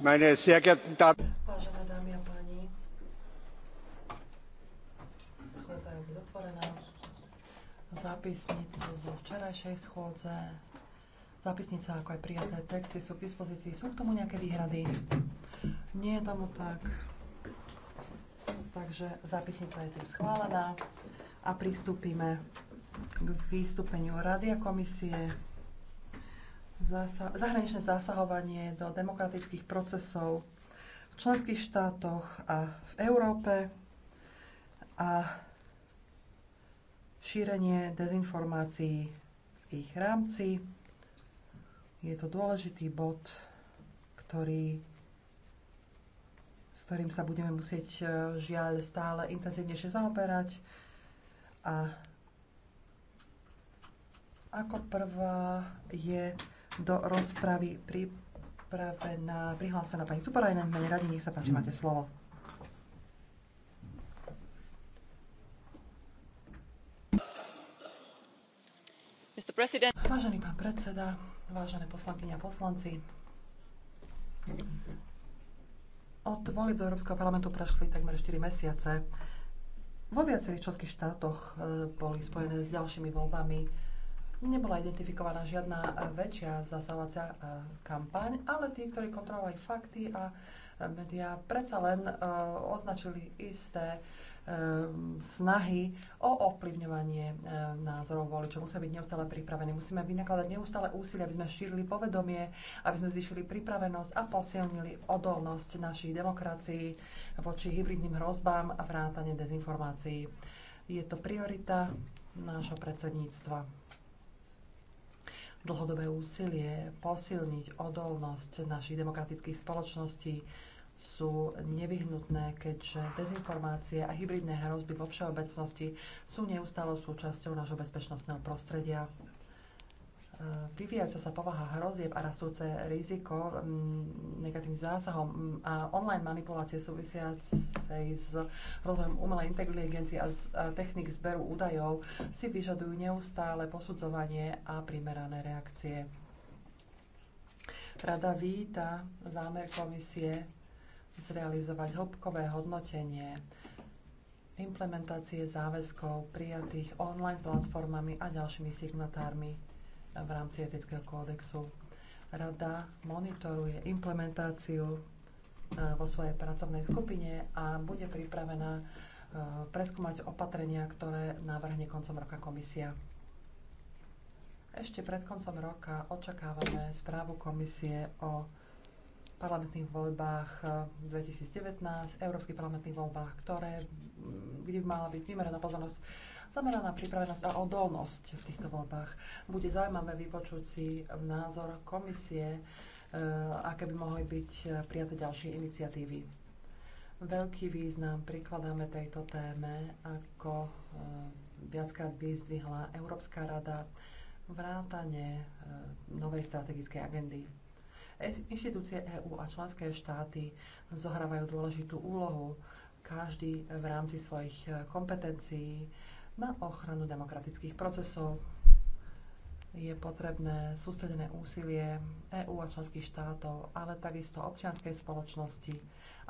Meine sehr geehrten Damen dámy a páni, schôdza je otvorená. Zápisnicu zo včerajšej schôdze, zápisnica ako aj prijaté texty sú k dispozícii. Sú k tomu nejaké výhrady? Nie je tomu tak. Takže zápisnica je tým schválená a pristúpime k vystúpeniu Rady a komisie zahraničné zasahovanie do demokratických procesov v členských štátoch a v Európe a šírenie dezinformácií v ich rámci. Je to dôležitý bod, ktorý, s ktorým sa budeme musieť e, žiaľ stále intenzívnejšie zaoberať. A ako prvá je do rozpravy pripravená, prihlásená pani Tuporajnen v mene radi. Nech sa páči, máte slovo. Vážený pán predseda, vážené poslankyne a poslanci, od volieb do Európskeho parlamentu prešli takmer 4 mesiace. Vo viacerých členských štátoch eh, boli spojené s ďalšími voľbami Nebola identifikovaná žiadna e, väčšia zasávacia e, kampaň, ale tí, ktorí kontrolovali fakty a e, médiá, predsa len označili isté snahy o ovplyvňovanie názorov voličov. Musíme byť neustále pripravení, musíme vynakladať neustále úsilie, aby sme šírili povedomie, aby sme zvýšili pripravenosť a posilnili odolnosť našich demokracií voči hybridným hrozbám a vrátane dezinformácií. Je to priorita nášho predsedníctva dlhodobé úsilie posilniť odolnosť našich demokratických spoločností sú nevyhnutné, keďže dezinformácie a hybridné hrozby vo všeobecnosti sú neustálou súčasťou nášho bezpečnostného prostredia. Eh, vyvíjajúca sa povaha hrozieb a rastúce riziko mm, negatívnym zásahom mm, a online manipulácie súvisiacej s rozvojom umelej inteligencie a, z, technik zberu údajov si vyžadujú neustále posudzovanie a primerané reakcie. Rada víta zámer komisie zrealizovať hĺbkové hodnotenie implementácie záväzkov prijatých online platformami a ďalšími signatármi v rámci etického kódexu. Rada monitoruje implementáciu e, vo svojej pracovnej skupine a bude pripravená e, preskúmať opatrenia, ktoré navrhne koncom roka komisia. Ešte pred koncom roka očakávame správu komisie o parlamentných voľbách 2019, e, európskych parlamentných voľbách, ktoré, kde by mala byť vymerená pozornosť zameraná na pripravenosť a odolnosť v týchto voľbách. Bude zaujímavé vypočuť si názor komisie, e, aké by mohli byť prijaté ďalšie iniciatívy. Veľký význam prikladáme tejto téme, ako e, viackrát vyzdvihla Európska rada vrátane e, novej strategickej agendy Inštitúcie EÚ a členské štáty zohrávajú dôležitú úlohu, každý v rámci svojich kompetencií na ochranu demokratických procesov. Je potrebné sústredené úsilie EÚ a členských štátov, ale takisto občianskej spoločnosti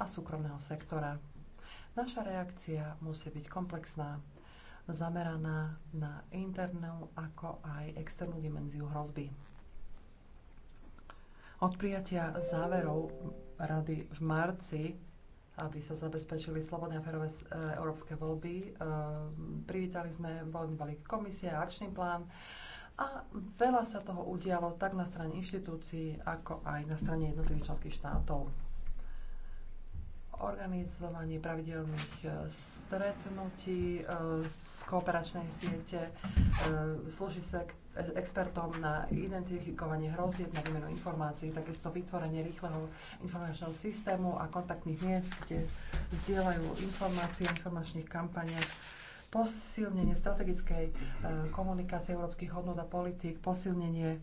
a súkromného sektora. Naša reakcia musí byť komplexná, zameraná na internú ako aj externú dimenziu hrozby. Od prijatia záverov rady v marci aby sa zabezpečili slobodné a férové eh, európske voľby. Eh, privítali sme voľný balík komisie a akčný plán a veľa sa toho udialo tak na strane inštitúcií, ako aj na strane jednotlivých členských štátov organizovanie pravidelných e, stretnutí e, z kooperačnej siete, e, slúži sa expertom na identifikovanie hrozieb, na výmenu informácií, takisto vytvorenie rýchleho informačného systému a kontaktných miest, kde vzdielajú informácie o informačných kampaniach, posilnenie strategickej komunikácie európskych hodnot a politík, posilnenie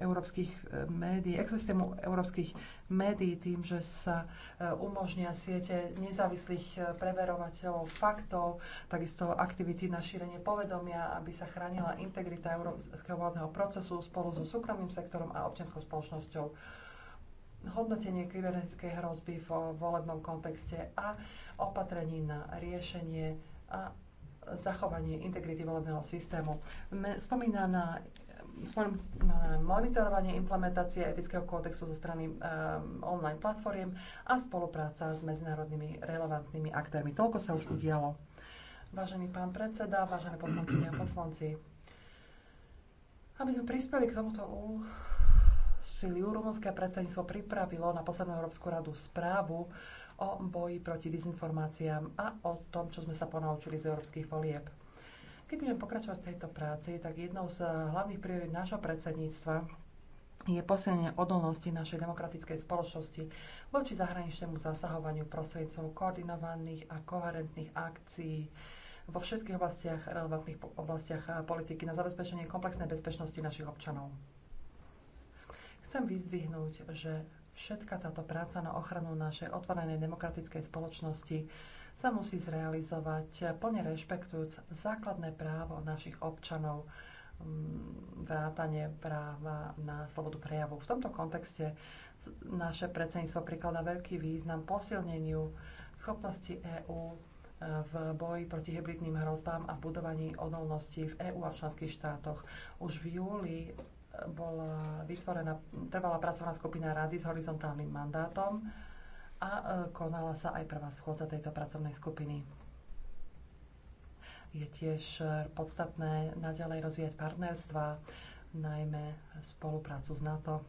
európskych e, médií, ekosystému európskych médií tým, že sa e, umožnia siete nezávislých e, preverovateľov faktov, takisto aktivity na šírenie povedomia, aby sa chránila integrita európskeho vládneho procesu spolu so súkromným sektorom a občianskou spoločnosťou hodnotenie kybernetickej hrozby v volebnom kontexte a opatrení na riešenie a zachovanie integrity volebného systému. Spomínaná monitorovanie implementácie etického kódexu zo strany um, online platformiem a spolupráca s medzinárodnými relevantnými aktérmi. Toľko sa už udialo. Vážený pán predseda, vážené poslankyne a poslanci, aby sme prispeli k tomuto úsiliu, rumunské predsedníctvo pripravilo na poslednú Európsku radu správu o boji proti dezinformáciám a o tom, čo sme sa ponaučili z európskych volieb. Keď budeme pokračovať v tejto práci, tak jednou z eh, hlavných priorít nášho predsedníctva je posilnenie odolnosti našej demokratickej spoločnosti voči zahraničnému zasahovaniu prostredníctvom koordinovaných a koherentných akcií vo všetkých oblastiach, relevantných oblastiach eh, politiky na zabezpečenie komplexnej bezpečnosti našich občanov. Chcem vyzdvihnúť, že všetka táto práca na ochranu našej otvorenej demokratickej spoločnosti sa musí zrealizovať eh, plne rešpektujúc základné právo našich občanov mm, vrátanie práva na slobodu prejavu. V tomto kontexte naše predsedníctvo prikladá veľký význam posilneniu schopnosti EÚ eh, v boji proti hybridným hrozbám a budovaní odolnosti v EÚ a v členských štátoch. Už v júli eh, bola vytvorená trvalá pracovná skupina rady s horizontálnym mandátom, a e, konala sa aj prvá schôdza tejto pracovnej skupiny. Je tiež e, podstatné naďalej rozvíjať partnerstva, najmä spoluprácu s NATO.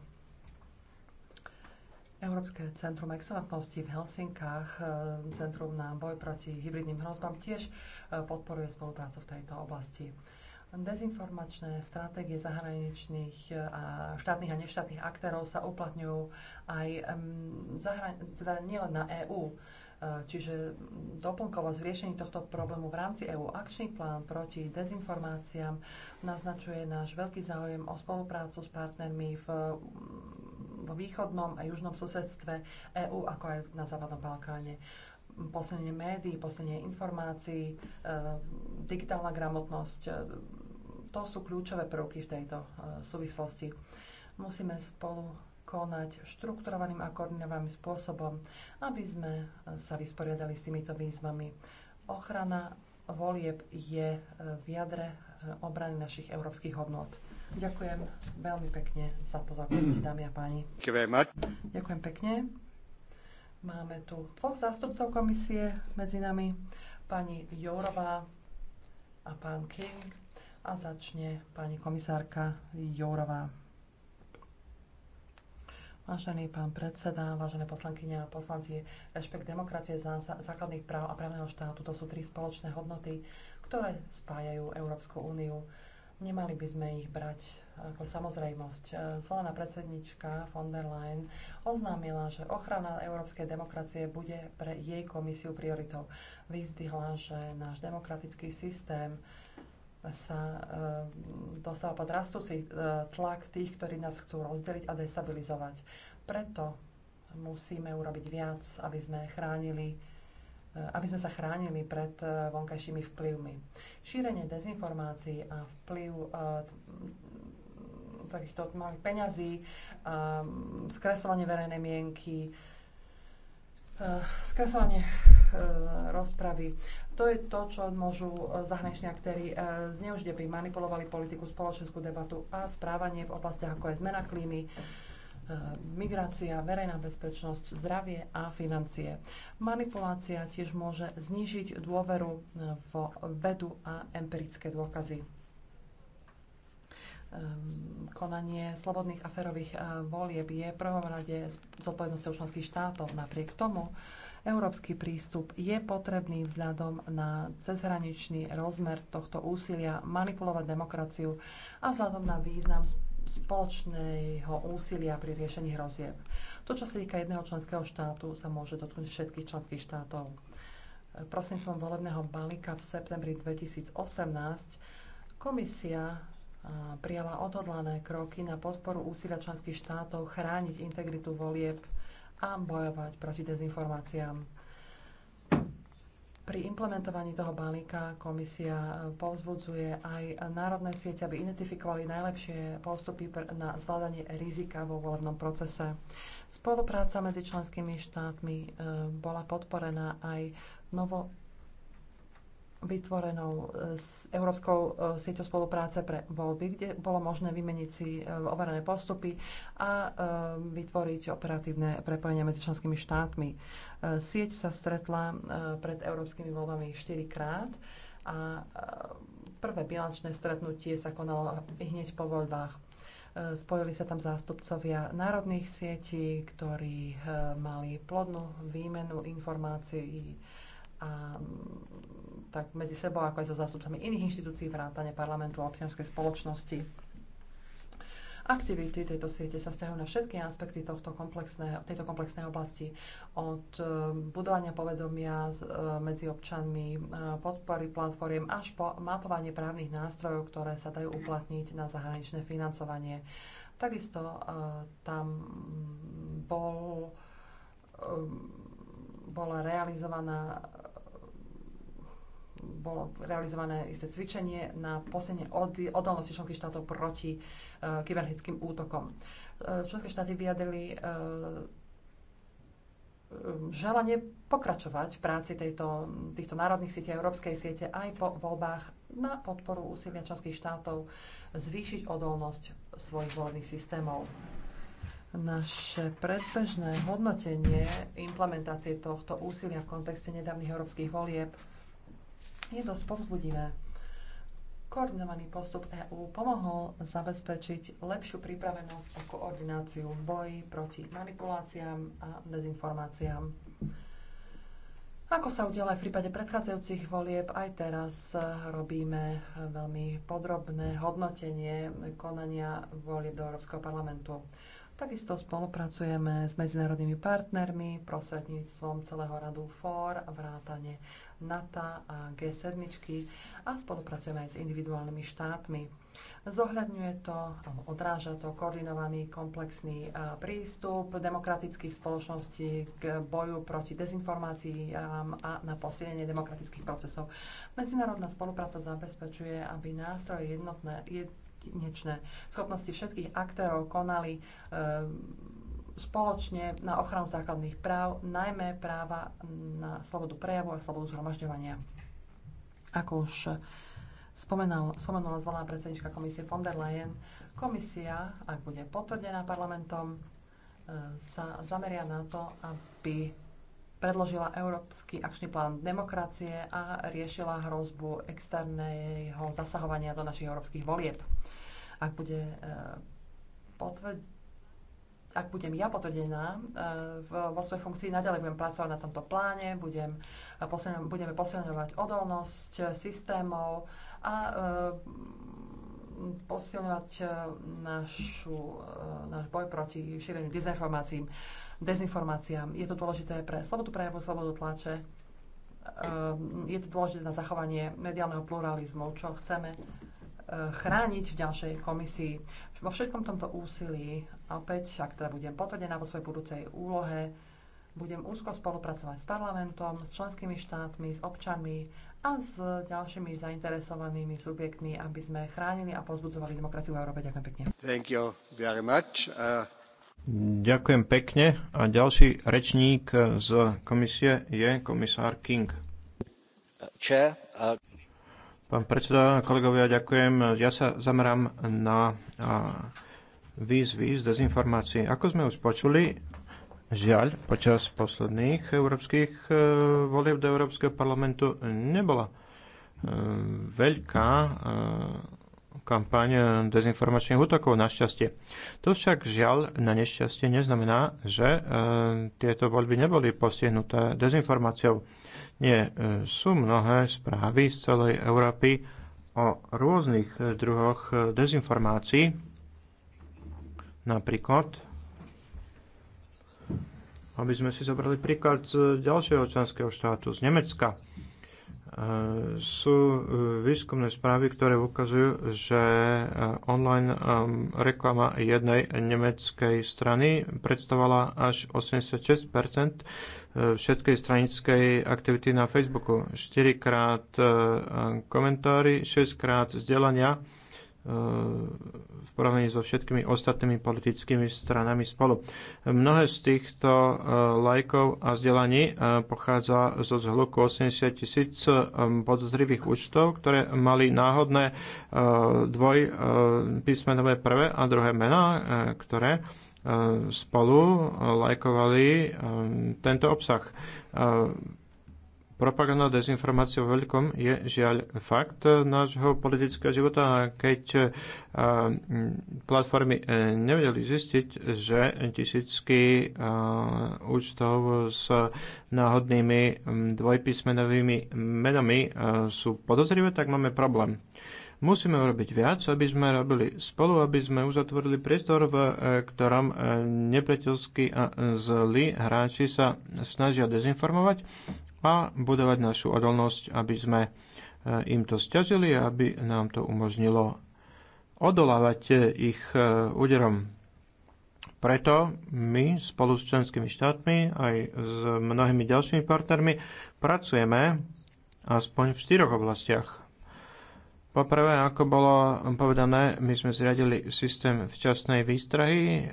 Európske centrum excelentnosti v Helsinkách, e, centrum na boj proti hybridným hrozbám, tiež podporuje spoluprácu v tejto oblasti. Dezinformačné stratégie zahraničných e, a štátnych a neštátnych aktérov sa uplatňujú aj teda nielen na EÚ. E, čiže doplnkovo zriešenie tohto problému v rámci EÚ akčný plán proti dezinformáciám naznačuje náš veľký záujem o spoluprácu s partnermi v v východnom a južnom susedstve EÚ, ako aj na západnom Balkáne. Posilnenie médií, posilnenie informácií, e, digitálna gramotnosť, to sú kľúčové prvky v tejto e, súvislosti. Musíme spolu konať štrukturovaným a koordinovaným spôsobom, aby sme e, sa vysporiadali s týmito výzvami. Ochrana volieb je e, v jadre obrany našich európskych hodnot. Ďakujem veľmi pekne za pozornosť, mm. dámy a páni. Ďakujem pekne. Máme tu dvoch zástupcov komisie medzi nami, pani Jourová a pán King a začne pani komisárka Jourová. Vážený pán predseda, vážené poslankyne a poslanci, rešpekt demokracie, za základných práv a právneho štátu, to sú tri spoločné hodnoty, ktoré spájajú Európsku úniu. Nemali by sme ich brať ako samozrejmosť. Zvolená predsednička von der Leyen oznámila, že ochrana európskej demokracie bude pre jej komisiu prioritou. Vyzdvihla, že náš demokratický systém sa eh, dostáva pod rastúci eh, tlak tých, ktorí nás chcú rozdeliť a destabilizovať. Preto musíme urobiť viac, aby sme chránili eh, aby sme sa chránili pred vonkajšími vplyvmi. Šírenie dezinformácií a vplyv takýchto malých peňazí, skresovanie verejnej mienky, skresovanie rozpravy. To je to, čo môžu e, zahraniční aktéry e, zneužiť, aby manipulovali politiku, spoločenskú debatu a správanie v oblastiach ako je zmena klímy, e, migrácia, verejná bezpečnosť, zdravie a financie. Manipulácia tiež môže znížiť dôveru v vedu a empirické dôkazy. Ehm, konanie slobodných aferových volieb je prvom rade s zodpovednosťou členských štátov. Napriek tomu Európsky prístup je potrebný vzhľadom na cezhraničný rozmer tohto úsilia manipulovať demokraciu a vzhľadom na význam spoločného úsilia pri riešení hrozieb. To, čo sa týka jedného členského štátu, sa môže dotknúť všetkých členských štátov. Prosím som volebného balíka v septembri 2018 komisia prijala odhodlané kroky na podporu úsilia členských štátov chrániť integritu volieb a bojovať proti dezinformáciám. Pri implementovaní toho balíka komisia povzbudzuje aj národné siete, aby identifikovali najlepšie postupy na zvládanie rizika vo volebnom procese. Spolupráca medzi členskými štátmi eh, bola podporená aj novo vytvorenou e, s Európskou e, sieťou spolupráce pre voľby, kde bolo možné vymeniť si e, overené postupy a vytvoriť operatívne prepojenia medzi členskými štátmi. Sieť sa stretla pred európskymi voľbami 4 krát a prvé bilančné stretnutie sa konalo hneď po voľbách. Spojili sa tam zástupcovia národných sietí, ktorí mali plodnú výmenu informácií a tak medzi sebou, ako aj so zástupcami iných inštitúcií vrátane parlamentu a občianskej spoločnosti. Aktivity tejto siete sa vzťahujú na všetky aspekty tohto komplexné, tejto komplexnej oblasti, od e, budovania povedomia e, medzi občanmi, e, podpory platformiem až po mapovanie právnych nástrojov, ktoré sa dajú uplatniť na zahraničné financovanie. Takisto tam bol, bola realizovaná bolo realizované isté cvičenie na posenie odolnosti členských štátov proti uh, kybernetickým útokom. Uh, členské štáty vyjadrili uh, želanie pokračovať v práci tejto, týchto národných sietí a európskej siete aj po voľbách na podporu úsilia členských štátov zvýšiť odolnosť svojich volebných systémov. Naše predbežné hodnotenie implementácie tohto úsilia v kontexte nedávnych európskych volieb vlastne dosť povzbudivé. Koordinovaný postup EÚ pomohol zabezpečiť lepšiu pripravenosť a koordináciu v boji proti manipuláciám a dezinformáciám. Ako sa udiala aj v prípade predchádzajúcich volieb, aj teraz robíme veľmi podrobné hodnotenie konania volieb do Európskeho parlamentu. Takisto spolupracujeme s medzinárodnými partnermi prostredníctvom celého radu fór, vrátane NATO a G7 a spolupracujeme aj s individuálnymi štátmi. Zohľadňuje to, odráža to koordinovaný komplexný prístup demokratických spoločností k boju proti dezinformáciám a na posilnenie demokratických procesov. Medzinárodná spolupráca zabezpečuje, aby nástroje jednotné, jedinečné schopnosti všetkých aktérov konali e, spoločne na ochranu základných práv, najmä práva na slobodu prejavu a slobodu zhromažďovania. Ako už spomenal, spomenula zvolená predsednička komisie von der Leyen, komisia, ak bude potvrdená parlamentom, e, sa zameria na to, aby predložila Európsky akčný plán demokracie a riešila hrozbu externého zasahovania do našich európskych volieb. Ak bude e, potvr- ak budem ja potvrdená eh, vo svojej funkcii, naďalej budem pracovať na tomto pláne, budem, eh, budeme posilňovať odolnosť eh, systémov a posilňovať našu, náš boj proti šíreniu dezinformáciám, dezinformáciám. Je to dôležité pre slobodu prejavu, slobodu tlače. Je to dôležité na zachovanie mediálneho pluralizmu, čo chceme chrániť v ďalšej komisii. Vo všetkom tomto úsilí a opäť, ak teda budem potvrdená vo svojej budúcej úlohe, budem úzko spolupracovať s parlamentom, s členskými štátmi, s občanmi a s ďalšími zainteresovanými subjektmi, aby sme chránili a pozbudzovali demokraciu v Európe. Ďakujem pekne. Thank you very much. Uh... Ďakujem pekne. A ďalší rečník z komisie je komisár King. Chair, uh... Pán predseda, kolegovia, ďakujem. Ja sa zamerám na uh výzvy z dezinformácií. Ako sme už počuli, žiaľ, počas posledných európskych e, volieb do Európskeho parlamentu nebola e, veľká e, kampaň dezinformačných útokov, našťastie. To však žiaľ na nešťastie neznamená, že e, tieto voľby neboli postihnuté dezinformáciou. Nie, e, sú mnohé správy z celej Európy o rôznych druhoch dezinformácií, Napríklad, aby sme si zobrali príklad z ďalšieho členského štátu, z Nemecka, e, sú e, výskumné správy, ktoré ukazujú, že e, online reklama jednej nemeckej strany predstavovala až 86 všetkej stranickej aktivity na Facebooku. 4 krát komentári, 6 krát vzdelania v porovnaní so všetkými ostatnými politickými stranami spolu. Mnohé z týchto e, lajkov a vzdelaní e, pochádza zo zhluku 80 tisíc e, podozrivých účtov, ktoré mali náhodné dvoj písmenové prvé a druhé mená, ktoré spolu lajkovali tento obsah Propaganda dezinformácie vo veľkom je žiaľ fakt nášho politického života. A keď e, platformy e, nevedeli zistiť, že tisícky e, účtov s náhodnými dvojpísmenovými menami sú podozrivé, tak máme problém. Musíme urobiť viac, aby sme robili spolu, aby sme uzatvorili priestor, v ktorom nepriateľskí a zlí hráči sa snažia dezinformovať a budovať našu odolnosť, aby sme e, im to stiažili a aby nám to umožnilo odolávať e, ich e, úderom. Preto my spolu s členskými štátmi aj s mnohými ďalšími partnermi pracujeme aspoň v štyroch oblastiach Poprvé, ako bolo povedané, my sme zriadili systém včasnej výstrahy,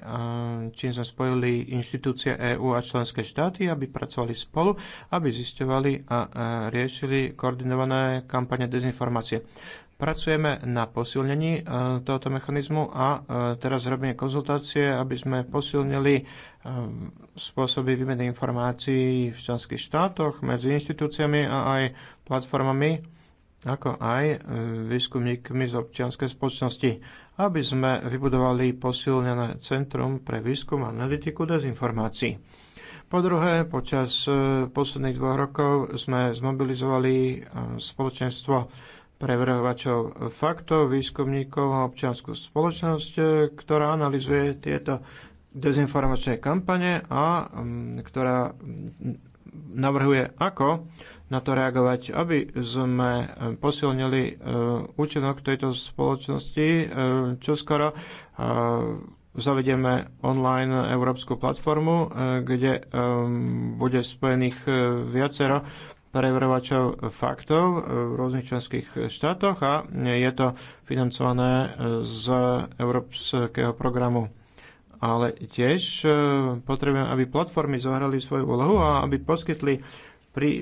čím sme spojili inštitúcie EÚ a členské štáty, aby pracovali spolu, aby zisťovali a riešili koordinované kampane dezinformácie. Pracujeme na posilnení tohoto mechanizmu a teraz robíme konzultácie, aby sme posilnili spôsoby výmeny informácií v členských štátoch medzi inštitúciami a aj platformami ako aj výskumníkmi z občianskej spoločnosti, aby sme vybudovali posilnené centrum pre výskum a analytiku dezinformácií. Po druhé, počas e, posledných dvoch rokov sme zmobilizovali e, spoločenstvo prevrhovačov faktov, výskumníkov a občianskú spoločnosť, e, ktorá analizuje tieto dezinformačné kampane a ktorá navrhuje, ako na to reagovať, aby sme e, posilnili e, účinok tejto spoločnosti. E, čo skoro zavedieme online európsku platformu, kde bude spojených viacero preverovačov faktov v rôznych členských štátoch a je to financované z európskeho programu ale tiež potrebujem, aby platformy zohrali svoju úlohu a aby poskytli pri e,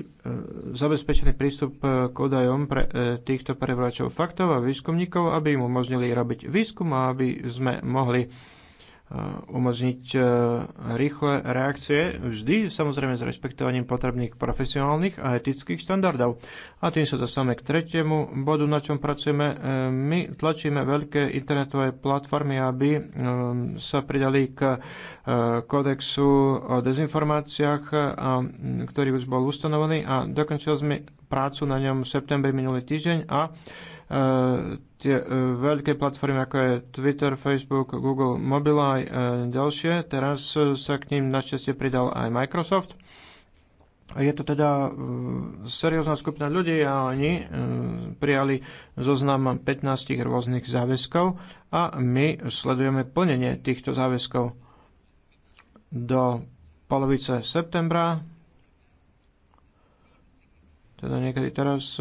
zabezpečený prístup e, k údajom pre e, týchto prevračov faktov a výskumníkov, aby im umožnili robiť výskum a aby sme mohli umožniť e, rýchle reakcie, vždy samozrejme s rešpektovaním potrebných profesionálnych a etických štandardov. A tým sa dostávame k tretiemu bodu, na čom pracujeme. E, my tlačíme veľké internetové platformy, aby e, sa pridali k kodexu o dezinformáciách, ktorý už bol ustanovený a dokončili sme prácu na ňom v septembri minulý týždeň a Eh, tie eh, veľké platformy, ako je Twitter, Facebook, Google, Mobile a eh, ďalšie. Teraz sa k ním našťastie pridal aj Microsoft. Je to teda seriózna skupina ľudí a oni prijali zoznam 15 rôznych záväzkov a my sledujeme plnenie týchto záväzkov do polovice septembra, teda niekedy teraz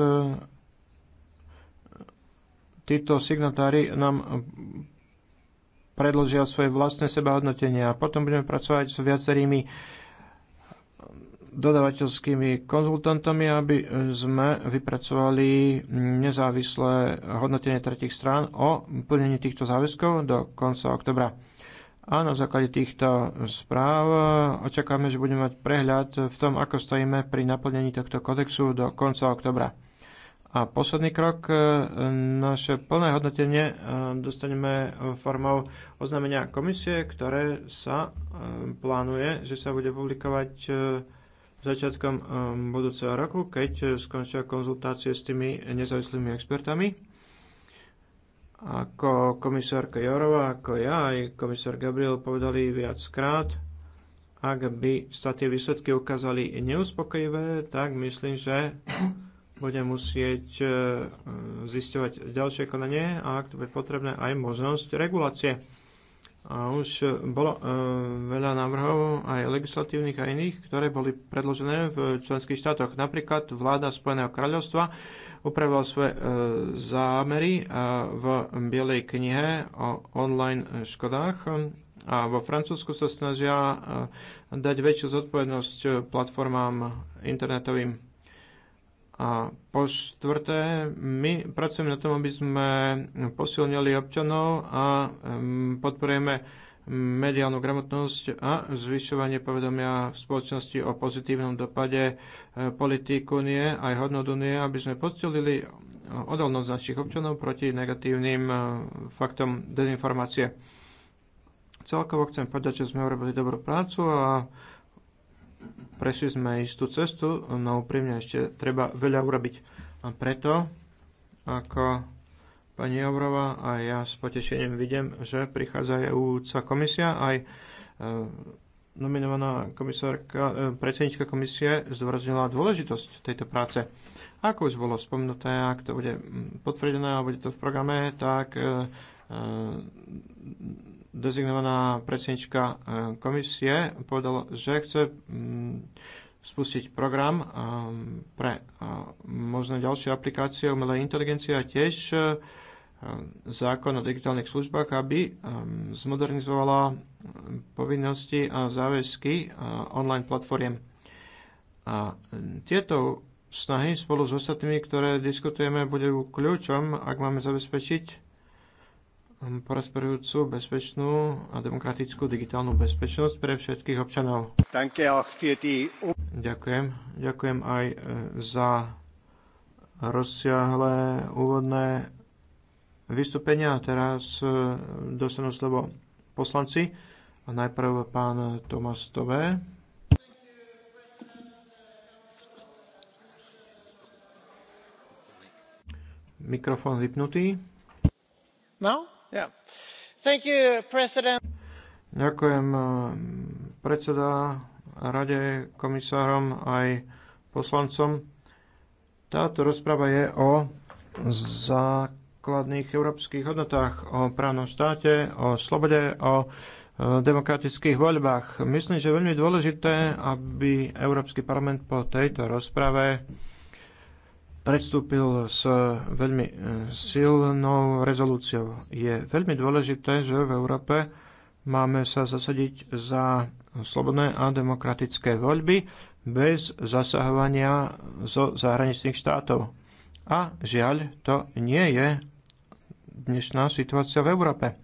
títo signatári nám predložia svoje vlastné sebahodnotenie a potom budeme pracovať s viacerými dodavateľskými konzultantami, aby sme vypracovali nezávislé hodnotenie tretich strán o plnení týchto záväzkov do konca oktobra. A na základe týchto správ očakáme, že budeme mať prehľad v tom, ako stojíme pri naplnení tohto kodexu do konca oktobra. A posledný krok, e, naše plné hodnotenie e, dostaneme formou oznámenia komisie, ktoré sa e, plánuje, že sa bude publikovať začiatkom budúceho roku, keď skončia konzultácie s tými nezávislými expertami. Ako komisárka Jorová, ako ja, aj komisár Gabriel povedali viackrát, ak by sa tie výsledky ukázali neuspokojivé, tak myslím, že bude musieť e, zisťovať ďalšie konanie a ak to bude potrebné aj možnosť regulácie. A už bolo e, veľa návrhov, aj legislatívnych a iných, ktoré boli predložené v členských štátoch. Napríklad vláda Spojeného kráľovstva upravila svoje e, zámery e, v Bielej knihe o online škodách a vo Francúzsku sa snažia e, dať väčšiu zodpovednosť platformám internetovým a po štvrté, my pracujeme na tom, aby sme posilnili občanov a podporujeme mediálnu gramotnosť a zvyšovanie povedomia v spoločnosti o pozitívnom dopade e, politík Unie aj hodnot Unie, aby sme posilnili odolnosť našich občanov proti negatívnym e, faktom dezinformácie. Celkovo chcem povedať, že sme urobili dobrú prácu a prešli sme istú cestu, no úprimne ešte treba veľa urobiť. A preto, ako pani Obrova a ja s potešením vidím, že prichádza úca komisia, aj e, nominovaná komisárka, e, predsednička komisie zdôraznila dôležitosť tejto práce. Ako už bolo spomenuté, ak to bude potvrdené a bude to v programe, tak e, dezignovaná predsednička e, komisie povedala, že chce mm, spustiť program e, pre e, možné ďalšie aplikácie umelej inteligencie a tiež zákon o digitálnych službách, aby zmodernizovala povinnosti a záväzky online platformiem. A tieto snahy spolu s ostatnými, ktoré diskutujeme, budú kľúčom, ak máme zabezpečiť prosperujúcu, bezpečnú a demokratickú digitálnu bezpečnosť pre všetkých občanov. Ďakujem. Ďakujem aj e, za rozsiahle úvodné vystúpenia. Teraz e, dostanú slovo poslanci. A najprv pán Tomas Tové. Mikrofón vypnutý. No? Ďakujem eh, predseda rade, komisárom aj poslancom. Táto rozprava je o základných európskych hodnotách, o právnom štáte, o slobode, o eh, demokratických voľbách. Myslím, že je veľmi dôležité, aby Európsky parlament po tejto rozprave predstúpil s veľmi e, silnou rezolúciou. Je veľmi dôležité, že v Európe máme sa zasadiť za slobodné a demokratické voľby bez zasahovania zo zahraničných štátov. A žiaľ, to nie je dnešná situácia v Európe.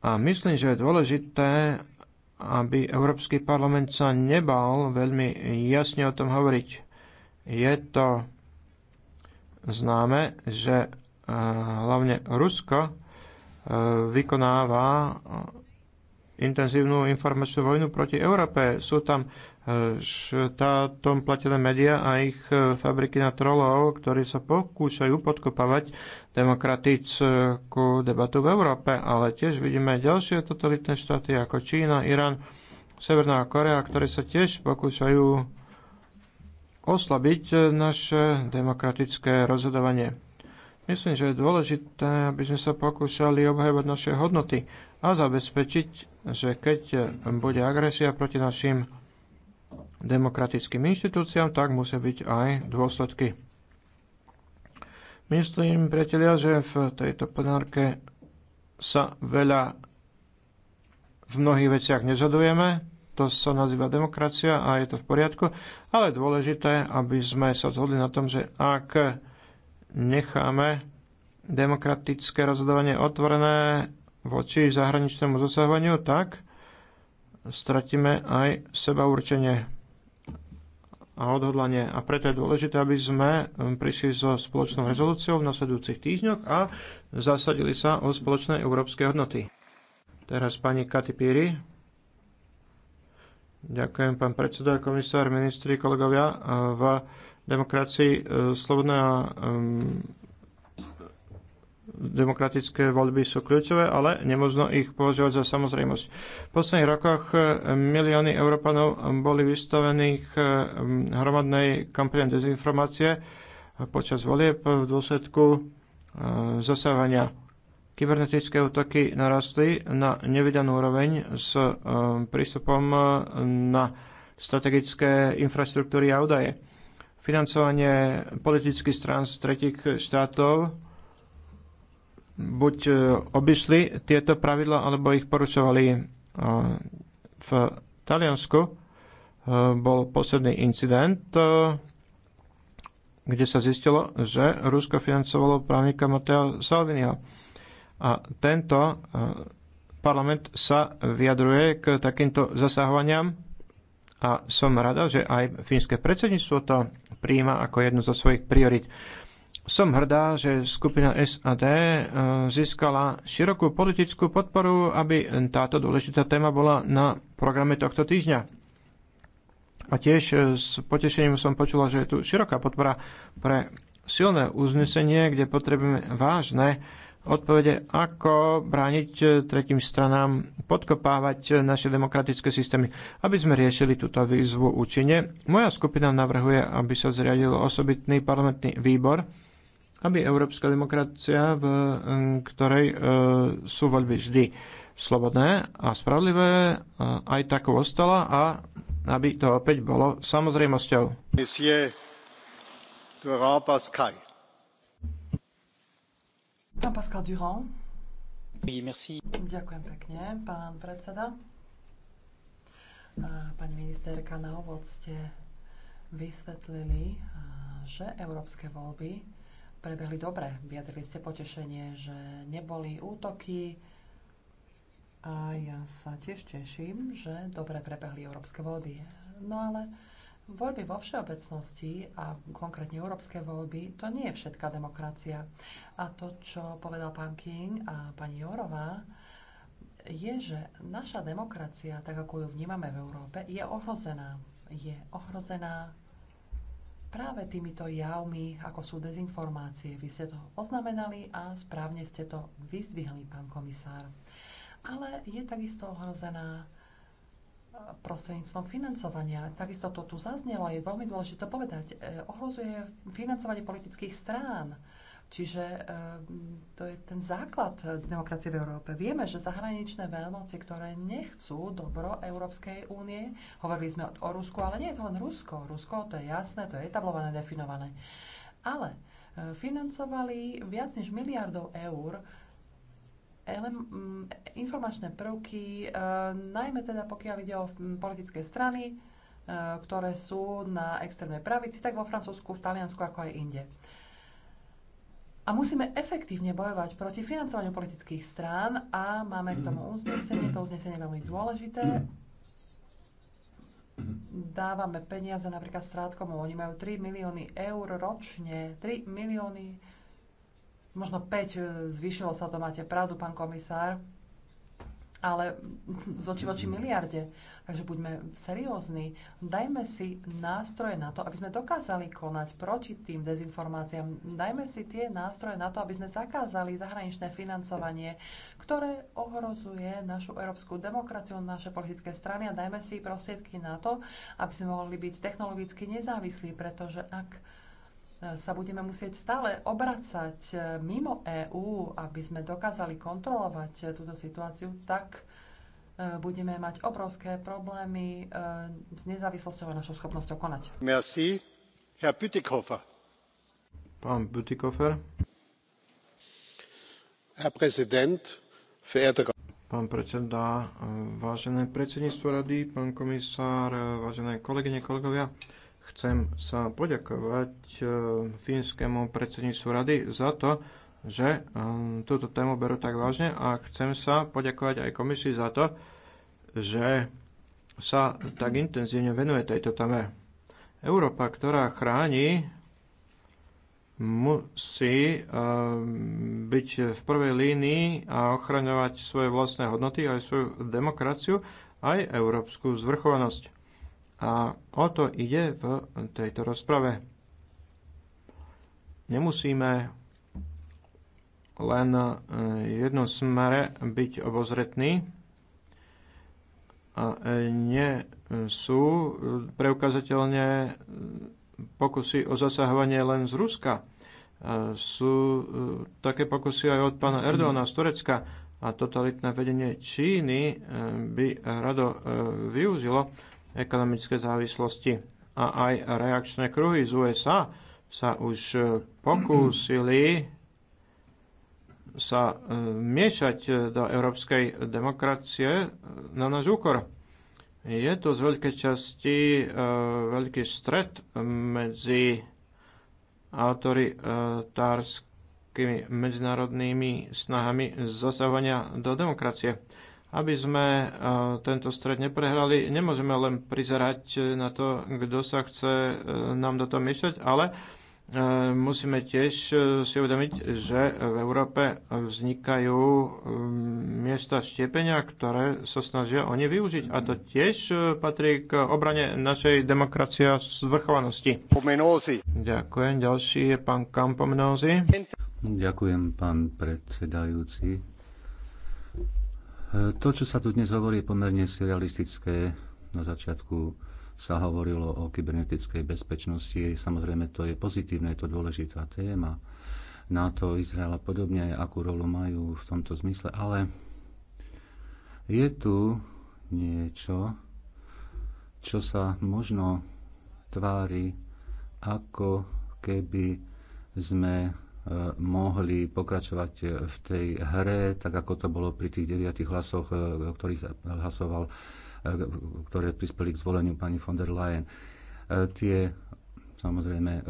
A myslím, že je dôležité, aby Európsky parlament sa nebal veľmi jasne o tom hovoriť. Je to známe, že e, hlavne Rusko e, vykonáva e, intenzívnu informačnú vojnu proti Európe. Sú tam štátom platené médiá a ich fabriky na trolov, ktorí sa pokúšajú podkopávať demokratickú debatu v Európe, ale tiež vidíme ďalšie totalitné štáty ako Čína, Irán, Severná Korea, ktoré sa tiež pokúšajú oslabiť e, naše demokratické rozhodovanie. Myslím, že je dôležité, aby sme sa pokúšali obhajovať naše hodnoty a zabezpečiť, že keď e, bude agresia proti našim demokratickým inštitúciám, tak musia byť aj dôsledky. Myslím, priatelia, že v tejto plenárke sa veľa v mnohých veciach nezhodujeme to sa nazýva demokracia a je to v poriadku, ale dôležité, aby sme sa zhodli na tom, že ak necháme demokratické rozhodovanie otvorené voči zahraničnému zasahovaniu, tak stratíme aj seba určenie a odhodlanie. A preto je dôležité, aby sme prišli so spoločnou rezolúciou v nasledujúcich týždňoch a zasadili sa o spoločné európske hodnoty. Teraz pani Katy Piri, Ďakujem, pán predseda, komisár, ministri, kolegovia. V demokracii e, slobodné a demokratické voľby sú kľúčové, ale nemožno ich považovať za samozrejmosť. V posledných rokoch e, milióny Európanov boli vystavených hromadnej kampane dezinformácie počas volieb v dôsledku e, zasávania Kybernetické útoky narastli na nevydanú úroveň s eh, prístupom eh, na strategické infraštruktúry a údaje. Financovanie politických strán z tretich štátov buď eh, obišli tieto pravidla, alebo ich porušovali v Taliansku. Bol posledný incident, kde sa zistilo, že Rusko financovalo právnika Matea Salviniho a tento e, parlament sa vyjadruje k takýmto zasahovaniam a som rada, že aj fínske predsedníctvo to prijíma ako jednu zo svojich priorit. Som hrdá, že skupina SAD e, získala širokú politickú podporu, aby táto dôležitá téma bola na programe tohto týždňa. A tiež e, s potešením som počula, že je tu široká podpora pre silné uznesenie, kde potrebujeme vážne odpovede, ako brániť e, tretím stranám podkopávať e, naše demokratické systémy, aby sme riešili túto výzvu účinne. Moja skupina navrhuje, aby sa zriadil osobitný parlamentný výbor, aby európska demokracia, v e, ktorej sú voľby vždy slobodné a spravodlivé, aj tak ostala a aby to opäť bolo samozrejmosťou. Monsieur Pán Pascal Durand. merci. Ďakujem pekne, pán predseda. Pani ministerka, na ovod ste vysvetlili, že európske voľby prebehli dobre. Vyjadrili ste potešenie, že neboli útoky. A ja sa tiež teším, že dobre prebehli európske voľby. No ale Voľby vo všeobecnosti a konkrétne európske voľby, to nie je všetká demokracia. A to, čo povedal pán King a pani Jorová, je, že naša demokracia, tak ako ju vnímame v Európe, je ohrozená. Je ohrozená práve týmito javmi, ako sú dezinformácie. Vy ste to oznamenali a správne ste to vyzdvihli, pán komisár. Ale je takisto ohrozená prostredníctvom financovania. Takisto to tu zaznelo, je veľmi dôležité povedať. E, ohrozuje financovanie politických strán. Čiže e, to je ten základ demokracie v Európe. Vieme, že zahraničné veľmoci, ktoré nechcú dobro Európskej únie, hovorili sme o Rusku, ale nie je to len Rusko. Rusko to je jasné, to je etablované, definované. Ale e, financovali viac než miliardov eur Mm, informačné prvky, eh, najmä teda pokiaľ ide o mm, politické strany, eh, ktoré sú na extrémnej pravici, tak vo Francúzsku, v Taliansku, ako aj inde. A musíme efektívne bojovať proti financovaniu politických strán a máme k tomu uznesenie, to uznesenie je veľmi dôležité. Dávame peniaze napríklad strátkom, oni majú 3 milióny eur ročne, 3 milióny možno 5, e, zvýšilo sa to, máte pravdu, pán komisár, ale z oči voči miliarde. Takže buďme seriózni. Dajme si nástroje na to, aby sme dokázali konať proti tým dezinformáciám. Dajme si tie nástroje na to, aby sme zakázali zahraničné financovanie, ktoré ohrozuje našu európsku demokraciu, naše politické strany a dajme si prostriedky na to, aby sme mohli byť technologicky nezávislí, pretože ak sa budeme musieť stále obracať eh, mimo EÚ, aby sme dokázali kontrolovať eh, túto situáciu, tak eh, budeme mať obrovské problémy s nezávislosťou a našou schopnosťou konať. Merci. Herr Bütikofer. Pán Bütikofer. Herr Präsident, verehrte Pán predseda, vážené predsedníctvo rady, pán komisár, vážené kolegyne, kolegovia. Chcem sa poďakovať e, fínskemu predsedníctvu rady za to, že e, túto tému berú tak vážne a chcem sa poďakovať aj komisii za to, že sa tak intenzívne venuje tejto téme. Európa, ktorá chráni, musí e, byť v prvej línii a ochraňovať svoje vlastné hodnoty, aj svoju demokraciu, aj európsku zvrchovanosť. A o to ide v tejto rozprave. Nemusíme len e, jednom smere byť obozretní. A e, nie sú preukazateľne pokusy o zasahovanie len z Ruska. E, sú také pokusy aj od pána Erdogana z Turecka a totalitné vedenie Číny by rado využilo ekonomické závislosti. A aj reakčné kruhy z USA sa už e, pokúsili sa e, miešať e, do európskej demokracie na náš úkor. Je to z veľkej časti veľký stred medzi autoritárskymi medzinárodnými snahami zasahovania do demokracie aby sme e, tento stred neprehrali. Nemôžeme len prizerať e, na to, kto sa chce e, nám do toho miešať, ale musíme tiež si uvedomiť, že v Európe vznikajú miesta štiepenia, ktoré sa snažia oni využiť. A to tiež patrí k obrane našej demokracie a zvrchovanosti. Pomenózy. Ďakujem. Ďalší je pán Kampomnózy. Ďakujem, pán predsedajúci to, čo sa tu dnes hovorí, je pomerne surrealistické. Na začiatku sa hovorilo o kybernetickej bezpečnosti. Samozrejme, to je pozitívne, je to dôležitá téma. to Izrael a podobne, akú rolu majú v tomto zmysle. Ale je tu niečo, čo sa možno tvári, ako keby sme mohli pokračovať v tej hre, tak ako to bolo pri tých deviatých hlasoch, e, o ktorých hlasoval, e, ktoré prispeli k zvoleniu pani von der Leyen. E, tie samozrejme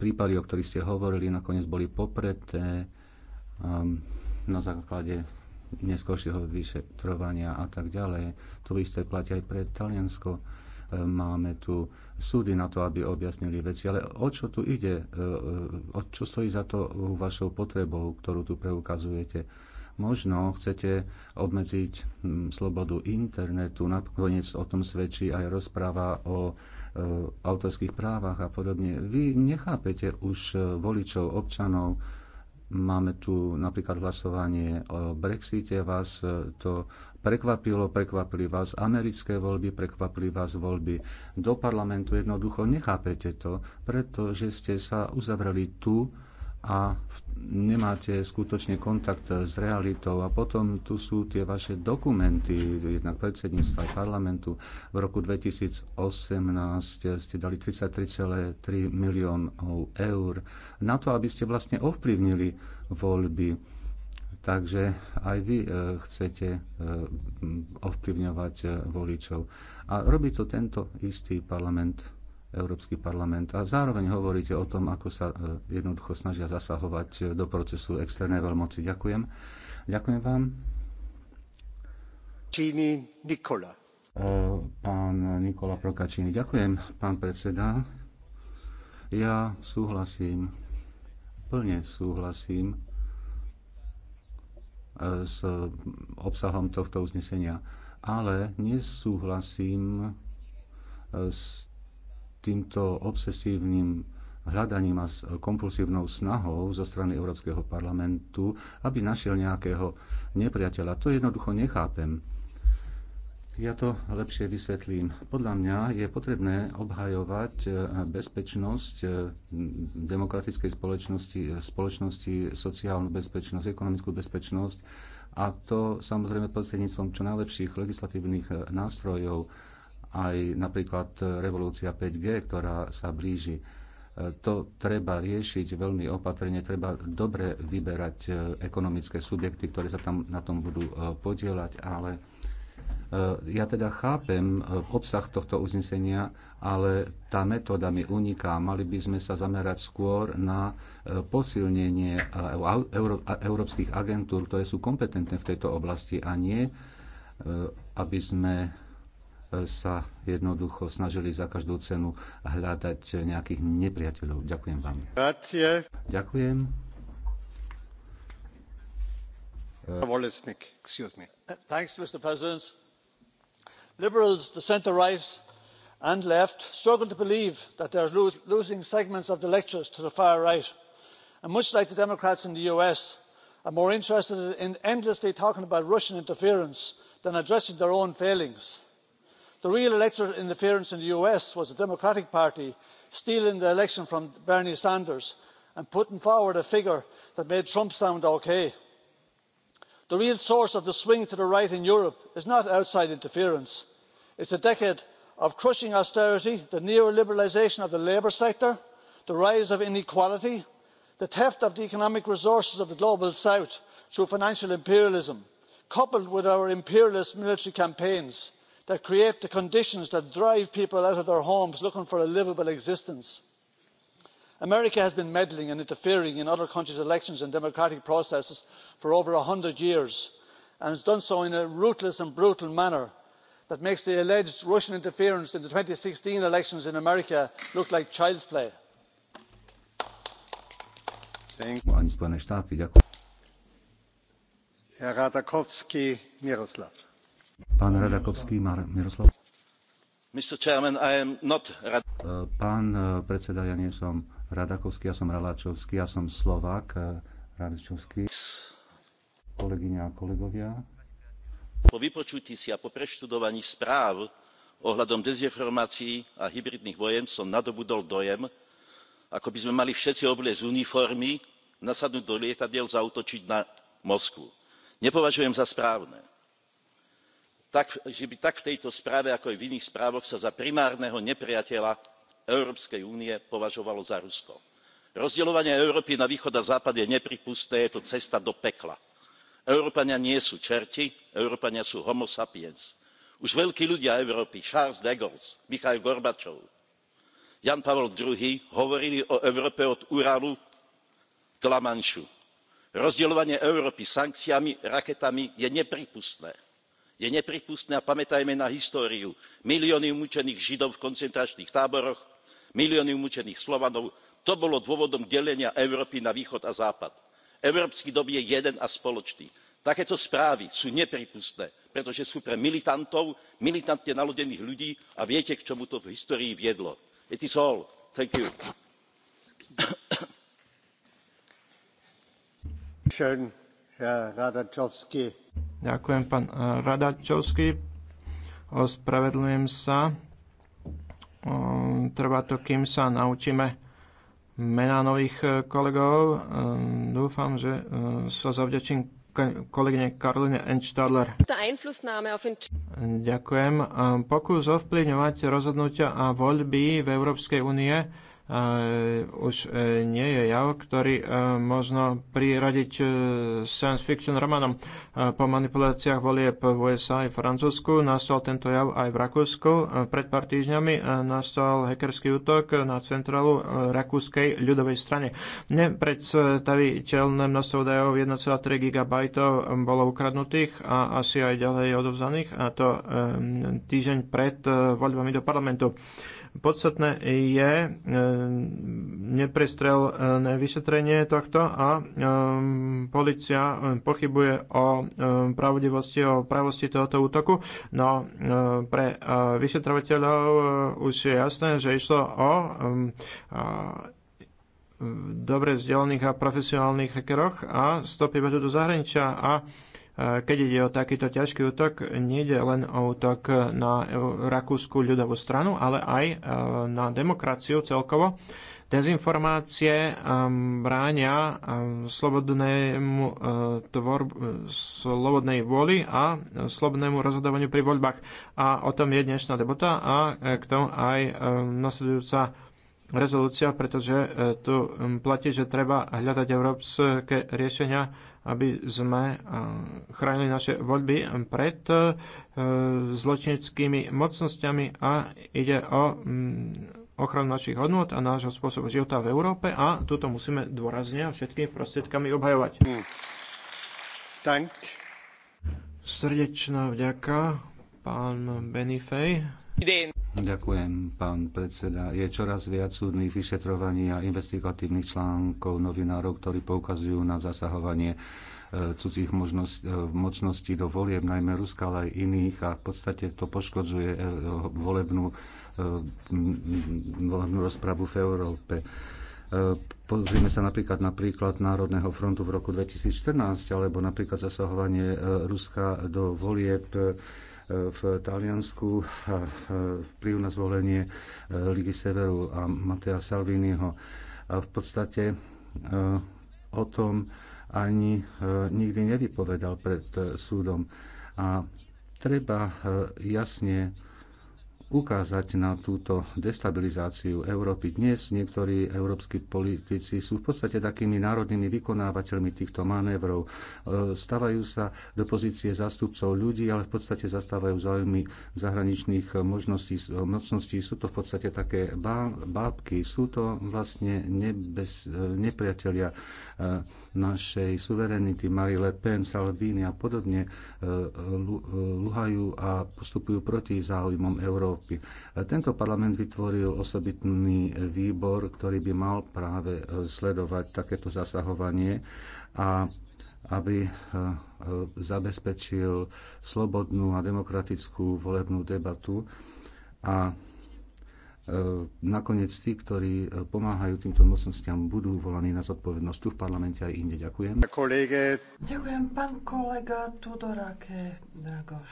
prípady, o ktorých ste hovorili, nakoniec boli popreté na základe neskôršieho vyšetrovania a tak ďalej. To isté platí aj pre Taliansko. Máme tu súdy na to, aby objasnili veci. Ale o čo tu ide? E, e, o čo stojí za to vašou potrebou, ktorú tu preukazujete? Možno chcete obmedziť hm, slobodu internetu, nakoniec o tom svedčí aj rozpráva o e, autorských právach a podobne. Vy nechápete už voličov, občanov, Máme tu napríklad hlasovanie o Brexite, vás to prekvapilo, prekvapili vás americké voľby, prekvapili vás voľby do parlamentu. Jednoducho nechápete to, pretože ste sa uzavreli tu, a nemáte skutočne kontakt s realitou. A potom tu sú tie vaše dokumenty, jednak predsedníctva parlamentu. V roku 2018 ste dali 33,3 miliónov eur na to, aby ste vlastne ovplyvnili voľby. Takže aj vy e, chcete e, ovplyvňovať e, voličov. A robí to tento istý parlament Európsky parlament a zároveň hovoríte o tom, ako sa e, jednoducho snažia zasahovať e, do procesu externej veľmoci. Ďakujem. Ďakujem vám. Číny Nikola. E, pán Nikola Prokačíny. Ďakujem, pán predseda. Ja súhlasím, plne súhlasím s obsahom tohto uznesenia, ale nesúhlasím s týmto obsesívnym hľadaním a kompulsívnou snahou zo strany Európskeho parlamentu, aby našiel nejakého nepriateľa. To jednoducho nechápem. Ja to lepšie vysvetlím. Podľa mňa je potrebné obhajovať e, bezpečnosť e, demokratickej spoločnosti, e, spoločnosti sociálnu bezpečnosť, ekonomickú bezpečnosť a to samozrejme prostredníctvom čo najlepších legislatívnych nástrojov aj napríklad revolúcia 5G, ktorá sa blíži. E, to treba riešiť veľmi opatrne, treba dobre vyberať e, ekonomické subjekty, ktoré sa tam na tom budú e, podielať, ale ja teda chápem obsah tohto uznesenia, ale tá metóda mi uniká. Mali by sme sa zamerať skôr na posilnenie európskych agentúr, ktoré sú kompetentné v tejto oblasti a nie, aby sme sa jednoducho snažili za každú cenu hľadať nejakých nepriateľov. Ďakujem vám. Grazie. Ďakujem. Uh, uh, thanks, Mr. President. Liberals, the centre right and left struggle to believe that they're lo- losing segments of the lectures to the far right. And much like the Democrats in the US, are more interested in endlessly talking about Russian interference than addressing their own failings the real electoral interference in the us was the democratic party stealing the election from bernie sanders and putting forward a figure that made trump sound okay. the real source of the swing to the right in europe is not outside interference it is a decade of crushing austerity the neo liberalisation of the labour sector the rise of inequality the theft of the economic resources of the global south through financial imperialism coupled with our imperialist military campaigns that create the conditions that drive people out of their homes looking for a livable existence. america has been meddling and interfering in other countries' elections and democratic processes for over a hundred years and has done so in a ruthless and brutal manner that makes the alleged russian interference in the two thousand and sixteen elections in america look like child's play. Pán Radakovský, Miroslav. E, pán e, predseda, ja nie som Radakovský, ja som Ralačovský, ja som Slovák, e, Radačovský. Kolegyňa a kolegovia. Po vypočutí si a po preštudovaní správ ohľadom dezinformácií a hybridných vojen som nadobudol dojem, ako by sme mali všetci obliecť uniformy, nasadnúť do lietadiel, zautočiť na Moskvu. Nepovažujem za správne že by tak v tejto správe ako aj v iných správach sa za primárneho nepriateľa európskej únie považovalo za rusko. rozdeľovanie európy na východ a západ je neprípustné je to cesta do pekla. európania nie sú čerti európania sú homo sapiens. už veľkí ľudia európy charles de gaulle michail gorbačov ján pavol ii hovorili o európe od uralu k la manchu. rozdeľovanie európy sankciami raketami je neprípustné je neprípustné a pamätajme na históriu milióny umučených židov v koncentračných táboroch milióny umučených slovanov to bolo dôvodom delenia európy na východ a západ. európsky dom je jeden a spoločný. takéto správy sú neprípustné pretože sú pre militantov militantne naladených ľudí a viete k čomu to v histórii viedlo. it is all. thank you. Ďakujem, pán eh, Radačovský. Ospravedlňujem sa. Eh, trvá to, kým sa naučíme mená nových eh, kolegov. Dúfam, že sa zavďačím kolegyne Karoline Enstadler. Ďakujem. Pokus ovplyvňovať rozhodnutia a voľby v Európskej únie E, už e, nie je jav, ktorý e, možno priradiť science fiction romanom. Po manipuláciách volieb v USA aj v Francúzsku nastal tento jav aj v Rakúsku. Pred pár týždňami nastal hackerský útok na centrálu Rakúskej ľudovej strane. Nepredstaviteľné množstvo údajov 1,3 GB bolo ukradnutých a asi aj ďalej odovzaných, a to týždeň pred voľbami do parlamentu. Podstatné je e, neprestrelné vyšetrenie tohto a e, policia e, pochybuje o pravdivosti, o pravosti tohoto útoku, no pre vyšetrovateľov už je jasné, že išlo o dobre vzdelaných a profesionálnych hackeroch a stopy vedú do zahraničia a keď ide o takýto ťažký útok, nejde len o útok na rakúsku ľudovú stranu, ale aj e, na demokraciu celkovo. Dezinformácie e, bránia e, slobodnému tvor, slobodnej vôli a slobodnému rozhodovaniu pri voľbách. A o tom je dnešná debata a k tomu aj nasledujúca rezolúcia, pretože tu platí, že treba hľadať európske riešenia aby sme eh, chránili naše voľby pred eh, zločineckými mocnosťami a ide o mm, ochranu našich hodnot a nášho spôsobu života v Európe a túto musíme dôrazne a všetkými prostriedkami obhajovať. Hm. Srdečná vďaka, pán Benifej. Ďakujem, pán predseda. Je čoraz viac súdnych vyšetrovaní a investigatívnych článkov novinárov, ktorí poukazujú na zasahovanie e, cudzích možnosť, e, mocností do volieb, najmä Ruska, ale aj iných a v podstate to poškodzuje e, volebnú, volebnú rozpravu v Európe. Pozrime sa napríklad na príklad Národného frontu v roku 2014 alebo napríklad zasahovanie Ruska do volieb v Taliansku vplyv na zvolenie e, Ligy Severu a Matea Salviniho. A v podstate e, o tom ani e, nikdy nevypovedal pred súdom. A treba jasne ukázať na túto destabilizáciu Európy. Dnes niektorí európsky politici sú v podstate takými národnými vykonávateľmi týchto manévrov. E, Stavajú sa do pozície zástupcov ľudí, ale v podstate zastávajú záujmy zahraničných možností, mocností. Sú to v podstate také bábky, sú to vlastne nebez, nepriatelia E, našej suverenity. Marie Le Pen, Salvini a podobne e, e, luhajú a postupujú proti záujmom Európy. Tento parlament vytvoril osobitný výbor, ktorý by mal práve sledovať takéto zasahovanie a aby zabezpečil slobodnú a demokratickú volebnú debatu a E, nakoniec tí, ktorí e, pomáhajú týmto mocnostiam, budú volaní na zodpovednosť tu v parlamente aj inde. Ďakujem. Kolege. Ďakujem, pán kolega Tudorake Dragoš.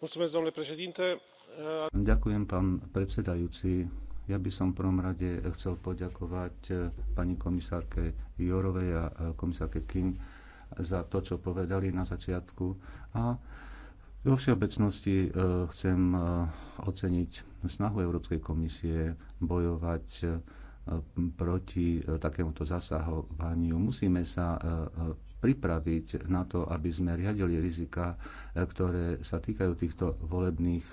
E, Ďakujem, pán predsedajúci. Ja by som v prvom rade chcel poďakovať pani komisárke Jorovej a komisárke King za to, čo povedali na začiatku. A vo všeobecnosti e, chcem e, oceniť snahu Európskej komisie bojovať e, proti takémuto zasahovaniu. Musíme sa pripraviť na to, aby sme riadili rizika, ktoré sa týkajú týchto volebných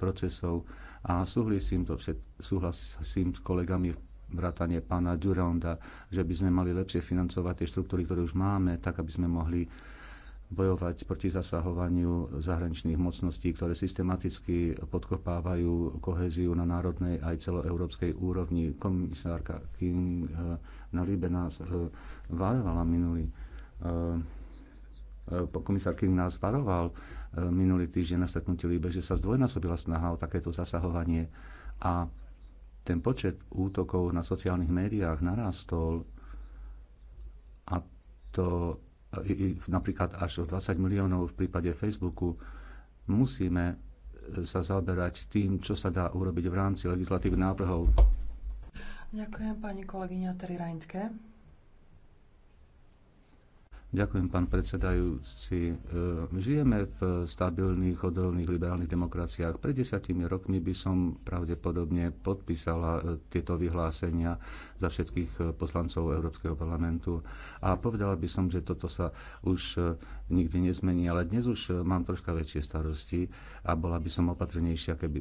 procesov. A súhlasím, to všet, súhlasím s kolegami vrátane pána Duranda, že by sme mali lepšie financovať tie štruktúry, ktoré už máme, tak aby sme mohli bojovať proti zasahovaniu zahraničných mocností, ktoré systematicky podkopávajú koheziu na národnej aj celoeurópskej úrovni. Komisárka Kim eh, na Líbe nás eh, varovala minulý eh, komisár King nás varoval minulý týždeň na stretnutí Líbe, že sa zdvojnásobila snaha o takéto zasahovanie a ten počet útokov na sociálnych médiách narastol a to napríklad až o 20 miliónov v prípade Facebooku, musíme e, sa zaoberať tým, čo sa dá urobiť v rámci legislatívnych návrhov. Ďakujem pani kolegyňa Terry Reintke. Ďakujem, pán predsedajúci. E, žijeme v stabilných, odolných, liberálnych demokraciách. Pred desiatimi rokmi by som pravdepodobne podpísala e, tieto vyhlásenia za všetkých e, poslancov Európskeho parlamentu a povedala by som, že toto sa už nikdy nezmení, ale dnes už mám troška väčšie starosti a bola by som opatrnejšia, keby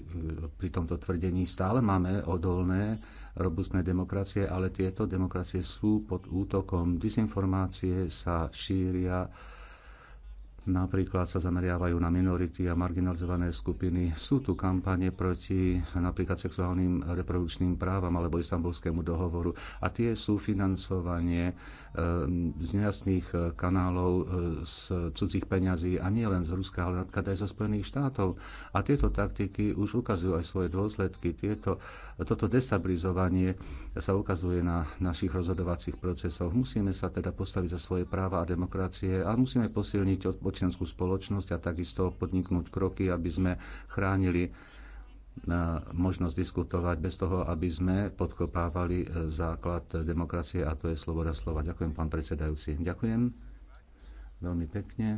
pri tomto tvrdení stále máme odolné robustné demokracie, ale tieto demokracie sú pod útokom. Disinformácie sa šíria, napríklad sa zameriavajú na minority a marginalizované skupiny. Sú tu kampane proti napríklad sexuálnym reprodukčným právam alebo istambulskému dohovoru a tie sú financovanie Ehm, z nejasných eh, kanálov, eh, z cudzích peňazí a nie len z Ruska, ale napríklad aj zo Spojených štátov. A tieto taktiky už ukazujú aj svoje dôsledky. Tieto, toto destabilizovanie sa ukazuje na našich rozhodovacích procesoch. Musíme sa teda postaviť za svoje práva a demokracie a musíme posilniť občianskú spoločnosť a takisto podniknúť kroky, aby sme chránili možnosť diskutovať bez toho, aby sme podkopávali e, základ demokracie a to je sloboda slova. Ďakujem, pán predsedajúci. Ďakujem veľmi pekne.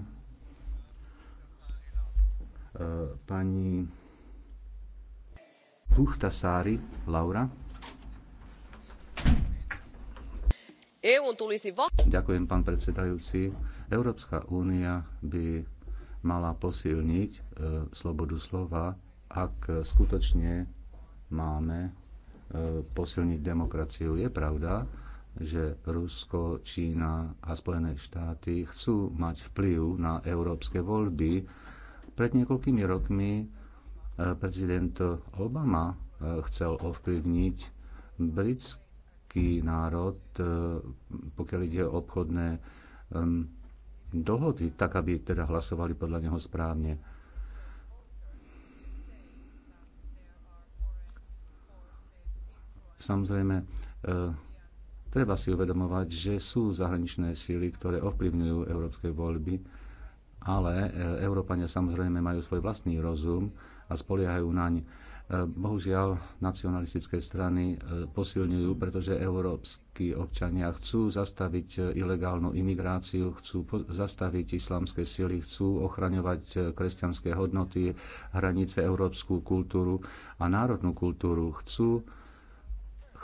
E, pani Sári, Laura. E um Ďakujem, pán predsedajúci. Európska únia by mala posilniť slobodu slova ak skutočne máme e, posilniť demokraciu. Je pravda, že Rusko, Čína a Spojené štáty chcú mať vplyv na európske voľby. Pred niekoľkými rokmi e, prezident Obama e, chcel ovplyvniť britský národ, pokiaľ ide o obchodné dohody, tak aby teda hlasovali podľa neho správne. Samozrejme, e, treba si uvedomovať, že sú zahraničné síly, ktoré ovplyvňujú európske voľby, ale e, Európania samozrejme majú svoj vlastný rozum a spoliehajú naň. E, bohužiaľ, nacionalistické strany posilňujú, pretože európsky občania chcú zastaviť ilegálnu imigráciu, chcú zastaviť islamské sily, chcú ochraňovať kresťanské hodnoty, hranice, európsku kultúru a národnú kultúru. Chcú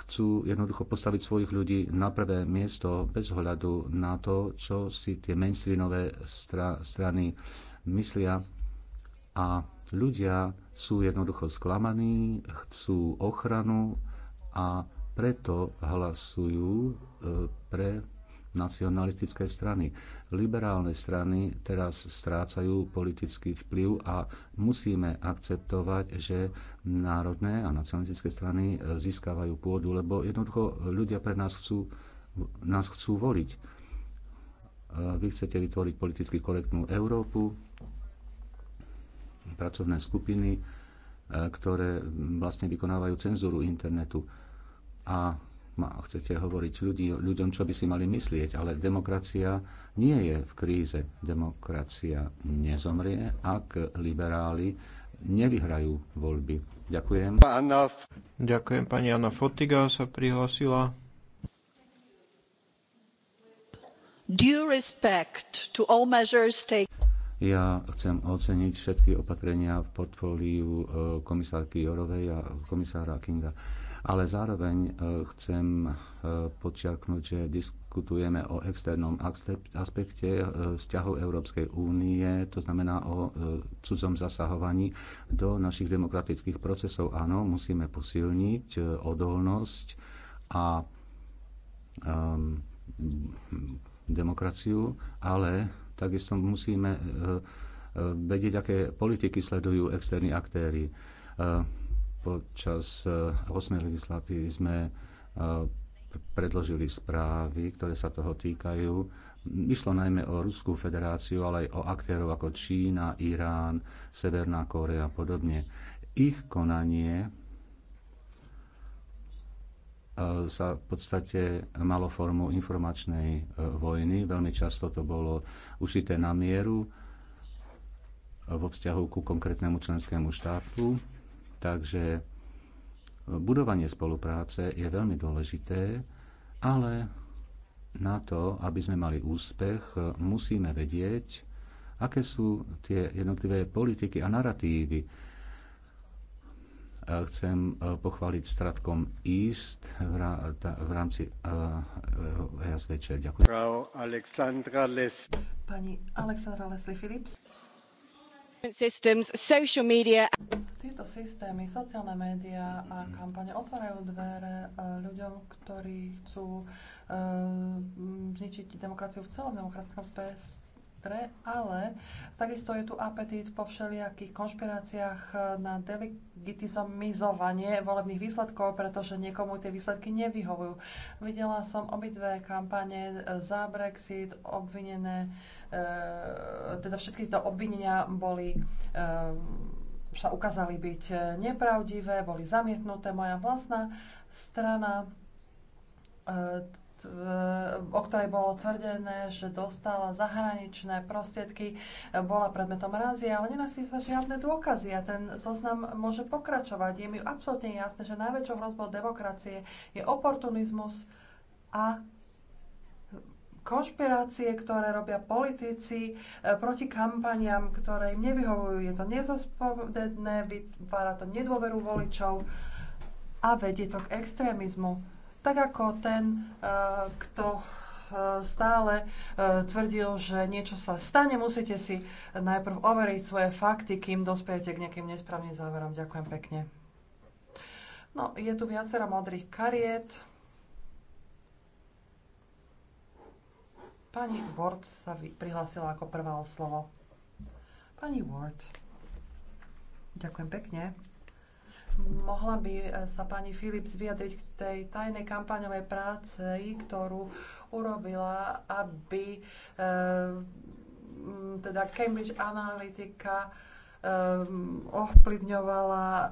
chcú jednoducho postaviť svojich ľudí na prvé miesto bez ohľadu na to, čo si tie mainstreamové stra- strany myslia. A ľudia sú jednoducho sklamaní, chcú ochranu a preto hlasujú e, pre nacionalistické strany. Liberálne strany teraz strácajú politický vplyv a musíme akceptovať, že národné a nacionalistické strany e, získavajú pôdu, lebo jednoducho ľudia pre nás chcú, nás chcú voliť. E, vy chcete vytvoriť politicky korektnú Európu, pracovné skupiny, e, ktoré vlastne vykonávajú cenzúru internetu. A chcete hovoriť ľudí, ľuďom, čo by si mali myslieť, ale demokracia nie je v kríze. Demokracia nezomrie, ak liberáli nevyhrajú voľby. Ďakujem. Pána... Ďakujem, pani Anna Fotiga sa prihlasila. Ja chcem oceniť všetky opatrenia v portfóliu eh, komisárky Jorovej a komisára Kinga ale zároveň e, chcem e, počiarknúť, že diskutujeme o externom aspekte e, vzťahov Európskej únie, to znamená o cudzom zasahovaní do našich demokratických procesov. Áno, musíme posilniť odolnosť a um, demokraciu, ale takisto musíme vedieť, aké politiky sledujú externí aktéry Počas 8. E, legislatívy sme e, predložili správy, ktoré sa toho týkajú. Išlo najmä o Ruskú federáciu, ale aj o aktérov ako Čína, Irán, Severná Kórea a podobne. Ich konanie e, sa v podstate malo formu informačnej vojny. Veľmi často to bolo ušité na mieru vo vzťahu ku konkrétnemu členskému štátu Takže budovanie spolupráce je veľmi dôležité, ale na to, aby sme mali úspech, musíme vedieť, aké sú tie jednotlivé politiky a narratívy. Chcem e, pochváliť Stratkom East v rámci ESVČ. E, e Ďakujem. Pani Alexandra Leslie Phillips. Systems, social media. Tieto systémy, sociálne médiá a mhm. kampane otvárajú dvere eh, ľuďom, ktorí chcú eh, zničiť demokraciu v celom demokratickom spektre, ale takisto je tu apetít po všelijakých konšpiráciách eh, na delegitizomizovanie volebných výsledkov, pretože niekomu tie výsledky nevyhovujú. Videla som obidve kampane za Brexit obvinené, teda všetky tieto obvinenia boli sa ukázali byť e, nepravdivé, boli zamietnuté. Moja vlastná strana, e, e, o ktorej bolo tvrdené, že dostala zahraničné prostriedky, bola predmetom razie, ale nenasí sa žiadne dôkazy a ten zoznam môže pokračovať. Je mi absolútne jasné, že najväčšou hrozbou demokracie je oportunizmus a konšpirácie, ktoré robia politici e, proti kampaniam, ktoré im nevyhovujú. Je to nezospovedné, vytvára to nedôveru voličov a vedie to k extrémizmu. Tak ako ten, e, kto e, stále tvrdil, že niečo sa stane, musíte si najprv overiť svoje fakty, kým dospiete k nejakým nesprávnym záverom. Ďakujem pekne. No, je tu viacera modrých kariet. Pani Ward sa prihlásila ako prvá o slovo. Pani Ward. Ďakujem pekne. Mohla by eh, sa pani Philips vyjadriť k tej tajnej kampaňovej práce, ktorú urobila, aby e, teda Cambridge Analytica Ehm, ovplyvňovala ehm,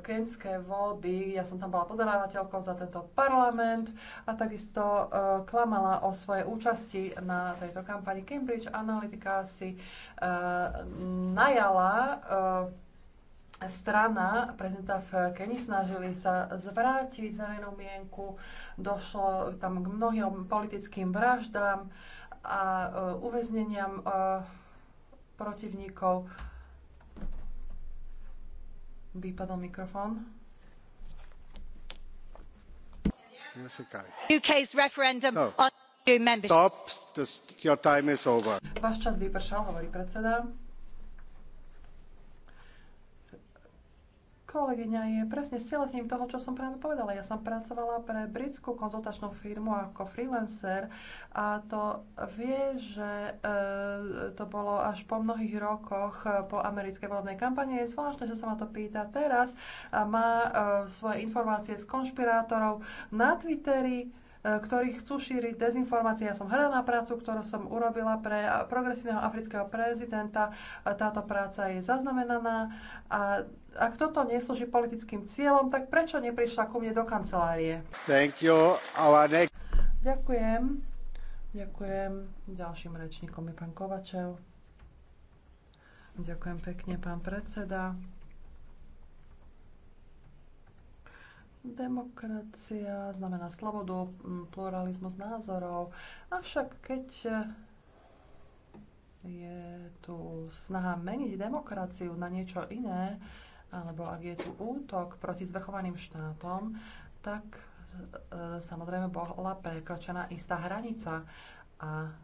kenské voľby. Ja som tam bola pozorávateľkou za tento parlament a takisto ehm, klamala o svojej účasti na tejto kampani. Cambridge Analytica si najala strana prezidenta v Keni snažili sa zvrátiť verejnú mienku, došlo tam k mnohým politickým vraždám a uväzneniam uh, protivníkov. Vypadol mikrofón. UK's referendum so, on EU membership. Stop, your time is over. Váš čas vypršal, hovorí predseda. kolegyňa je presne stelesním toho, čo som práve povedala. Ja som pracovala pre britskú konzultačnú firmu ako freelancer a to vie, že e, to bolo až po mnohých rokoch e, po americkej volebnej kampane. Je zvláštne, že sa ma to pýta teraz a má e, svoje informácie z konšpirátorov na Twitteri ktorí chcú šíriť dezinformácie. Ja som hrala na prácu, ktorú som urobila pre progresívneho afrického prezidenta. Táto práca je zaznamenaná a ak toto neslúži politickým cieľom, tak prečo neprišla ku mne do kancelárie? Thank you. Our next... Ďakujem. Ďakujem. Ďalším rečníkom je pán Kovačev. Ďakujem pekne, pán predseda. Demokracia znamená slobodu, pluralizmus názorov, avšak keď je tu snaha meniť demokraciu na niečo iné, alebo ak je tu útok proti zvrchovaným štátom, tak e, samozrejme bola prekročená istá hranica a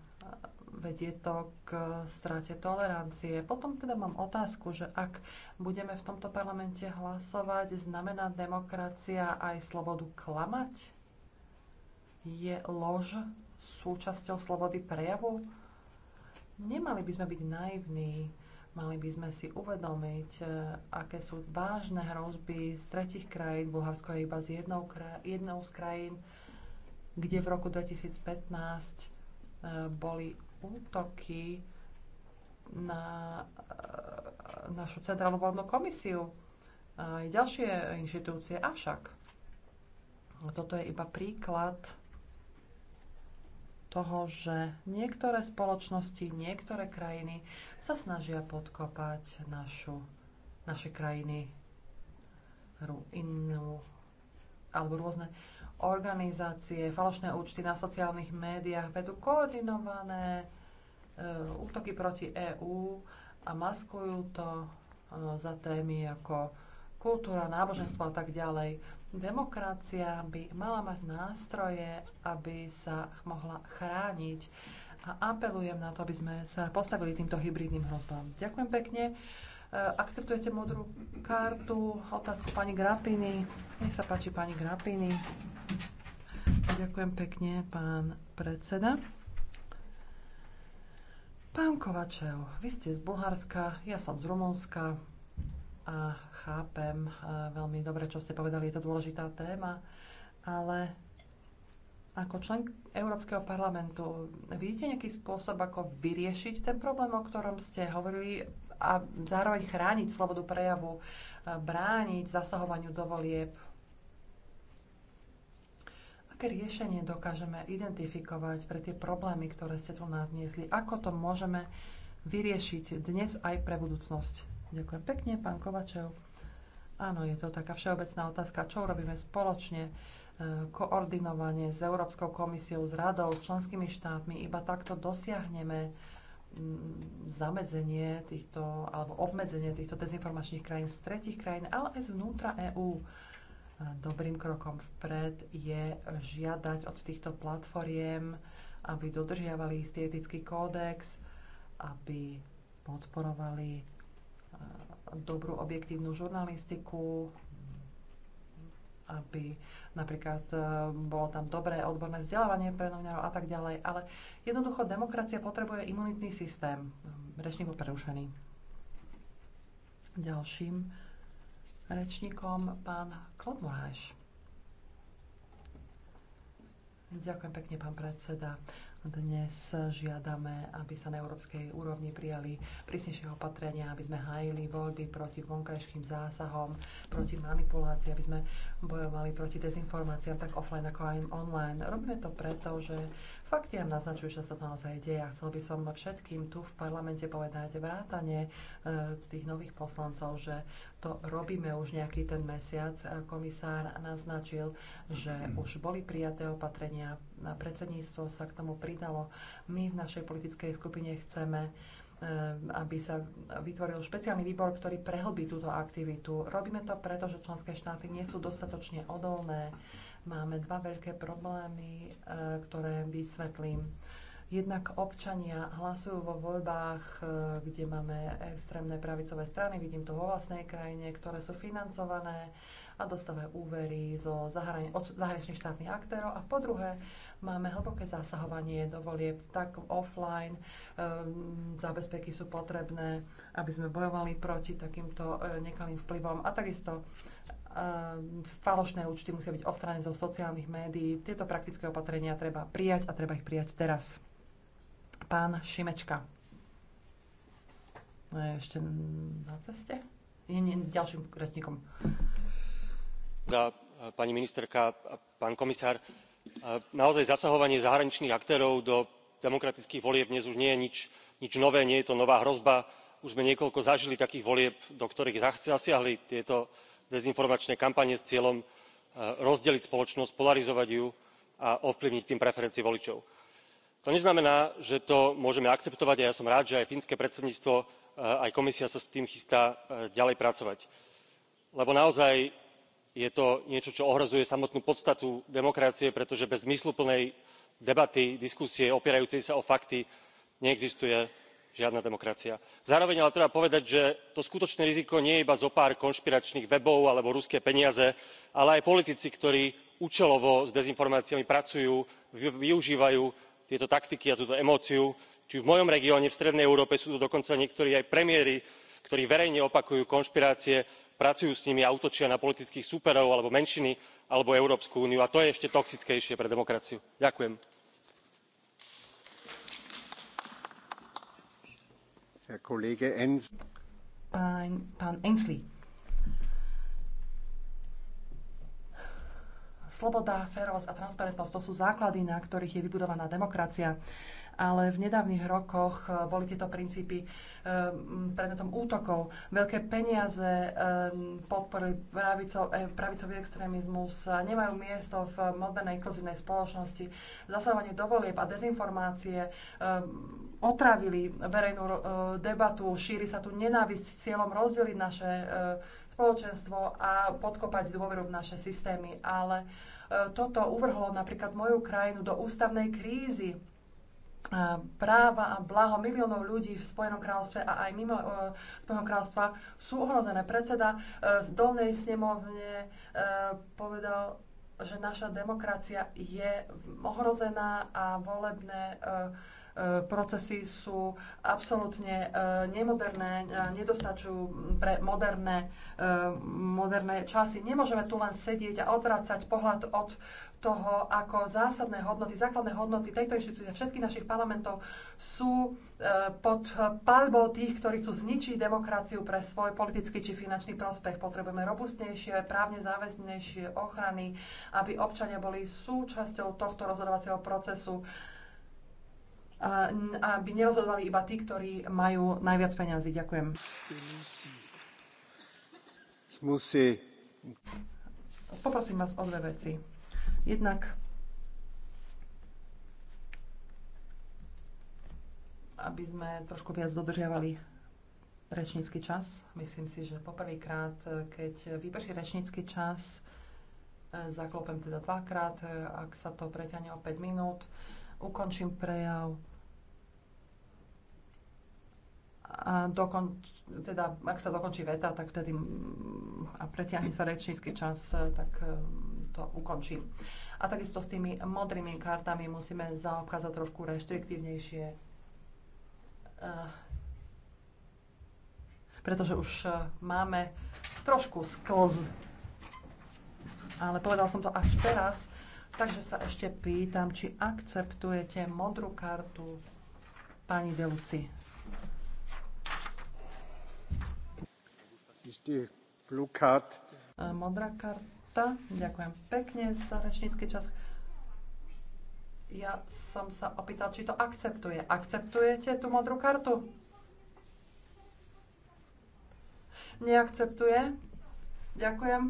vedie to k eh, strate tolerancie. Potom teda mám otázku, že ak budeme v tomto parlamente hlasovať, znamená demokracia aj slobodu klamať? Je lož súčasťou slobody prejavu? Nemali by sme byť naivní, mali by sme si uvedomiť, eh, aké sú vážne hrozby z tretich krajín. Bulharsko je iba z jednou, kraj- jednou z krajín, kde v roku 2015 eh, boli útoky na eh, našu centrálnu volebnú komisiu a aj ďalšie inštitúcie. Avšak toto je iba príklad toho, že niektoré spoločnosti, niektoré krajiny sa snažia podkopať našu, naše krajiny inú alebo rôzne organizácie, falošné účty na sociálnych médiách vedú koordinované e, útoky proti EÚ a maskujú to e, za témy ako kultúra, náboženstvo a tak ďalej. Demokracia by mala mať nástroje, aby sa mohla chrániť a apelujem na to, aby sme sa postavili týmto hybridným hrozbám. Ďakujem pekne. Eh, akceptujete modrú kartu? Otázku pani Grapiny. Nech sa páči pani Grapiny. Ďakujem pekne, pán predseda. Pán Kovačev, vy ste z Bulharska, ja som z Rumunska a chápem eh, veľmi dobre, čo ste povedali, je to dôležitá téma, ale ako člen Európskeho parlamentu vidíte nejaký spôsob, ako vyriešiť ten problém, o ktorom ste hovorili a zároveň chrániť slobodu prejavu, e, brániť zasahovaniu do volieb. Aké riešenie dokážeme identifikovať pre tie problémy, ktoré ste tu nadniesli? Ako to môžeme vyriešiť dnes aj pre budúcnosť? Ďakujem pekne, pán Kovačev. Áno, je to taká všeobecná otázka, čo robíme spoločne e, koordinovanie s Európskou komisiou, s radou, s členskými štátmi. Iba takto dosiahneme Mm, zamedzenie týchto, alebo obmedzenie týchto dezinformačných krajín z tretich krajín, ale aj zvnútra EÚ. E, dobrým krokom vpred je žiadať od týchto platformiem, aby dodržiavali istý etický kódex, aby podporovali e, dobrú objektívnu žurnalistiku, aby napríklad e, bolo tam dobré odborné vzdelávanie pre novinárov a tak ďalej. Ale jednoducho demokracia potrebuje imunitný systém. Rečník bol prerušený. Ďalším rečníkom pán Klod Moráš. Ďakujem pekne, pán predseda. Dnes žiadame, aby sa na európskej úrovni prijali prísnejšie opatrenia, aby sme hájili voľby proti vonkajším zásahom, proti manipulácii, aby sme bojovali proti dezinformáciám tak offline ako aj online. Robíme to preto, že Fakty nám naznačujú, že sa to naozaj deje Ja chcel by som všetkým tu v parlamente povedať vrátane e, tých nových poslancov, že to robíme už nejaký ten mesiac. E, komisár naznačil, že mm-hmm. už boli prijaté opatrenia, predsedníctvo sa k tomu pridalo. My v našej politickej skupine chceme e, aby sa vytvoril špeciálny výbor, ktorý prehlbí túto aktivitu. Robíme to preto, že členské štáty nie sú dostatočne odolné Máme dva veľké problémy, e, ktoré vysvetlím. Jednak občania hlasujú vo voľbách, e, kde máme extrémne pravicové strany, vidím to vo vlastnej krajine, ktoré sú financované a dostávajú úvery zo zahrani- od zahraničných štátnych aktérov. A po druhé, máme hlboké zasahovanie do volieb tak offline. Um, zábezpeky sú potrebné, aby sme bojovali proti takýmto nekalým vplyvom. A takisto Ehm, falošné účty musia byť odstranené zo sociálnych médií. Tieto praktické opatrenia treba prijať a treba ich prijať teraz. Pán Šimečka. Je ešte na ceste? Je ďalším rečníkom. Eh, pani ministerka, eh, pán komisár, eh, naozaj zasahovanie zahraničných aktérov do demokratických volieb dnes už nie je nič, nič nové, nie je to nová hrozba. Už sme niekoľko zažili takých volieb, do ktorých zasiahli tieto dezinformačné kampane s cieľom e, rozdeliť spoločnosť polarizovať ju a ovplyvniť tým preferencie voličov. to neznamená že to môžeme akceptovať a ja som rád že aj fínske predsedníctvo e, aj komisia sa s tým chystá e, ďalej pracovať lebo naozaj je to niečo čo ohrozuje samotnú podstatu demokracie pretože bez zmysluplnej debaty diskusie opierajúcej sa o fakty neexistuje žiadna demokracia. zároveň ale treba povedať že to skutočné riziko nie je iba zopár konšpiračných webov alebo ruské peniaze ale aj politici ktorí účelovo s dezinformáciami pracujú využívajú tieto taktiky a túto emóciu či v mojom regióne v strednej európe sú to dokonca niektorí aj premiéri ktorí verejne opakujú konšpirácie pracujú s nimi a útočia na politických súperov alebo menšiny alebo európsku úniu a to je ešte toxickejšie pre demokraciu. ďakujem. Pán, Ensley. Sloboda, férovosť a transparentnosť to sú základy, na ktorých je vybudovaná demokracia ale v nedávnych rokoch e, boli tieto princípy e, predmetom útokov. Veľké peniaze e, podporili pravicový extrémizmus, nemajú miesto v modernej inkluzívnej spoločnosti. Zasávanie dovolieb a dezinformácie otravili verejnú debatu, šíri sa tu nenávisť s cieľom rozdeliť naše spoločenstvo a podkopať dôveru v naše systémy. Ale toto uvrhlo napríklad moju krajinu do ústavnej krízy práva a blaho miliónov ľudí v Spojenom kráľovstve a aj mimo uh, Spojeného kráľovstva sú ohrozené. Predseda uh, z dolnej snemovne uh, povedal, že naša demokracia je ohrozená a volebné procesy sú absolútne nemoderné, nedostačujú pre moderné, moderné časy. Nemôžeme tu len sedieť a odvrácať pohľad od toho, ako zásadné hodnoty, základné hodnoty tejto inštitúcie, všetkých našich parlamentov sú e, pod palbou tých, ktorí chcú zničiť demokraciu pre svoj politický či finančný prospech. Potrebujeme robustnejšie, právne záväznejšie ochrany, aby občania boli súčasťou tohto rozhodovacieho procesu, aby nerozhodovali iba tí, ktorí majú najviac peňazí. Ďakujem. Poprosím vás o dve veci Jednak aby sme trošku viac dodržiavali rečnícky čas. Myslím si, že poprvýkrát, keď vyprší rečnícky čas, e, zaklopem teda dvakrát, e, ak sa to preťane o 5 minút, ukončím prejav a dokon, teda, ak sa dokončí veta, tak vtedy a preťahne sa rečnícky čas, e, tak to ukončil. A takisto s tými modrými kartami musíme zaobchádzať trošku reštriktívnejšie. Eh, pretože už eh, máme trošku sklz. Ale povedal som to až teraz, takže sa ešte pýtam, či akceptujete modrú kartu pani Deluci. Eh, modrá karta minúta. Ďakujem pekne za rečnícky čas. Ja som sa opýtal, či to akceptuje. Akceptujete tú modrú kartu? Neakceptuje? Ďakujem.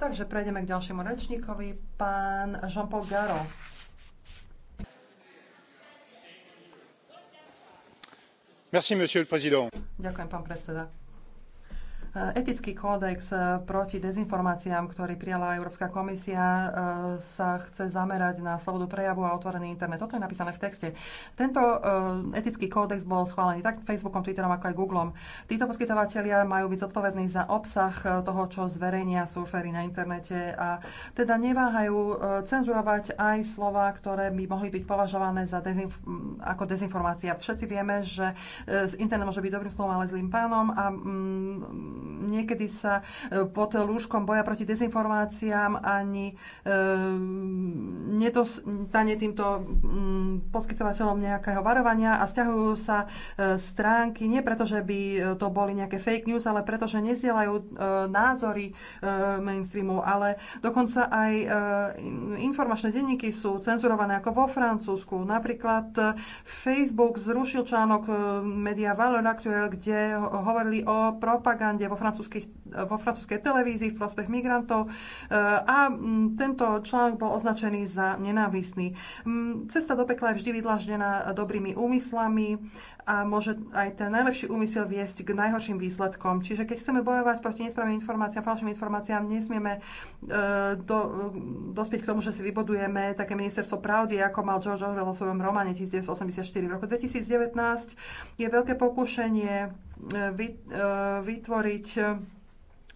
Takže prejdeme k ďalšiemu rečníkovi, pán Jean-Paul Garo. Merci, monsieur le président. Ďakujem, pán predseda. Etický kódex eh, proti dezinformáciám, ktorý prijala Európska komisia, eh, sa chce zamerať na slobodu prejavu a otvorený internet. Toto je napísané v texte. Tento eh, etický kódex bol schválený tak Facebookom, Twitterom, ako aj Googlom. Títo poskytovateľia majú byť zodpovední za obsah toho, čo zverejnia surfery na internete a teda neváhajú cenzurovať aj slova, ktoré by mohli byť považované za dezinf- mm, ako dezinformácia. Všetci vieme, že internet môže byť dobrým slovom, ale zlým pánom a mm, niekedy sa e, pod lúžkom boja proti dezinformáciám ani e, netostane týmto mm, poskytovateľom nejakého varovania a stiahujú sa e, stránky nie preto, že by to boli nejaké fake news, ale preto, že nezdielajú názory mainstreamu, ale dokonca aj informačné denníky sú cenzurované ako vo Francúzsku. Napríklad Facebook zrušil článok Media Valor Actuel, kde hovorili o propagande vo francúzských vo francúzskej televízii v prospech migrantov e, a tento článok bol označený za nenávisný. Cesta do pekla je vždy vydlaždená dobrými úmyslami a môže aj ten najlepší úmysel viesť k najhorším výsledkom. Čiže keď chceme bojovať proti nesprávnym informáciám, falšným informáciám, nesmieme e, do, dospieť k tomu, že si vybodujeme také ministerstvo pravdy, ako mal George Orwell vo svojom románe 1984. V roku 2019 je veľké pokušenie e, vytvoriť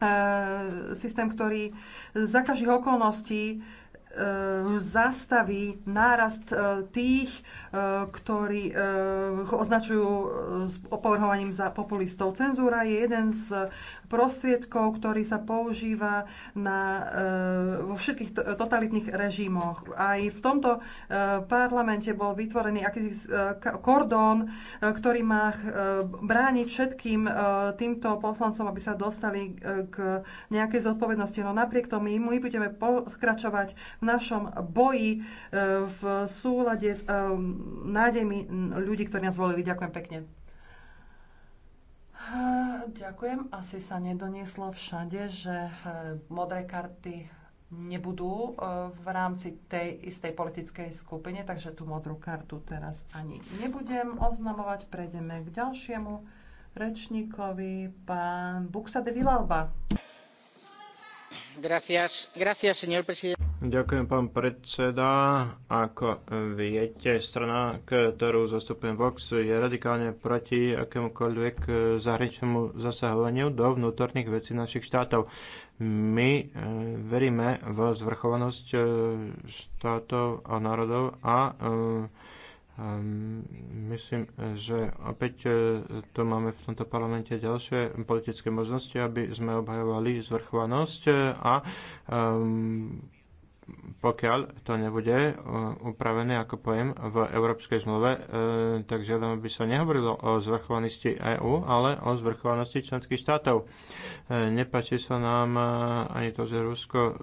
E, systém, ktorý za každých okolností E, zastaví nárast e, tých, e, ktorí označujú s opovrhovaním za populistov. Cenzúra je jeden z prostriedkov, ktorý sa používa na, vo všetkých totalitných režimoch. Aj v tomto parlamente bol vytvorený akýsi kordón, ktorý má brániť všetkým týmto poslancom, aby sa dostali k nejakej zodpovednosti. No napriek tomu my budeme pokračovať našom boji e, v súlade s e, nádejmi ľudí, ktorí nás volili. Ďakujem pekne. Ďakujem. Asi sa nedonieslo všade, že e, modré karty nebudú v rámci tej istej politickej skupine, takže tú modrú kartu teraz ani nebudem oznamovať. Prejdeme k ďalšiemu rečníkovi, pán Buxa de Vilalba. Ďakujem, pán predseda. Ako viete, strana, ktorú zastupujem Vox, je radikálne proti akémukoľvek zahraničnému zasahovaniu do vnútorných vecí našich štátov. My e, veríme v zvrchovanosť e, štátov a národov a e, Myslím, že opäť e, tu máme v tomto parlamente ďalšie politické možnosti, aby sme obhajovali zvrchovanosť e, a pokiaľ to nebude e, upravené ako pojem v Európskej zmluve, tak žiadam, aby sa nehovorilo o zvrchovanosti EÚ, ale o zvrchovanosti členských štátov. Nepačí sa nám ani to, že Rusko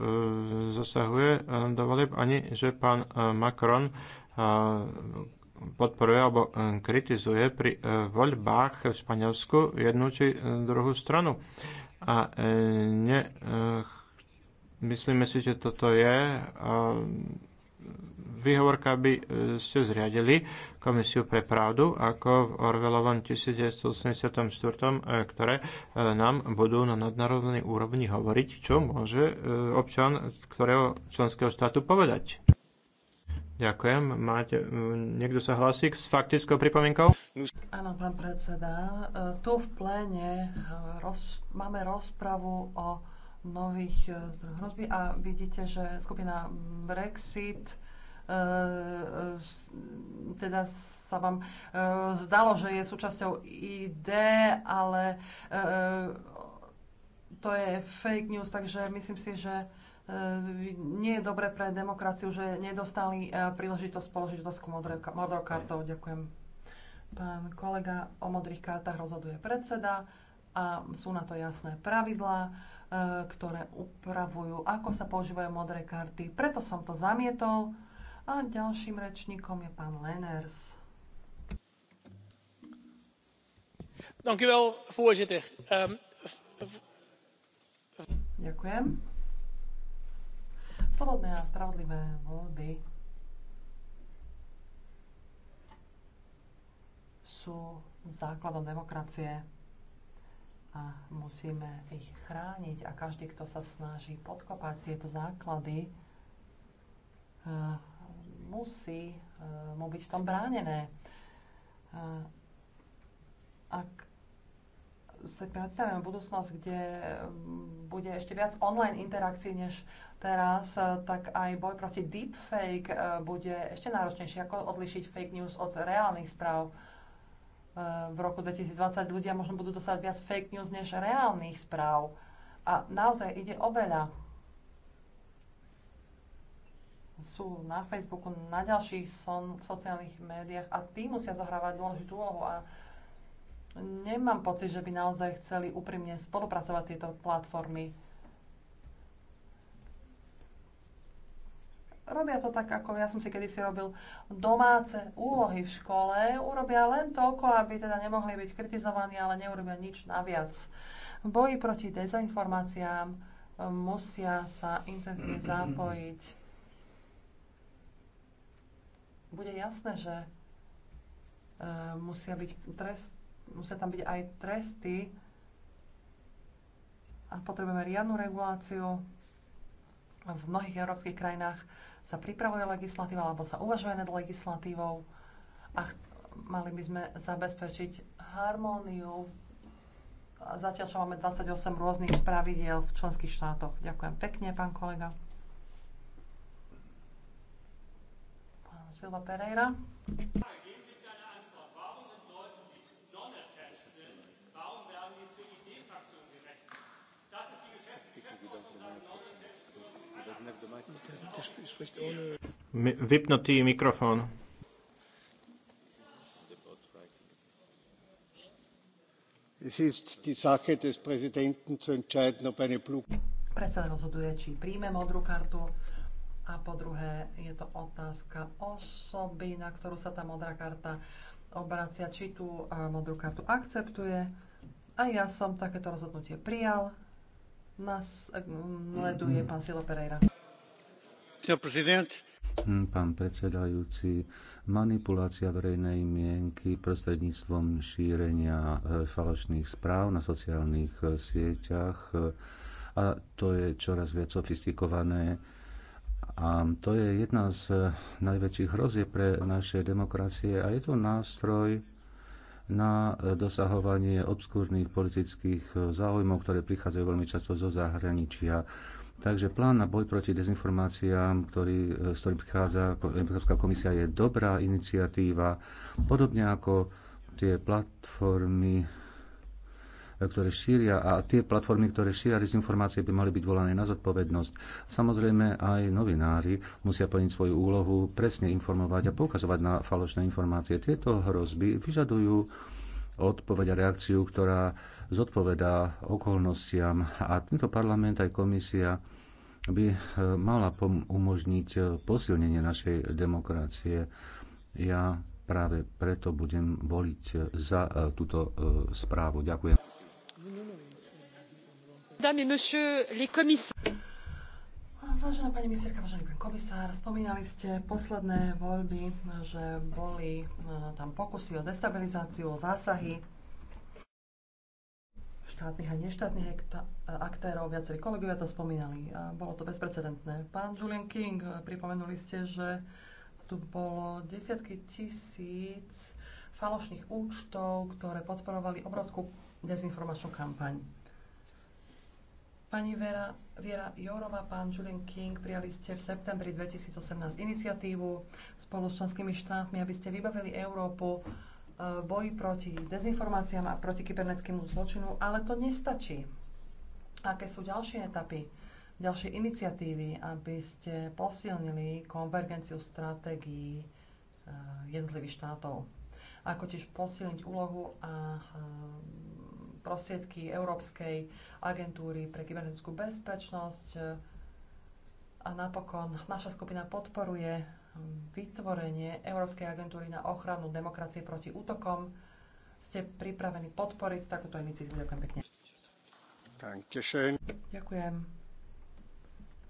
zasahuje do volieb, ani že pán Macron podporuje alebo e, kritizuje pri e, voľbách v Španielsku jednu či e, druhú stranu. A ne, myslíme si, že toto je výhovorka, aby ste zriadili Komisiu pre pravdu, ako v Orvelovom 1984, ktoré nám budú na nadnárodnej úrovni hovoriť, čo môže občan ktorého členského štátu povedať. Ďakujem. Máte, niekto sa hlási s faktickou pripomienkou? Áno, pán predseda. E, tu v pléne e, roz, máme rozpravu o nových e, zdrojoch hrozby a vidíte, že skupina Brexit teda sa vám zdalo, že je súčasťou ID, ale to je fake news, takže myslím si, že E, nie je dobre pre demokraciu, že nedostali e, príležitosť položiť otázku modrou kartou. Ďakujem. Pán kolega, o modrých kartách rozhoduje predseda a sú na to jasné pravidlá, e, ktoré upravujú, ako sa používajú modré karty. Preto som to zamietol. A ďalším rečníkom je pán Leners. Ehm, Ďakujem, Um, Ďakujem slobodné a spravodlivé voľby sú základom demokracie a musíme ich chrániť a každý, kto sa snaží podkopať tieto základy, eh, musí eh, mu byť v tom bránené. Eh, ak si predstavíme budúcnosť, kde mm, bude ešte viac online interakcií než teraz, eh, tak aj boj proti deepfake eh, bude ešte náročnejší. Ako odlišiť fake news od reálnych správ? Eh, v roku 2020 ľudia možno budú dostať viac fake news než reálnych správ. A naozaj ide o veľa. Sú na Facebooku, na ďalších son, sociálnych médiách a tí musia zohrávať dôležitú úlohu. A Nemám pocit, že by naozaj chceli úprimne spolupracovať tieto platformy. Robia to tak, ako ja som si kedysi robil domáce úlohy v škole. Urobia len toľko, aby teda nemohli byť kritizovaní, ale neurobia nič naviac. V boji proti dezinformáciám eh, musia sa intenzívne zapojiť. Bude jasné, že eh, musia byť trest, musia tam byť aj tresty a potrebujeme riadnu reguláciu. V mnohých európskych krajinách sa pripravuje legislatíva alebo sa uvažuje nad legislatívou a mali by sme zabezpečiť harmóniu. Zatiaľ, čo máme 28 rôznych pravidiel v členských štátoch. Ďakujem pekne, pán kolega. Silva Pereira. Vypnutý mikrofón. Predseda rozhoduje, či príjme modrú kartu a po druhé je to otázka osoby, na ktorú sa tá modrá karta obracia, či tú modrú kartu akceptuje. A ja som takéto rozhodnutie prijal. Nasleduje pán Silo Pereira. Hmm, pán predsedajúci, manipulácia verejnej mienky prostredníctvom šírenia eh, falošných správ na sociálnych eh, sieťach eh, a to je čoraz viac sofistikované. A to je jedna z najväčších hrozie pre naše demokracie a je to nástroj na dosahovanie obskúrnych politických záujmov, ktoré prichádzajú veľmi často zo zahraničia Takže plán na boj proti dezinformáciám, ktorý, s e, ktorým prichádza Európska komisia, je dobrá iniciatíva, podobne ako tie platformy, e, ktoré šíria, a tie platformy, ktoré šíria dezinformácie, by mali byť volané na zodpovednosť. Samozrejme, aj novinári musia plniť svoju úlohu, presne informovať a poukazovať na falošné informácie. Tieto hrozby vyžadujú odpoveď a reakciu, ktorá zodpovedá okolnostiam. A tento parlament aj komisia by eh, mala umožniť eh, posilnenie našej demokracie. Ja práve preto budem voliť eh, za túto správu. Ďakujem. Vážená pani ministerka, vážený pán komisár, spomínali ste posledné voľby, že boli e, tam pokusy o destabilizáciu, o zásahy štátnych a neštátnych e, aktérov, viacerí kolegovia to spomínali. A bolo to bezprecedentné. Pán Julian King, e, pripomenuli ste, že tu bolo desiatky tisíc falošných účtov, ktoré podporovali obrovskú dezinformačnú kampaň. Pani Vera, Viera Jourova, pán Julian King, prijali ste v septembri 2018 iniciatívu spolu s členskými štátmi, aby ste vybavili Európu e, v boji proti dezinformáciám a proti kybernetickému zločinu, ale to nestačí. Aké sú ďalšie etapy, ďalšie iniciatívy, aby ste posilnili konvergenciu stratégií e, jednotlivých štátov? Ako tiež posilniť úlohu a e, prostriedky Európskej agentúry pre kybernetickú bezpečnosť. A napokon naša skupina podporuje vytvorenie Európskej agentúry na ochranu demokracie proti útokom. Ste pripravení podporiť takúto iniciatívu? Ďakujem pekne. Ďakujem.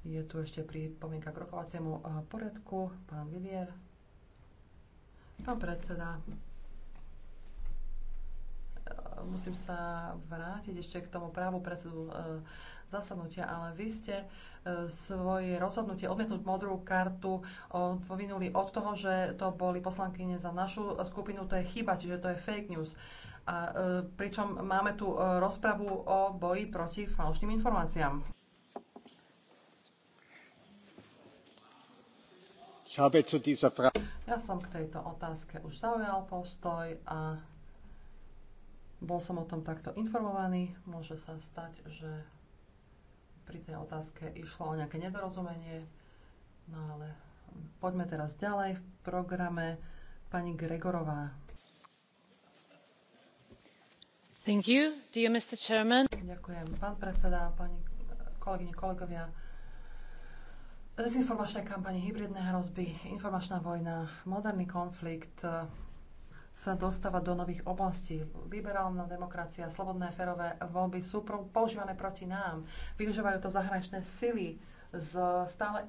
Je tu ešte pripomienka k rokovaciemu eh, poriadku. Pán Vivier. Pán predseda, musím sa vrátiť ešte k tomu právu predsedu e, zasadnutia, ale vy ste e, svoje rozhodnutie odmietnúť modrú kartu odvinuli od toho, že to boli poslankyne za našu skupinu, to je chyba, čiže to je fake news. A e, pričom máme tu rozpravu o boji proti falošným informáciám. Ja som k tejto otázke už zaujal postoj a bol som o tom takto informovaný. Môže sa stať, že pri tej otázke išlo o nejaké nedorozumenie. No ale poďme teraz ďalej v programe. Pani Gregorová. Thank you, dear Mr. Chairman. Ďakujem, pán predseda, pani kolegyne, kolegovia. Dezinformačné kampani hybridné hrozby, informačná vojna, moderný konflikt, sa dostávať do nových oblastí. Liberálna demokracia, slobodné férové voľby sú používané proti nám. Využívajú to zahraničné sily z stále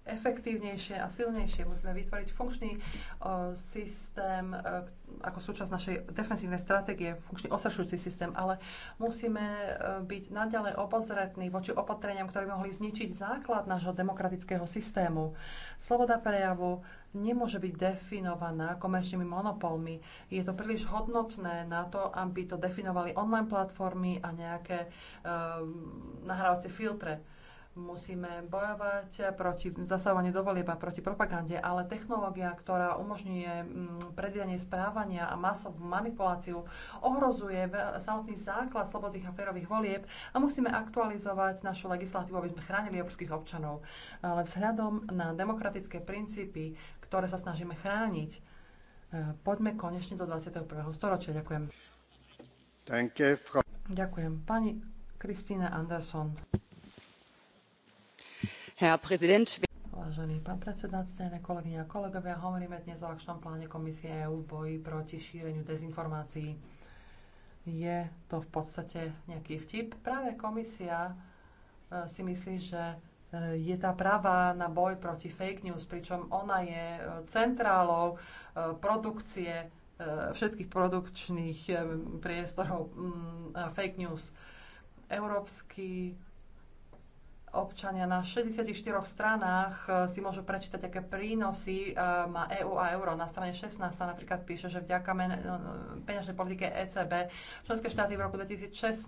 efektívnejšie a silnejšie. Musíme vytvoriť funkčný o, e, systém uh, ako súčasť našej defensívnej stratégie, funkčný osašujúci systém, ale musíme uh, byť naďalej obozretní voči opatreniam, ktoré mohli zničiť základ nášho demokratického systému. Sloboda prejavu, nemôže byť definovaná komerčnými monopolmi. Je to príliš hodnotné na to, aby to definovali online platformy a nejaké uh, nahrávacie filtre. Musíme bojovať proti zasávaniu do volieb a proti propagande, ale technológia, ktorá umožňuje mm, predvídanie správania a masovú manipuláciu, ohrozuje samotný základ slobodných a férových volieb a musíme aktualizovať našu legislatívu, aby sme chránili európskych občanov. Ale vzhľadom na demokratické princípy, ktoré sa snažíme chrániť. E, poďme konečne do 21. storočia. Ďakujem. Frau. Ďakujem. Pani Kristýna Anderson. Herr Präsident. Vážený pán predseda, ctené kolegyne a kolegovia, hovoríme dnes o akčnom pláne Komisie EU v boji proti šíreniu dezinformácií. Je to v podstate nejaký vtip. Práve komisia e, si myslí, že E, je tá práva na boj proti fake news, pričom ona je e, centrálou e, produkcie všetkých produkčných priestorov mm, fake news. Európsky občania na 64 stranách si môžu prečítať, aké prínosy má EÚ EU a euro. Na strane 16 sa napríklad píše, že vďaka peňažnej politike ECB členské štáty v roku 2016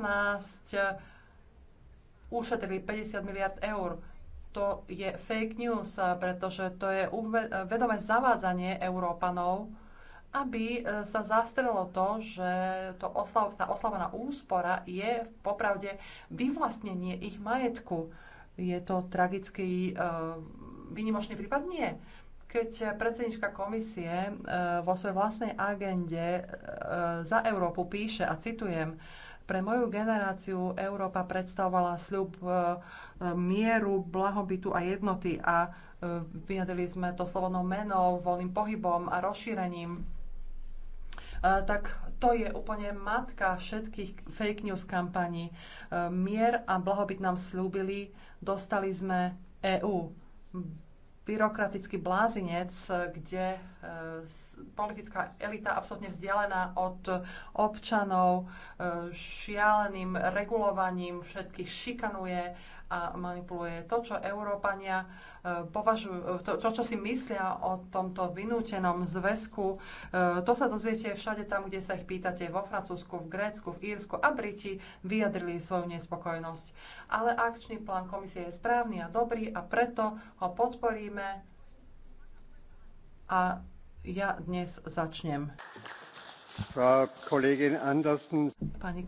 ušetrili 50 miliard eur to je fake news, pretože to je vedomé zavádzanie Európanov, aby e, sa zastrelo to, že to oslav, tá oslavená úspora je popravde vyvlastnenie ich majetku. Je to tragický, e, výnimočný prípad? Nie. Keď predsednička komisie e, vo svojej vlastnej agende za Európu píše, a citujem, pre moju generáciu Európa predstavovala sľub e, e, mieru, blahobytu a jednoty a e, vyjadrili sme to slobodnou menou, voľným pohybom a rozšírením. Tak to je úplne matka všetkých fake news kampaní. Mier a blahobyt nám slúbili, dostali sme EÚ byrokratický blázinec, kde e, politická elita absolútne vzdialená od občanov, e, šialeným regulovaním všetkých šikanuje, a manipuluje. To, čo Európania e, považujú, e, to, to čo si myslia o tomto vynútenom zväzku, e, to sa dozviete všade tam, kde sa ich pýtate, vo Francúzsku, v Grécku, v Írsku a Briti vyjadrili svoju nespokojnosť. Ale akčný plán komisie je správny a dobrý a preto ho podporíme a ja dnes začnem. Pani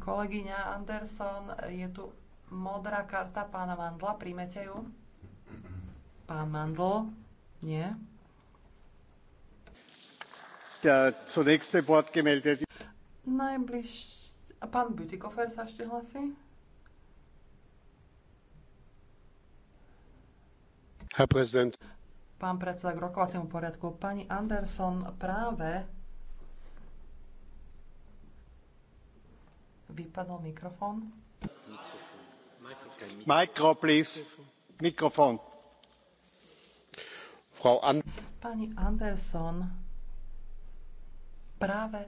kolegyňa Anderson, je tu modrá karta pána Mandla. Príjmete ju? Pán Mandl? Nie? Najbliž... A pán Bütikofer sa ešte hlasí? Herr Präsident. Pán predseda, k rokovaciemu poriadku. Pani Anderson práve vypadol mikrofón. Pani andersson práve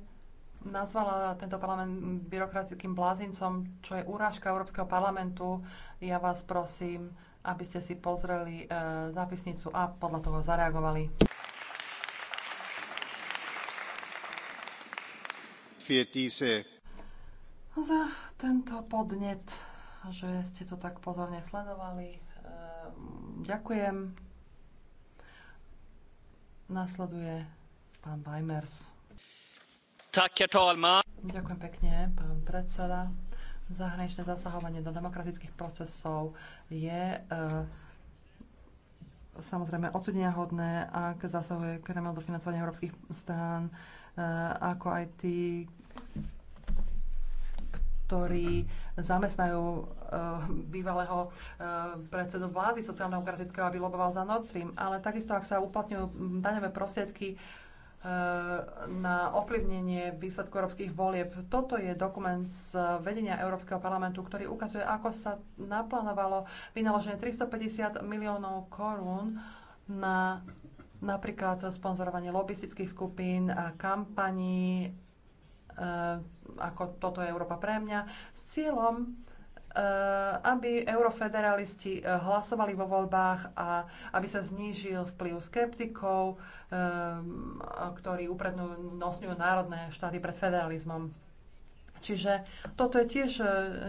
nazvala tento parlament byrokratickým blázincom, čo je urážka Európskeho parlamentu. Ja vás prosím, aby ste si pozreli e, zápisnicu a podľa toho zareagovali. Za tento podnet že ste to tak pozorne sledovali. Ehm, ďakujem. Nasleduje pán Weimers. Ďakujem pekne, pán predseda. Zahraničné zasahovanie do demokratických procesov je e, samozrejme odsudenia hodné, ak zasahuje Kreml do financovania európskych strán, e, ako aj tí, ktorí zamestnajú eh, bývalého eh, predsedu vlády sociálno-demokratického, aby loboval za Nord Stream. Ale takisto, ak sa uplatňujú hm, daňové prostriedky, eh, na ovplyvnenie výsledku európskych volieb. Toto je dokument z vedenia Európskeho parlamentu, ktorý ukazuje, ako sa naplánovalo vynaloženie 350 miliónov korún na napríklad sponzorovanie lobistických skupín, kampaní, ako toto je Európa pre mňa, s cieľom, e, aby eurofederalisti e, hlasovali vo voľbách a aby sa znížil vplyv skeptikov, e, ktorí uprednostňujú národné štáty pred federalizmom. Čiže toto je tiež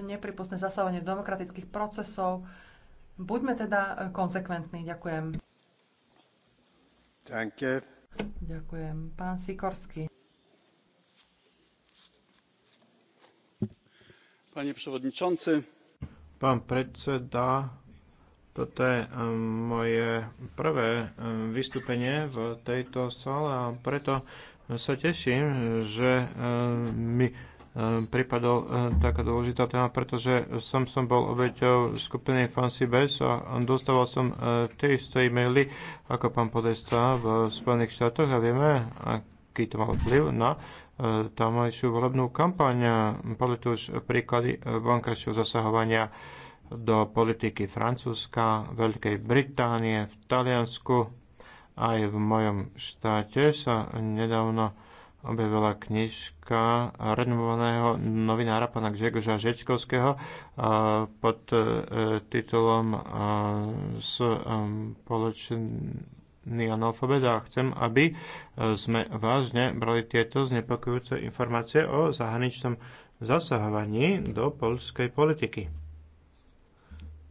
nepripustné zasávanie demokratických procesov. Buďme teda konsekventní. Ďakujem. Danke. Ďakujem. Pán Sikorsky. Panie przewodniczący. Pán predseda, toto je moje prvé vystúpenie v tejto sále a preto sa teším, že mi pripadol taká dôležitá téma, pretože som som bol obeťou skupiny Fancy base a dostával som e, tie isté e-maily ako pán Podesta v Spojených štátoch a vieme, aký to mal vplyv na tamajšiu volebnú kampaň. Boli tu už príklady vonkajšieho zasahovania do politiky Francúzska, Veľkej Británie, v Taliansku. Aj v mojom štáte sa nedávno objavila knižka renomovaného novinára pana Gžegoža Žečkovského pod e, titulom um, Spoločný analfabet a chcem, aby e, sme vážne brali tieto znepokojujúce informácie o zahraničnom zasahovaní do poľskej politiky.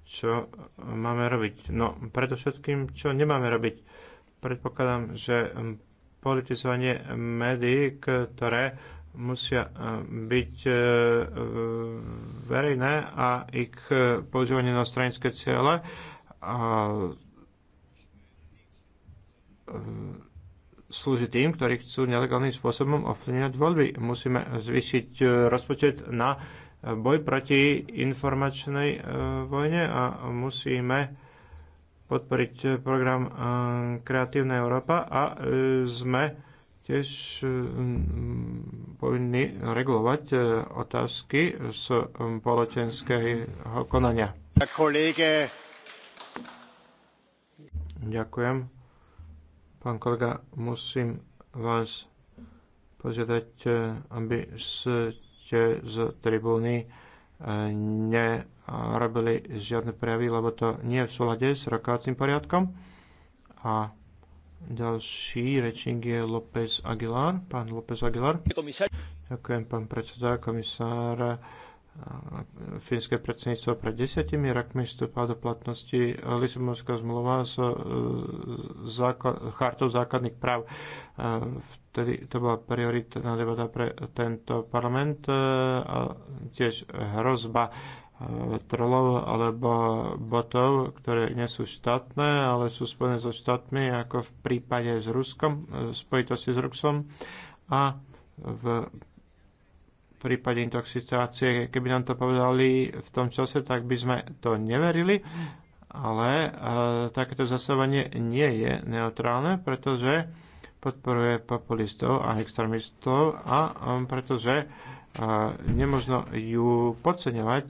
Čo e, máme robiť? No, predovšetkým, čo nemáme robiť? Predpokladám, že politizovanie médií, ktoré musia e, byť verejné a ich používanie na stranické ciele a slúži tým, ktorí chcú nelegálnym spôsobom ovplyvňovať voľby. Musíme zvýšiť e, rozpočet na e, boj proti informačnej e, vojne a musíme podporiť program Kreatívna Európa a sme tiež povinni regulovať otázky z poločenského konania. Ďakujem. Pán kolega, musím vás požiadať, eh, aby ste z tribúny eh, nerobili žiadne prejavy, lebo to nie je v súlade s rokovacím poriadkom. A ďalší rečník je López Aguilar. Pán López Aguilar. Ďakujem, pán predseda, komisár fínske predsedníctvo pred desiatimi rokmi vstúpa do platnosti Lisabonská zmluva s e, základ, chartou základných práv. E, vtedy to bola prioritná debata pre tento parlament e, a tiež hrozba trolov alebo botov, ktoré nie sú štátne, ale sú spojené so štátmi, ako v prípade s Ruskom, spojitosti s Ruskom a v prípade intoxikácie. Keby nám to povedali v tom čase, tak by sme to neverili, ale e, takéto zasávanie nie je neutrálne, pretože podporuje populistov a extrémistov a e, pretože e, nemožno ju podceňovať,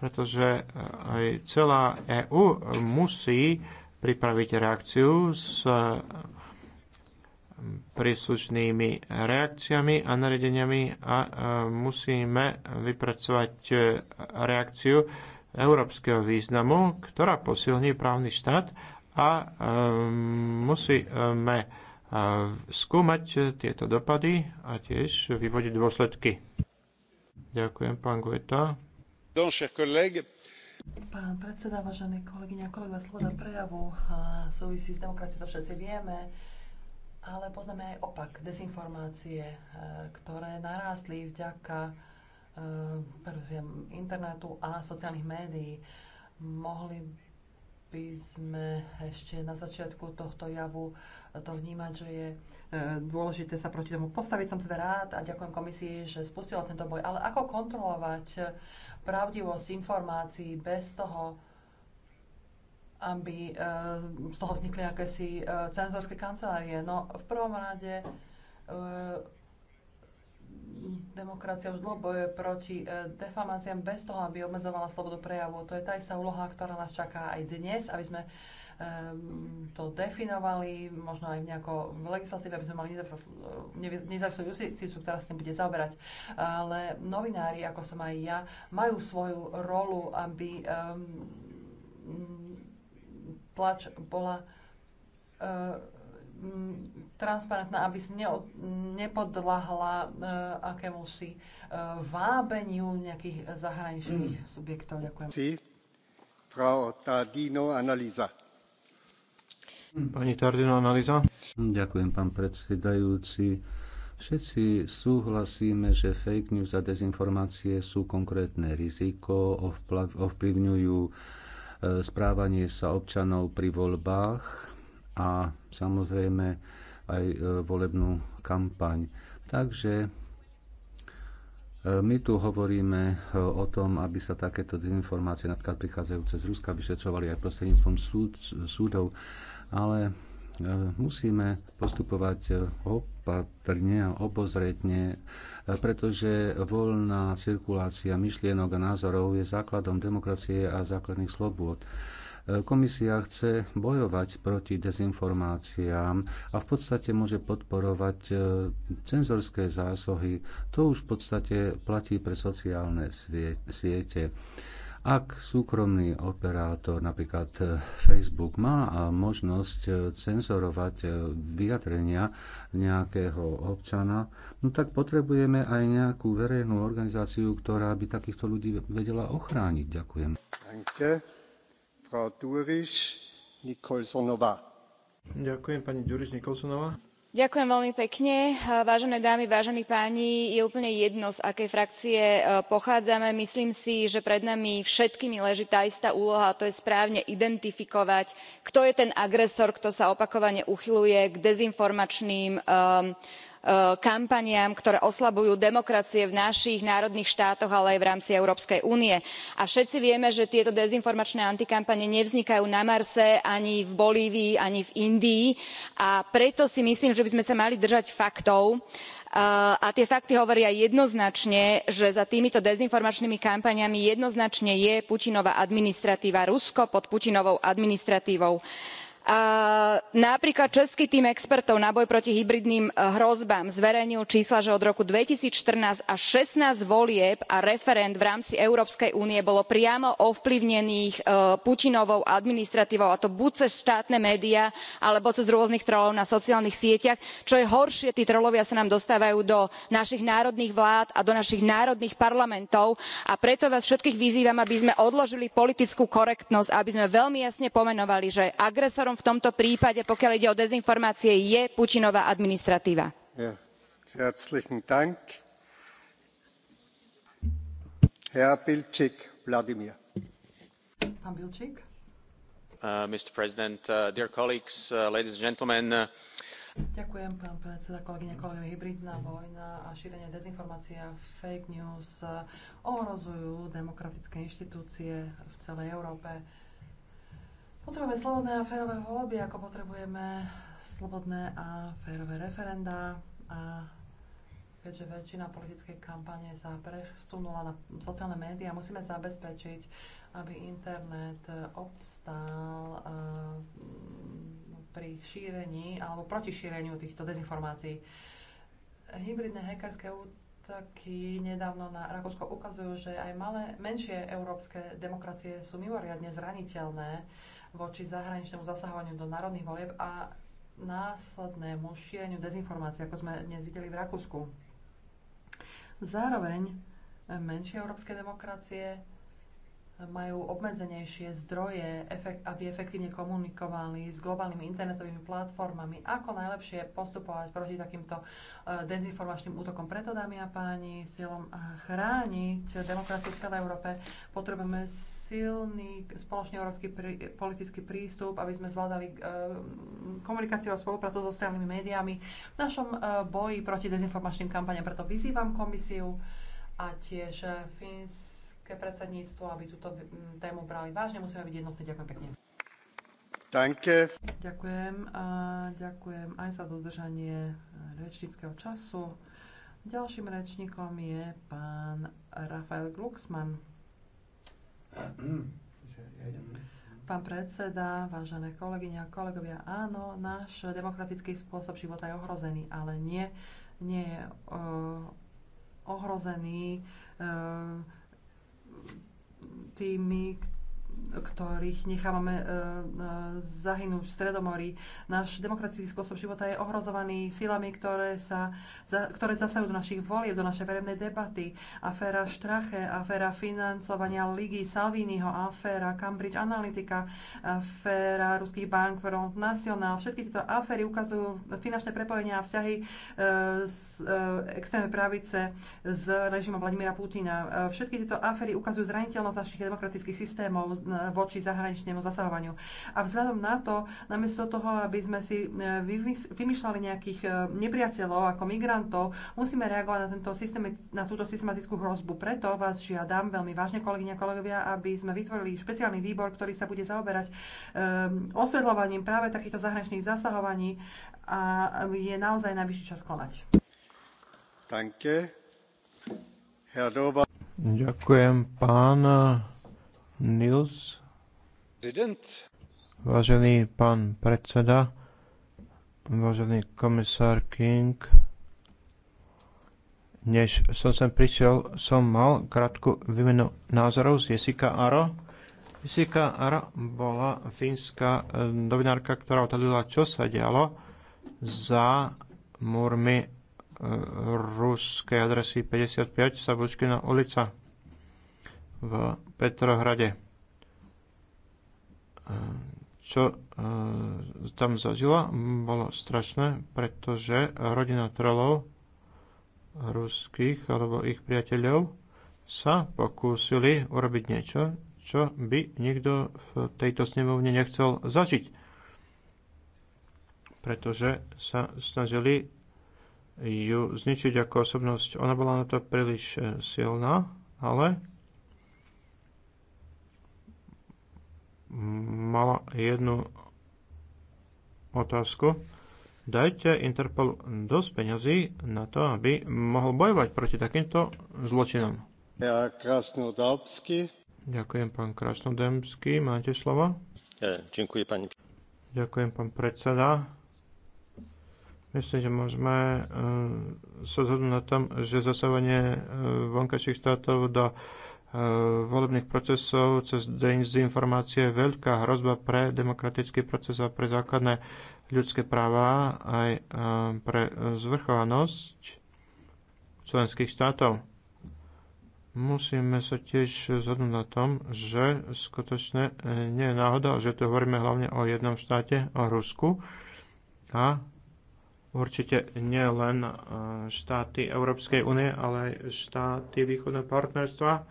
pretože e, aj celá EÚ musí pripraviť reakciu s príslušnými reakciami a nariadeniami a musíme vypracovať e, reakciu európskeho významu, ktorá posilní právny štát a e, musíme e, skúmať tieto dopady a tiež vyvodiť dôsledky. Ďakujem, pán Gueta. Pán predseda, vážené kolegyne a kolega, sloboda prejavu súvisí s demokraciou, to všetci vieme ale poznáme aj opak, dezinformácie, eh, ktoré narástli vďaka eh, internetu a sociálnych médií. Mohli by sme ešte na začiatku tohto javu eh, to vnímať, že je dôležité sa proti tomu postaviť. Som teda rád a ďakujem komisii, že spustila tento boj. Ale ako kontrolovať pravdivosť informácií bez toho, aby e, z toho vznikli akési e, cenzorské kancelárie. No v prvom rade e, demokracia už dlho boje proti defamáciám bez toho, aby obmedzovala slobodu prejavu. To je tá istá úloha, ktorá nás čaká aj dnes, aby sme to definovali, možno aj nejako v legislatíve, aby sme mali nezávislú justíciu, ktorá s tým bude zaoberať. Ale novinári, ako som aj ja, majú svoju rolu, aby um, tlač bola e, transparentná, aby si ne, nepodlahla e, akémusi si e, vábeniu nejakých zahraničných mm. subjektov. Ďakujem. Si. Frau Tardino Analýza. Mm, pani Tardino Analýza. Ďakujem, pán predsedajúci. Všetci súhlasíme, že fake news a dezinformácie sú konkrétne riziko, ovplyvňujú E, správanie sa občanov pri voľbách a samozrejme aj e, volebnú kampaň. Takže e, my tu hovoríme o tom, aby sa takéto dezinformácie, napríklad prichádzajúce z Ruska, vyšetrovali aj prostredníctvom súd, súdov, ale musíme postupovať opatrne a obozretne, pretože voľná cirkulácia myšlienok a názorov je základom demokracie a základných slobôd. Komisia chce bojovať proti dezinformáciám a v podstate môže podporovať e, cenzorské zásohy. To už v podstate platí pre sociálne siete. Ak súkromný operátor, napríklad eh, Facebook, má eh, možnosť eh, cenzorovať vyjadrenia nejakého občana, no tak potrebujeme aj nejakú verejnú organizáciu, ktorá by takýchto ľudí vedela ochrániť. Ďakujem. Danke. Frau Duriš Nikolsonová. Ďakujem pani Duriš Nikolsonová. Ďakujem veľmi pekne. Vážené dámy, vážení páni, je úplne jedno, z akej frakcie e, pochádzame. Myslím si, že pred nami všetkými leží tá istá úloha, a to je správne identifikovať, kto je ten agresor, kto sa opakovane uchyľuje k dezinformačným e, Eh, kampaniam ktoré oslabujú demokracie v našich národných štátoch ale aj v rámci európskej únie a všetci vieme že tieto dezinformačné antikampane nevznikajú na marse ani v bolívii ani v indii a preto si myslím že by sme sa mali držať faktov eh, a tie fakty hovoria jednoznačne že za týmito dezinformačnými kampaňami jednoznačne je putinova administratíva rusko pod putinovou administratívou napríklad český tím expertov na boj proti hybridným e, hrozbám zverejnil čísla že od roku two thousand and fourteen až sixteen volieb a referend v rámci európskej únie bolo priamo ovplyvnených e, putinovou administratívou a to buď cez štátne médiá alebo cez rôznych trollov na sociálnych sieťach čo je horšie tí trollovia sa nám dostávajú do našich národných vlád a do našich národných parlamentov a preto vás všetkých vyzývam aby sme odložili politickú korektnosť a aby sme veľmi jasne pomenovali že agresorom v tomto prípade pokiaľ ide o dezinformácie je putinova administratíva. Uh, uh, uh, Ďakujem, pán Hybridná vojna a šírenie dezinformácií a fake news ohrozujú demokratické inštitúcie v celej Európe. Potrebujeme slobodné a férové voľby, ako potrebujeme slobodné a férové referenda a keďže väčšina politickej kampane sa presunula na sociálne médiá, musíme zabezpečiť, aby internet obstál eh, pri šírení alebo proti šíreniu týchto dezinformácií. Hybridné hackerské útoky nedávno na Rakúsko ukazujú, že aj malé, menšie európske demokracie sú mimoriadne zraniteľné voči zahraničnému zasahovaniu do národných volieb a následnému šíreniu dezinformácií, ako sme dnes videli v Rakúsku. Zároveň menšie európske demokracie majú obmedzenejšie zdroje, aby efektívne komunikovali s globálnymi internetovými platformami, ako najlepšie postupovať proti takýmto e, dezinformačným útokom. Preto, dámy a páni, s cieľom chrániť demokraciu v celej Európe potrebujeme silný spoločný európsky prí, politický prístup, aby sme zvládali e, komunikáciu a spoluprácu so sociálnymi médiami v našom e, boji proti dezinformačným kampaniam. Preto vyzývam komisiu a tiež Fins švedské predsedníctvo, aby túto mm, tému brali vážne. Musíme byť jednotní. Ďakujem pekne. Danke. Ďakujem a ďakujem aj za dodržanie rečníckého času. Ďalším rečníkom je pán Rafael Glucksmann. Pán predseda, vážené kolegyne a kolegovia, áno, náš demokratický spôsob života je ohrozený, ale nie, nie je uh, ohrozený uh, tými, ktorých nechávame e, e, zahynúť v Stredomorí. Náš demokratický spôsob života je ohrozovaný silami, ktoré, sa, ktoré zasajú do našich volieb, do našej verejnej debaty. Aféra Štrache, aféra financovania Ligy Salviniho, aféra Cambridge Analytica, aféra ruských bank Front National. Všetky tieto aféry ukazujú finančné prepojenia a vzťahy z e, extrémnej pravice s režimom Vladimíra Putina. Všetky tieto aféry ukazujú zraniteľnosť našich demokratických systémov, E, voči zahraničnému zasahovaniu. A vzhľadom na to, namiesto toho, aby sme si e, vymýšľali nejakých e, nepriateľov ako migrantov, musíme reagovať na, tento systém, na túto systematickú hrozbu. Preto vás žiadam veľmi vážne, kolegyňa a kolegovia, aby sme vytvorili špeciálny výbor, ktorý sa bude zaoberať osvetľovaním práve takýchto zahraničných zasahovaní a je naozaj najvyšší čas konať. Ďakujem, pán Nils. Vážený pán predseda, vážený komisár King, než som sem prišiel, som mal krátku výmenu názorov z Jessica Aro. Jessica Aro bola fínska e, novinárka, ktorá odhadila, čo sa dialo za múrmi e, ruskej adresy 55 Sabučkina ulica v Petrohrade. E, čo e, tam zažila, bolo strašné, pretože rodina trolov ruských alebo ich priateľov sa pokúsili urobiť niečo, čo by nikto v tejto snemovne nechcel zažiť. Pretože sa snažili ju zničiť ako osobnosť. Ona bola na to príliš e, silná, ale mala jednu otázku. Dajte Interpol dosť peňazí na to, aby mohol bojovať proti takýmto zločinom. Ja, Krasnodobsky. Ďakujem, pán Krasnodemský. Máte slovo? Ja, ďakujem, pani. Ďakujem, pán predseda. Myslím, že môžeme eh, sa zhodnúť na tom, že zasahovanie eh, vonkajších štátov do E, volebných procesov cez informácie je veľká hrozba pre demokratický proces a pre základné ľudské práva aj e, pre zvrchovanosť členských štátov. Musíme sa tiež zhodnúť na tom, že skutočne e, nie je náhoda, že tu hovoríme hlavne o jednom štáte, o Rusku a určite nie len štáty Európskej únie, ale aj štáty východného partnerstva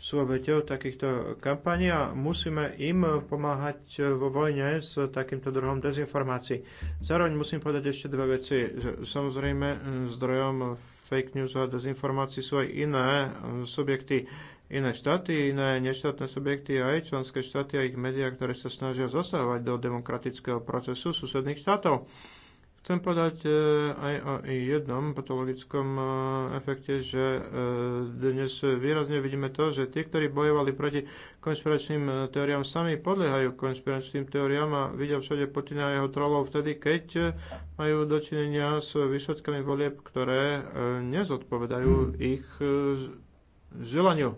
sú obeťou takýchto kampaní a musíme im pomáhať vo vojne s takýmto druhom dezinformácií. Zároveň musím povedať ešte dve veci. Samozrejme, zdrojom fake news a dezinformácií sú aj iné subjekty, iné štáty, iné neštátne subjekty, aj členské štáty a ich médiá, ktoré sa snažia zasahovať do demokratického procesu susedných štátov Chcem povedať e, aj o jednom patologickom e, efekte, že e, dnes výrazne vidíme to, že tí, ktorí bojovali proti konšpiračným teóriám, sami podliehajú konšpiračným teóriám a vidia všade Putina a jeho trolov vtedy, keď majú dočinenia s výsledkami volieb, ktoré nezodpovedajú ich želaniu.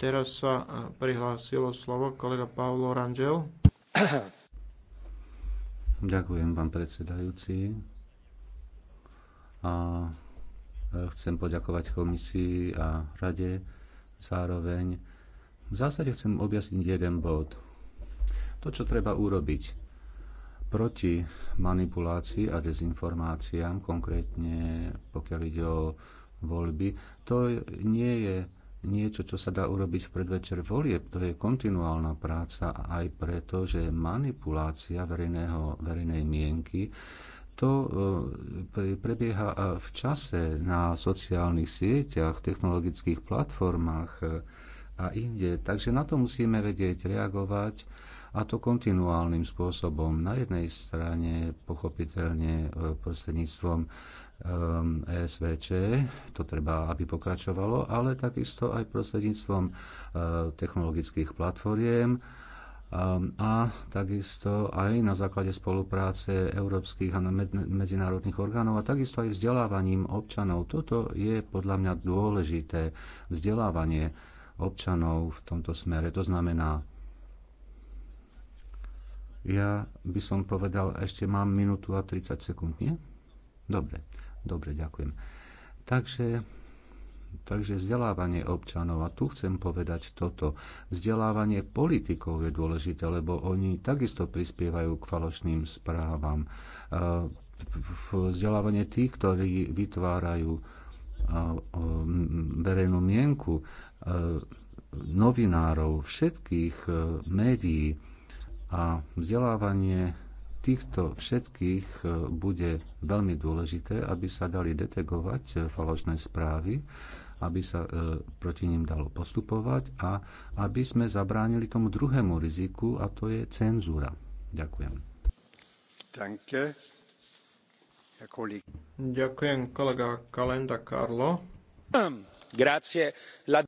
Teraz sa prihlásilo slovo kolega Paolo Rangel. Ďakujem, pán predsedajúci. A e, chcem poďakovať komisii a rade zároveň. V zásade chcem objasniť jeden bod. To, čo treba urobiť proti manipulácii a dezinformáciám, konkrétne pokiaľ ide o voľby, to nie je niečo, čo sa dá urobiť v predvečer volieb. To je kontinuálna práca aj preto, že manipulácia verejného, verejnej mienky to e, prebieha v čase na sociálnych sieťach, technologických platformách e, a inde. Takže na to musíme vedieť reagovať a to kontinuálnym spôsobom. Na jednej strane pochopiteľne e, prostredníctvom um, ehm, ESVČ, to treba, aby pokračovalo, ale takisto aj prostredníctvom uh, technologických platformiem um, a takisto aj na základe spolupráce európskych a medzinárodných orgánov a takisto aj vzdelávaním občanov. Toto je podľa mňa dôležité vzdelávanie občanov v tomto smere. To znamená, ja by som povedal, ešte mám minútu a 30 sekúnd, nie? Dobre. Dobre, ďakujem. Takže, takže vzdelávanie občanov, a tu chcem povedať toto, vzdelávanie politikov je dôležité, lebo oni takisto prispievajú k falošným správam. E, vzdelávanie tých, ktorí vytvárajú e, verejnú mienku, e, novinárov, všetkých médií a vzdelávanie týchto všetkých e, bude veľmi dôležité, aby sa dali detegovať e, falošné správy, aby sa e, proti ním dalo postupovať a aby sme zabránili tomu druhému riziku a to je cenzúra. Ďakujem. Danke. Ďakujem kolega Kalenda Karlo. Grazie. La...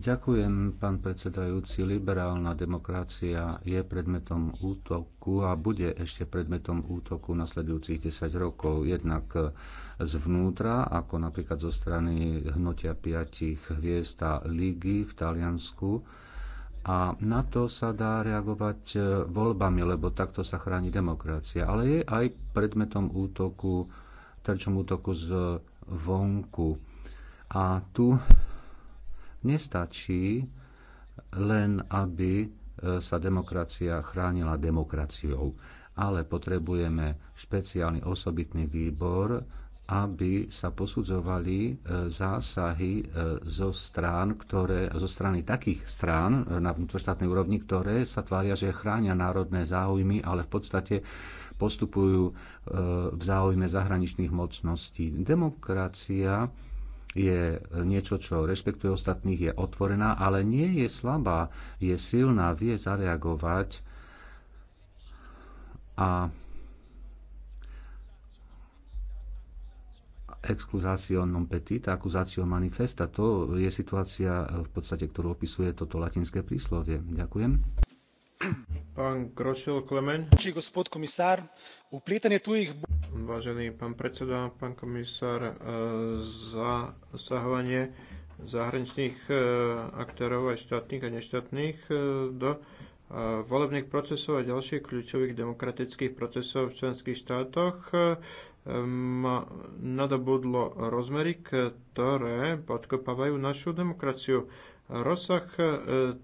Ďakujem, pán predsedajúci. Liberálna demokracia je predmetom útoku a bude ešte predmetom útoku nasledujúcich 10 rokov. Jednak zvnútra, ako napríklad zo strany hnutia piatich hviezda lígy v Taliansku. A na to sa dá reagovať voľbami, lebo takto sa chráni demokracia. Ale je aj predmetom útoku, terčom útoku z vonku. A tu Nestačí len, aby e, sa demokracia chránila demokraciou, ale potrebujeme špeciálny osobitný výbor, aby sa posudzovali e, zásahy e, zo, strán, ktoré, zo strany takých strán na vnútroštátnej úrovni, ktoré sa tvária, že chránia národné záujmy, ale v podstate postupujú v záujme zahraničných mocností. Demokracia je niečo, čo rešpektuje ostatných, je otvorená, ale nie je slabá, je silná, vie zareagovať a excusationum petit, accusatio manifesta, to je situácia v podstate, ktorú opisuje toto latinské príslovie. Ďakujem. Pán Grošil Klemeň. gospod komisár, uplietanie tujich... Vážený pán predseda, pán komisár, e, zasahovanie zahraničných e, aktérov aj štátnych a neštátnych e, do volebných procesov a ďalších kľúčových demokratických procesov v členských štátoch ma nadobudlo rozmery, ktoré podkopávajú našu demokraciu. Rozsah e,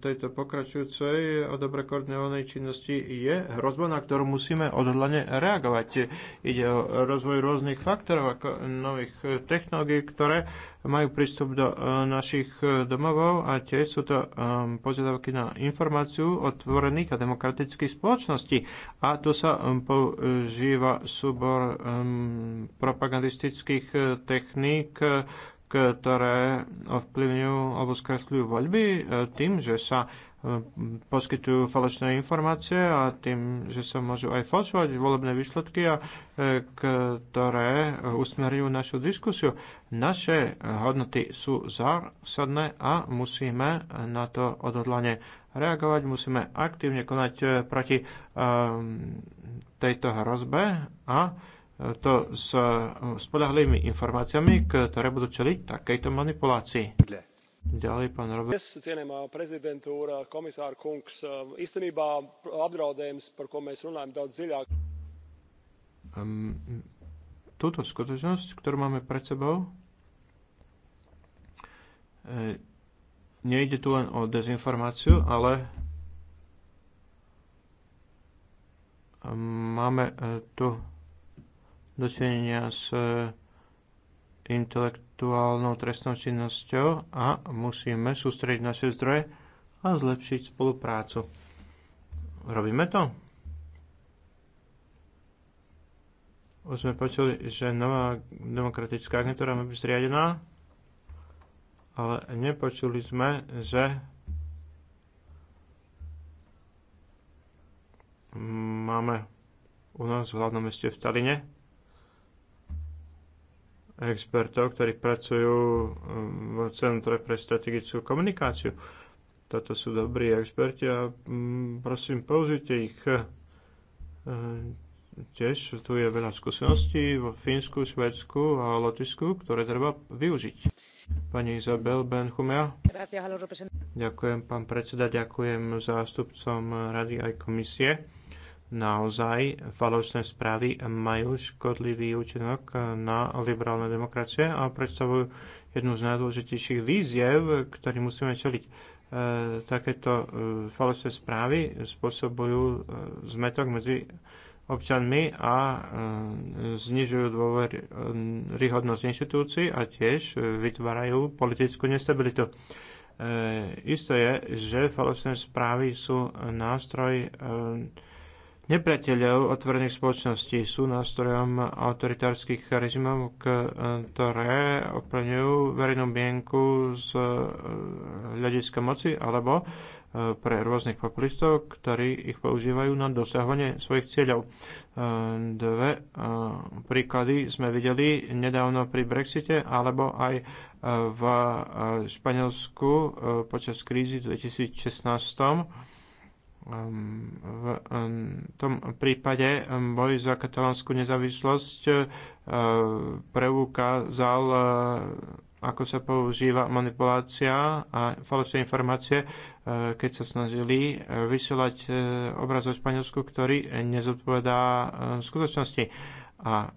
tejto pokračujúcej a dobre koordinovanej činnosti je hrozba, na ktorú musíme odhľadne reagovať. Ide o rozvoj rôznych faktorov, ako nových technológií, ktoré majú prístup do e, našich e, domovov a tiež sú to požiadavky na informáciu otvorených a demokratických spoločností. A tu sa používa súbor propagandistických techník, ktoré ovplyvňujú alebo skresľujú voľby e, tým, že sa e, poskytujú falošné informácie a tým, že sa môžu aj falšovať volebné výsledky, a, e, ktoré usmerňujú našu diskusiu. Naše hodnoty sú zásadné a musíme na to odhodlane reagovať, musíme aktívne konať proti tejto hrozbe a to s eh, spolahlivými informáciami, ktoré budú čeliť takejto manipulácii. Ďalej, pán Robert. Dnes, cienījumā prezidentūra, komisár kungs, īstenībā eh, apdraudējums, par ko mēs runājam daudz dziļāk. Um, túto skutočnosť, ktorú máme pred sebou, e, nejde tu len o dezinformáciu, ale máme e, tu dočinenia s e, intelektuálnou trestnou činnosťou a musíme sústrediť naše zdroje a zlepšiť spoluprácu. Robíme to? Už sme počuli, že nová demokratická agentúra má byť zriadená, ale nepočuli sme, že máme u nás v hlavnom meste v Taline expertov, ktorí pracujú um, v Centre pre strategickú komunikáciu. Toto sú dobrí experti a mm, prosím, použite ich. Eh, tiež tu je veľa skúseností v Fínsku, Švedsku a Lotisku, ktoré treba využiť. Pani Izabel Benchumia. Ďakujem, pán predseda, ďakujem zástupcom rady aj komisie naozaj falošné správy majú škodlivý účinok na liberálne demokracie a predstavujú jednu z najdôležitejších víziev, ktorým musíme čeliť. E, takéto e, falošné správy spôsobujú e, zmetok medzi občanmi a znižujú dôveryhodnosť inštitúcií a tiež vytvárajú politickú nestabilitu. Isté je, že falošné správy sú nástroj Nepriateľov otvorených spoločností sú nástrojom autoritárskych režimov, ktoré ovplyvňujú verejnú mienku z e, hľadiska moci alebo e, pre rôznych populistov, ktorí ich používajú na dosahovanie svojich cieľov. E, dve príklady sme videli nedávno pri Brexite alebo aj v Španielsku počas krízy v 2016 Ehm, v ehm, tom prípade ehm, boj za katalánsku nezávislosť preukázal, ako sa používa manipulácia a falošné informácie, keď sa snažili vysielať obraz o Španielsku, ktorý nezodpovedá skutočnosti. A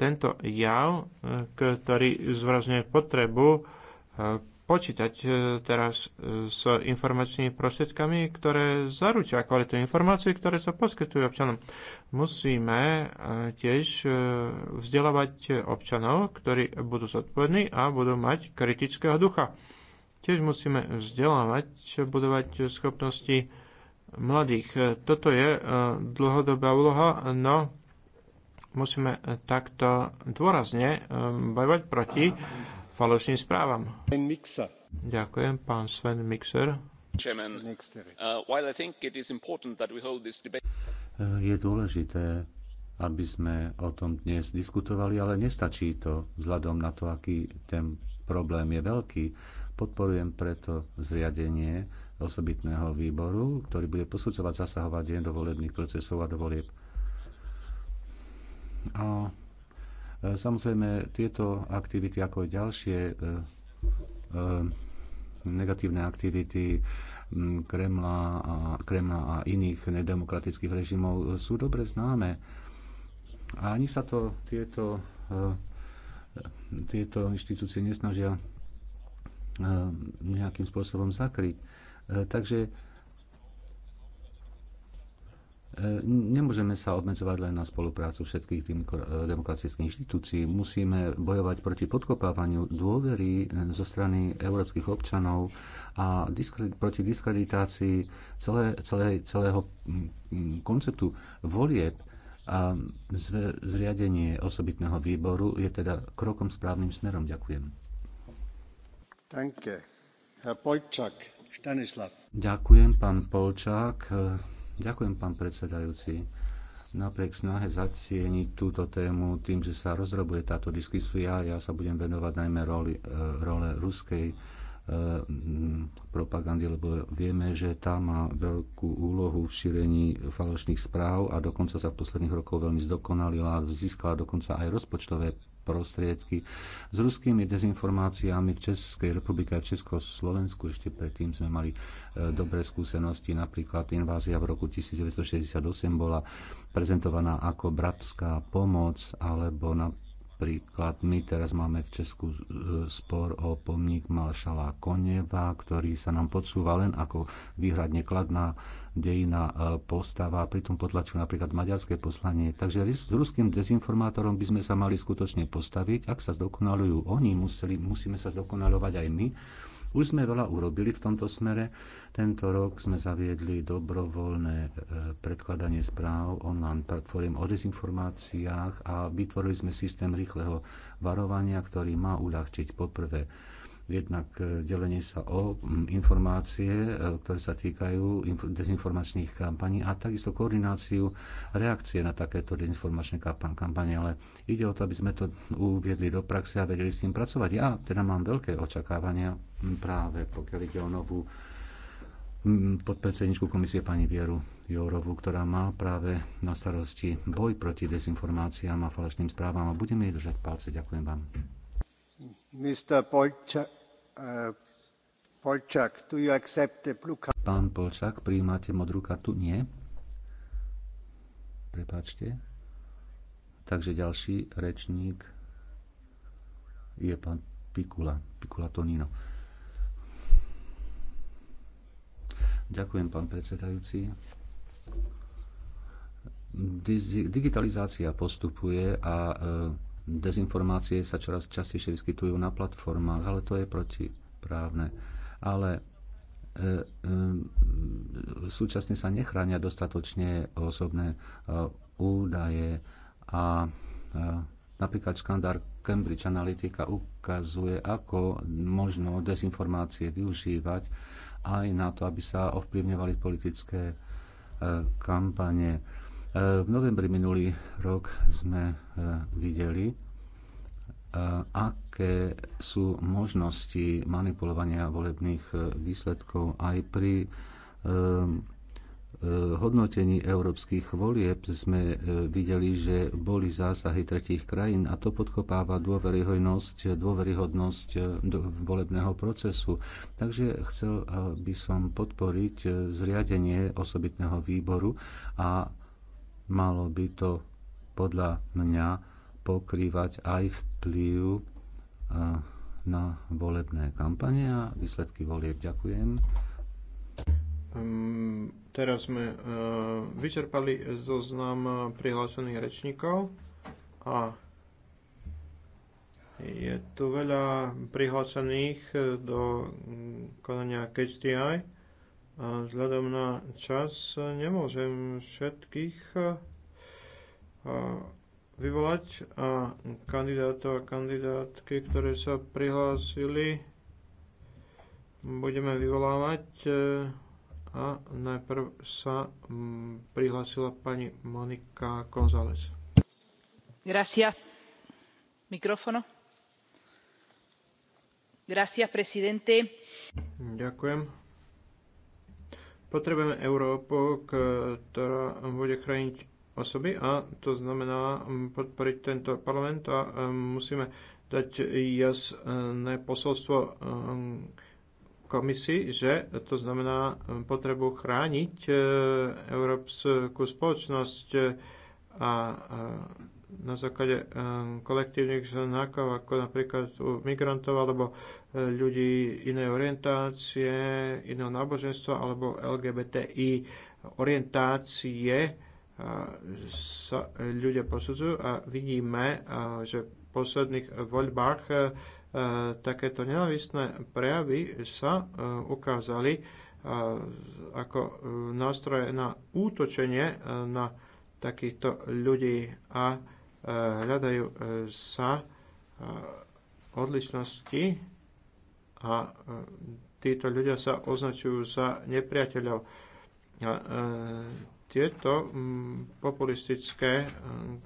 tento jav, ktorý zvrazňuje potrebu počítať e, teraz e, s informačnými prostriedkami, ktoré zaručia kvalitu informácií, ktoré sa poskytujú občanom. Musíme e, tiež vzdelávať občanov, ktorí budú zodpovední a budú mať kritického ducha. Tiež musíme vzdelávať, budovať schopnosti mladých. Toto je dlhodobá úloha, no musíme takto dôrazne bojovať proti falošným správam. Ďakujem, pán Sven Mixer. Uh, je dôležité, aby sme o tom dnes diskutovali, ale nestačí to vzhľadom na to, aký ten problém je veľký. Podporujem preto zriadenie osobitného výboru, ktorý bude posudzovať zasahovať deň do volebných procesov a do volieb. A E, samozrejme, tieto aktivity, ako aj ďalšie e, e, negatívne aktivity Kremla a, Kremla a iných nedemokratických režimov sú dobre známe. A ani sa to tieto, tieto inštitúcie nesnažia nejakým spôsobom zakryť. Takže Nemôžeme sa obmedzovať len na spoluprácu všetkých eh, demokratických inštitúcií. Musíme bojovať proti podkopávaniu dôvery eh, zo strany európskych občanov a proti diskreditácii celé, celé, celého mm, mm, konceptu volieb a zriadenie osobitného výboru je teda krokom správnym smerom. Ďakujem. Danke. Herr Polčak, Stanislav. Ďakujem, pán Polčák. Ďakujem, pán predsedajúci. Napriek snahe zacieniť túto tému tým, že sa rozrobuje táto diskusia, ja sa budem venovať najmä roli, e, role ruskej e, mm, propagandy, lebo vieme, že tá má veľkú úlohu v šírení falošných správ a dokonca sa v posledných rokoch veľmi zdokonalila a získala dokonca aj rozpočtové prostriedky. S ruskými dezinformáciami v Českej republike a v Československu ešte predtým sme mali e, dobré skúsenosti. Napríklad invázia v roku 1968 bola prezentovaná ako bratská pomoc, alebo na Napríklad my teraz máme v Česku e, spor o pomník Malšala Koneva, ktorý sa nám podsúva len ako výhradne kladná dejina e, postava pritom potlačujú napríklad maďarské poslanie. Takže s ruským dezinformátorom by sme sa mali skutočne postaviť. Ak sa zdokonalujú oni, museli, musíme sa zdokonalovať aj my už sme veľa urobili v tomto smere. Tento rok sme zaviedli dobrovoľné e, predkladanie správ online platform o dezinformáciách a vytvorili sme systém rýchleho varovania, ktorý má uľahčiť poprvé jednak e, delenie sa o informácie, e, ktoré sa týkajú dezinformačných kampaní a takisto koordináciu reakcie na takéto dezinformačné kampanie. Ale ide o to, aby sme to uviedli do praxe a vedeli s tým pracovať. Ja teda mám veľké očakávania práve pokiaľ ide o novú podpredsedničku komisie pani Vieru Jourovu, ktorá má práve na starosti boj proti dezinformáciám a falešným správam a budeme jej držať palce. Ďakujem vám. Eh, pán Polčák, prijímate modrú kartu? Nie. Prepáčte. Takže ďalší rečník je pán Pikula, Pikula Tonino. Ďakujem, pán predsedajúci. Digitalizácia postupuje a eh, dezinformácie sa čoraz častejšie vyskytujú na platformách, ale to je protiprávne. Ale e, e, súčasne sa nechránia dostatočne osobné e, údaje a napríklad škandár Cambridge Analytica ukazuje, ako možno dezinformácie využívať aj na to, aby sa ovplyvňovali politické kampane E, v novembri minulý rok sme e, videli, e, aké sú možnosti manipulovania volebných výsledkov aj pri hodnotení európskych volieb sme videli, že boli zásahy tretích krajín a to podkopáva dôveryhodnosť, dôveryhodnosť volebného procesu. Takže chcel by som podporiť zriadenie osobitného výboru a Malo by to podľa mňa pokrývať aj vplyv eh, na volebné kampane a výsledky volieb. Ďakujem. Um, teraz sme uh, vyčerpali zoznam eh, prihlásených rečníkov a je tu veľa prihlásených do mm, konania KHTI. A Vzhľadom na čas e, nemôžem všetkých e, vyvolať a kandidátov a kandidátky, ktoré sa prihlásili, budeme vyvolávať e, a najprv sa prihlásila pani Monika González. Gracias. Mikrofono. Gracias, presidente. Ďakujem. Potrebujeme Európu, ktorá bude chrániť osoby a to znamená mm, podporiť tento parlament a mm, musíme dať jasné posolstvo mm, komisii, že to znamená potrebu chrániť e, európsku spoločnosť e, a e, na základe ehm, kolektívnych znakov, ako napríklad u migrantov alebo e, ľudí inej orientácie, iného náboženstva alebo LGBTI orientácie e, sa ľudia posudzujú a vidíme, e, že v posledných voľbách takéto nenavistné prejavy sa ukázali ako nástroje na útočenie na takýchto ľudí a E, hľadajú e, sa e, odlišnosti a títo ľudia sa označujú za nepriateľov. A tieto populistické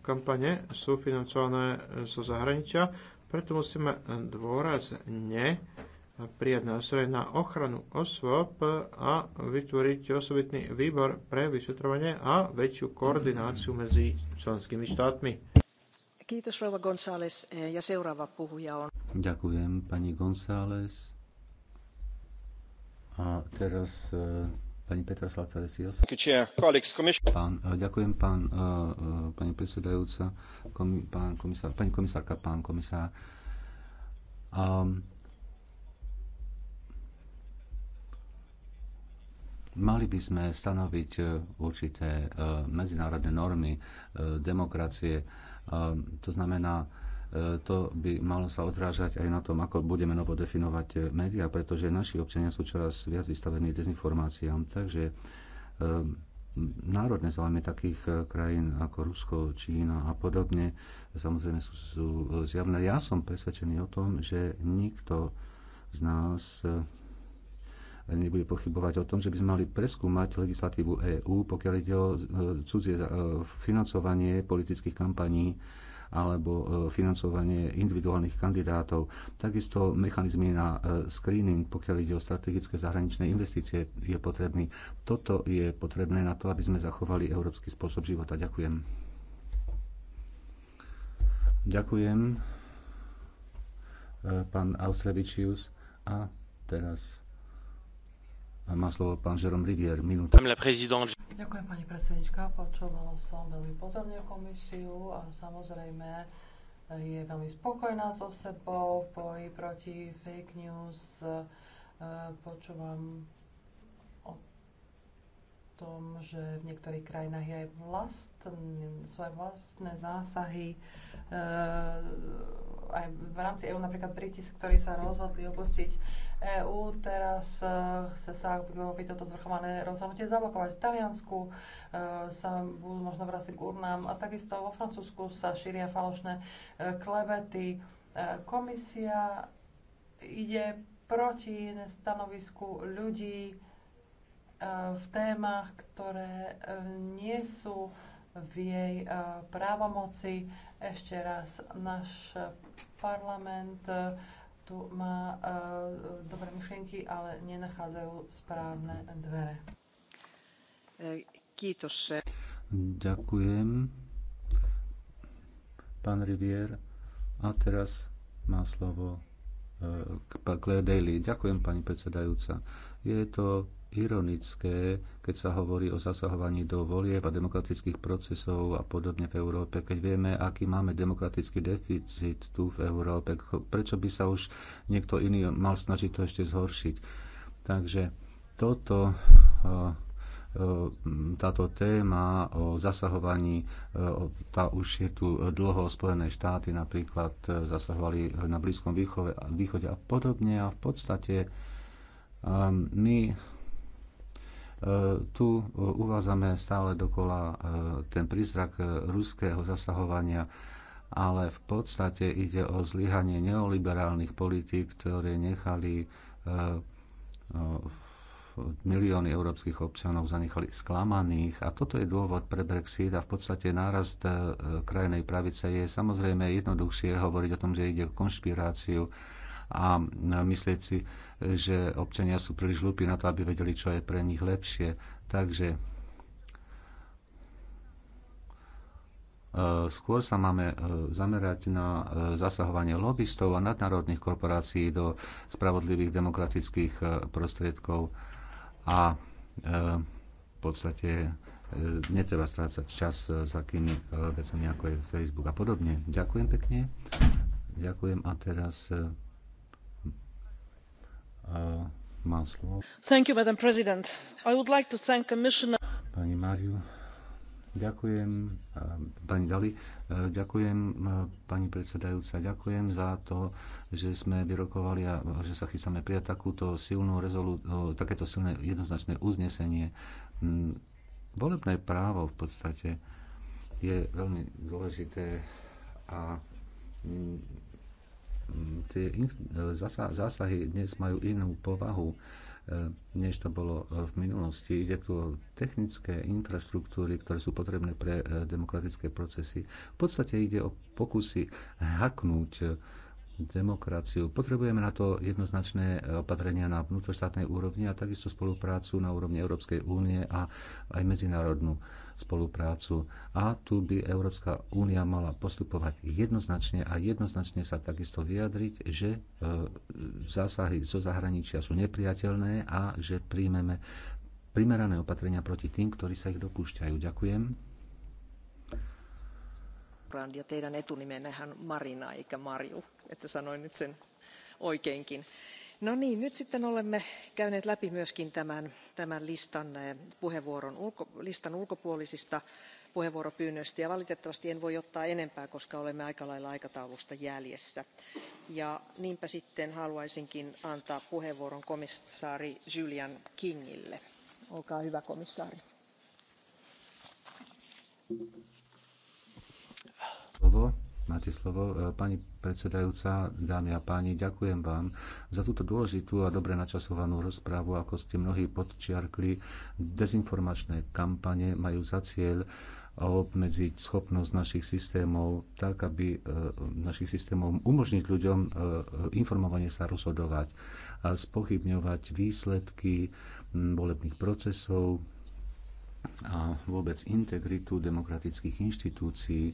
kampane sú financované zo zahraničia, preto musíme dôrazne prijať nástroje na ochranu osôb a vytvoriť osobitný výbor pre vyšetrovanie a väčšiu koordináciu medzi členskými štátmi. Eh, ďakujem, pani González. A teraz eh, pani Petra Salcaresios. Pán, eh, ďakujem, pán, pani predsedajúca, kom, pán komisár, pani komisárka, pán komisár. Um, Mali by sme stanoviť určité medzinárodné normy demokracie, to znamená, e, to by malo sa odrážať aj na tom, ako budeme novo definovať e, médiá, pretože naši občania sú čoraz viac vystavení dezinformáciám. Takže e, národné záujmy takých krajín ako Rusko, Čína a podobne samozrejme sú, sú zjavné. Ja som presvedčený o tom, že nikto z nás nebude pochybovať o tom, že by sme mali preskúmať legislatívu EÚ, pokiaľ ide o e, cudzie e, financovanie politických kampaní alebo e, financovanie individuálnych kandidátov. Takisto mechanizmy na screening, pokiaľ ide o strategické zahraničné investície, je potrebný. Toto je potrebné na to, aby sme zachovali európsky spôsob života. Ďakujem. Ďakujem, pán Austrevičius. A teraz má slovo pán Žerom Rivier, minúta. Ďakujem, pani predsednička. Počúvala som veľmi pozorne komisiu a samozrejme eh, je veľmi spokojná so sebou v boji proti fake news. Eh, počúvam o tom, že v niektorých krajinách je aj svoje vlastné zásahy eh, aj v rámci EU napríklad Briti, ktorí sa rozhodli opustiť EÚ teraz e, chce sa opäť toto zvrchované rozhodnutie zablokovať. V Taliansku e, sa budú možno vrátiť k urnám a takisto vo Francúzsku sa šíria falošné e, klebety. Komisia ide proti stanovisku ľudí v témach, ktoré nie sú v jej právomoci. Ešte raz, náš parlament tu má e, dobré myšlienky, ale nenachádzajú správne dvere. E, Kýtoše. Ďakujem. Pán Rivier, a teraz má slovo e, Claire Daly. Ďakujem, pani predsedajúca. Je to ironické, keď sa hovorí o zasahovaní do volieb a demokratických procesov a podobne v Európe, keď vieme, aký máme demokratický deficit tu v Európe. Prečo by sa už niekto iný mal snažiť to ešte zhoršiť? Takže toto e, e, táto téma o zasahovaní, e, tá už je tu dlho, Spojené štáty napríklad zasahovali na Blízkom východe, východe a podobne a v podstate my E, tu e, uvádzame stále dokola e, ten prízrak ruského zasahovania, ale v podstate ide o zlyhanie neoliberálnych politík, ktoré nechali no, milióny európskych občanov zanechali sklamaných a toto je dôvod pre Brexit a v podstate nárast krajnej pravice je samozrejme jednoduchšie hovoriť o tom, že ide o konšpiráciu a myslieť si, že občania sú príliš hlúpi na to, aby vedeli, čo je pre nich lepšie. Takže e, skôr sa máme e, zamerať na e, zasahovanie lobbystov a nadnárodných korporácií do spravodlivých demokratických prostriedkov a v podstate netreba strácať čas s takými vecami ako je Facebook a podobne. Ďakujem pekne. Ďakujem a teraz Madam President. I would like to thank Commissioner... Pani Ďakujem, pani Dali, e, ďakujem, e, pani predsedajúca, ďakujem za to, že sme vyrokovali a že sa chystáme prijať takúto silnú rezolu, takéto silné jednoznačné uznesenie. Mm, volebné právo v podstate je veľmi dôležité a mm, tie zásahy dnes majú inú povahu, e, než to bolo v minulosti. Ide tu o technické infraštruktúry, ktoré sú potrebné pre e, demokratické procesy. V podstate ide o pokusy haknúť e, demokraciu. Potrebujeme na to jednoznačné opatrenia na vnútroštátnej úrovni a takisto spoluprácu na úrovni Európskej únie a aj medzinárodnú spoluprácu a tu by Európska únia mala postupovať jednoznačne a jednoznačne sa takisto vyjadriť, že e, zásahy zo zahraničia sú nepriateľné a že príjmeme primerané opatrenia proti tým, ktorí sa ich dopúšťajú. Ďakujem. Ja teidän etunimenehän Marina eikä Marju, että sanoin nyt sen oikeinkin no niin nyt sitten olemme käyneet läpi myöskin tämän, listan eh, listan ulkopuolisista puheenvuoropyynnöistä ja valitettavasti en voi ottaa enempää koska olemme aika lailla aikataulusta jäljessä niinpä sitten haluaisinkin antaa puheenvuoron komissaari julian kingille. olkaa hyvä komissaari. Máte slovo. E, pani predsedajúca, dámy a páni, ďakujem vám za túto dôležitú a dobre načasovanú rozprávu, ako ste mnohí podčiarkli. Dezinformačné kampane majú za cieľ obmedziť schopnosť našich systémov tak, aby e, našich systémov umožniť ľuďom e, informovanie sa rozhodovať a spochybňovať výsledky volebných procesov, a vôbec integritu demokratických inštitúcií,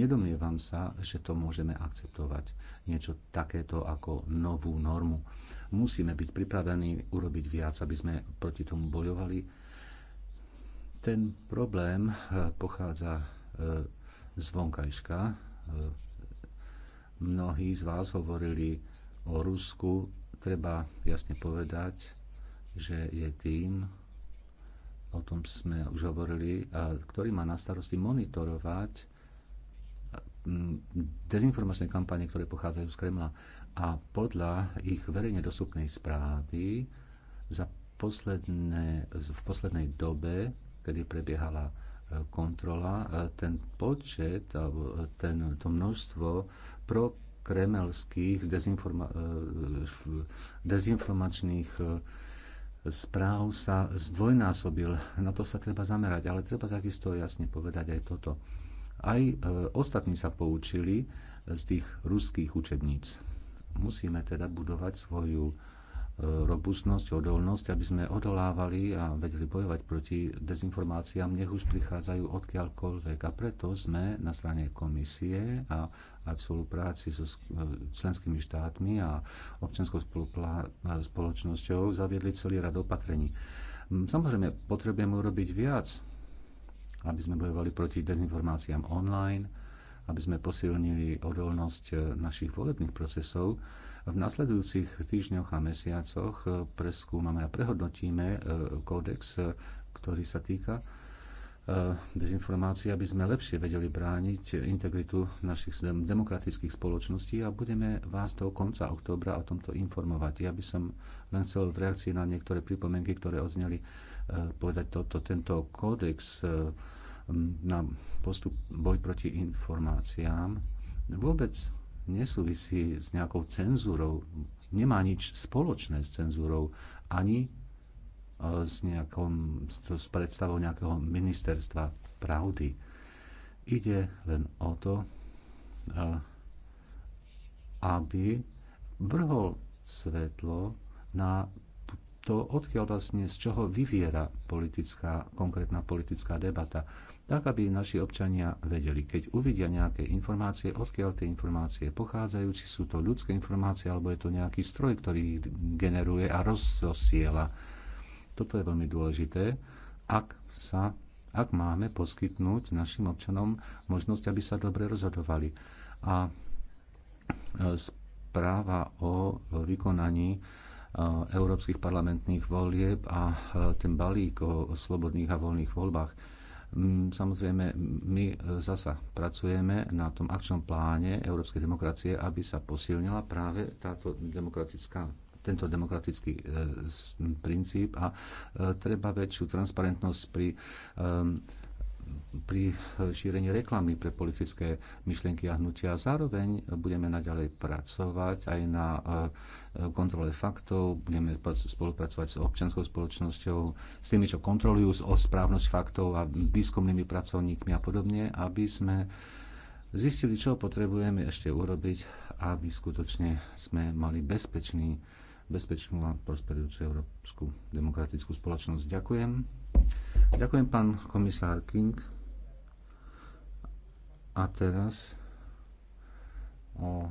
nedomnievam sa, že to môžeme akceptovať. Niečo takéto ako novú normu. Musíme byť pripravení urobiť viac, aby sme proti tomu bojovali. Ten problém e, pochádza e, z vonkajška. E, mnohí z vás hovorili o Rusku. Treba jasne povedať, že je tým, o tom sme už hovorili, ktorý má na starosti monitorovať mm, dezinformačné kampane, ktoré pochádzajú z Kremla. A podľa ich verejne dostupnej správy za posledné, v poslednej dobe, kedy prebiehala e, kontrola, e, ten počet, e, ten, to množstvo pro kremelských dezinforma- dezinformačných správ sa zdvojnásobil. Na to sa treba zamerať, ale treba takisto jasne povedať aj toto. Aj e, ostatní sa poučili z tých ruských učebníc. Musíme teda budovať svoju robustnosť, odolnosť, aby sme odolávali a vedeli bojovať proti dezinformáciám, nech už prichádzajú odkiaľkoľvek. A preto sme na strane komisie a aj v spolupráci so členskými štátmi a občianskou spoločnosťou zaviedli celý rad opatrení. Mm, samozrejme, potrebujeme urobiť viac, aby sme bojovali proti dezinformáciám online, aby sme posilnili odolnosť eh, našich volebných procesov, v nasledujúcich týždňoch a mesiacoch eh, preskúmame a prehodnotíme eh, kódex, eh, ktorý sa týka dezinformácií, aby sme lepšie vedeli brániť integritu našich demokratických spoločností a budeme vás do konca októbra o tomto informovať. Ja by som len chcel v reakcii na niektoré pripomienky, ktoré odzneli, povedať toto. Tento kódex na postup boj proti informáciám vôbec nesúvisí s nejakou cenzúrou, nemá nič spoločné s cenzúrou ani e, s, nejakom, s predstavou nejakého ministerstva pravdy. Ide len o to, e, aby vrhol svetlo na to, odkiaľ vlastne z čoho vyviera politická, konkrétna politická debata tak aby naši občania vedeli, keď uvidia nejaké informácie, odkiaľ tie informácie pochádzajú, či sú to ľudské informácie, alebo je to nejaký stroj, ktorý ich generuje a rozosiela. Toto je veľmi dôležité, ak, sa, ak máme poskytnúť našim občanom možnosť, aby sa dobre rozhodovali. A e, správa o vykonaní e, európskych parlamentných volieb a e, ten balík o slobodných a voľných voľbách Mm, samozrejme, my zasa pracujeme na tom akčnom pláne európskej demokracie, aby sa posilnila práve táto demokratická tento demokratický e, princíp a e, treba väčšiu transparentnosť pri e, pri šírení reklamy pre politické myšlienky a hnutia. Zároveň budeme naďalej pracovať aj na e, kontrole faktov, budeme spolupracovať s občianskou spoločnosťou, s tými, čo kontrolujú o správnosť faktov a výskumnými pracovníkmi a podobne, aby sme zistili, čo potrebujeme ešte urobiť, aby skutočne sme mali bezpečný, bezpečnú a prosperujúcu európsku demokratickú spoločnosť. Ďakujem. Ďakujem, pán komisár King. A teraz o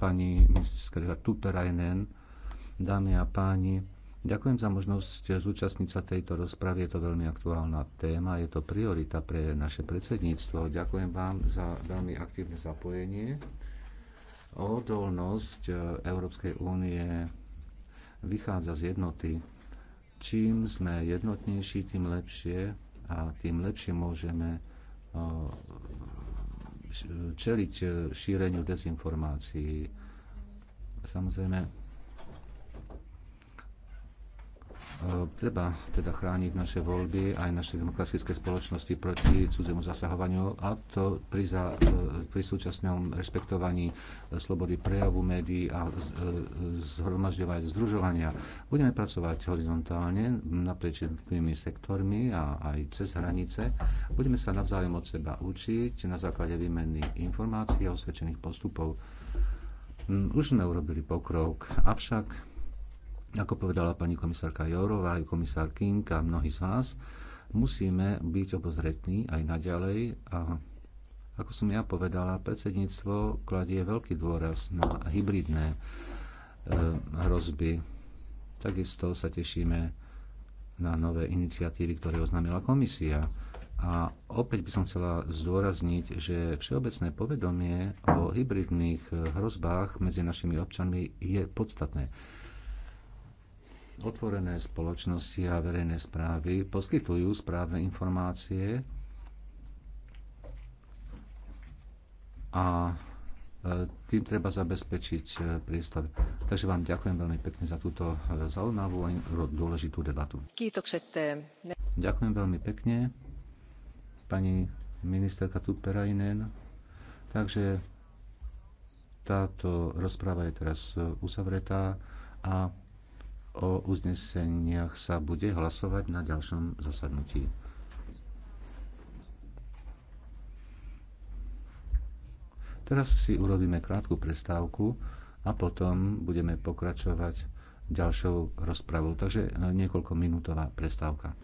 pani ministerka Tuperajnen, dámy a páni, ďakujem za možnosť zúčastniť sa tejto rozpravy. Je to veľmi aktuálna téma, je to priorita pre naše predsedníctvo. Ďakujem vám za veľmi aktívne zapojenie. Odolnosť Európskej únie vychádza z jednoty Čím sme jednotnejší, tým lepšie a tým lepšie môžeme čeliť šíreniu dezinformácií. Samozrejme, E, treba teda chrániť naše voľby aj naše demokratické spoločnosti proti cudzemu zasahovaniu a to pri, za, e, pri súčasnom rešpektovaní e, slobody prejavu médií a zhromažďovať združovania. Budeme pracovať horizontálne naprieč jednotlivými sektormi a aj cez hranice. Budeme sa navzájom od seba učiť na základe výmeny informácií a osvedčených postupov. Mm, už sme urobili pokrok, avšak ako povedala pani komisárka Jourová, aj komisár King a mnohí z vás, musíme byť obozretní aj naďalej a ako som ja povedala, predsedníctvo kladie veľký dôraz na hybridné e, hrozby. Takisto sa tešíme na nové iniciatívy, ktoré oznámila komisia. A opäť by som chcela zdôrazniť, že všeobecné povedomie o hybridných e, hrozbách medzi našimi občanmi je podstatné. Otvorené spoločnosti a verejné správy poskytujú správne informácie a e, tým treba zabezpečiť e, priestor. Takže vám ďakujem veľmi pekne za túto e, zaujímavú a dôležitú debatu. Ďakujem veľmi pekne, pani ministerka Tuperajnen. Takže táto rozpráva je teraz uzavretá a O uzneseniach sa bude hlasovať na ďalšom zasadnutí. Teraz si urobíme krátku prestávku a potom budeme pokračovať ďalšou rozpravou. Takže e, niekoľko minútová prestávka.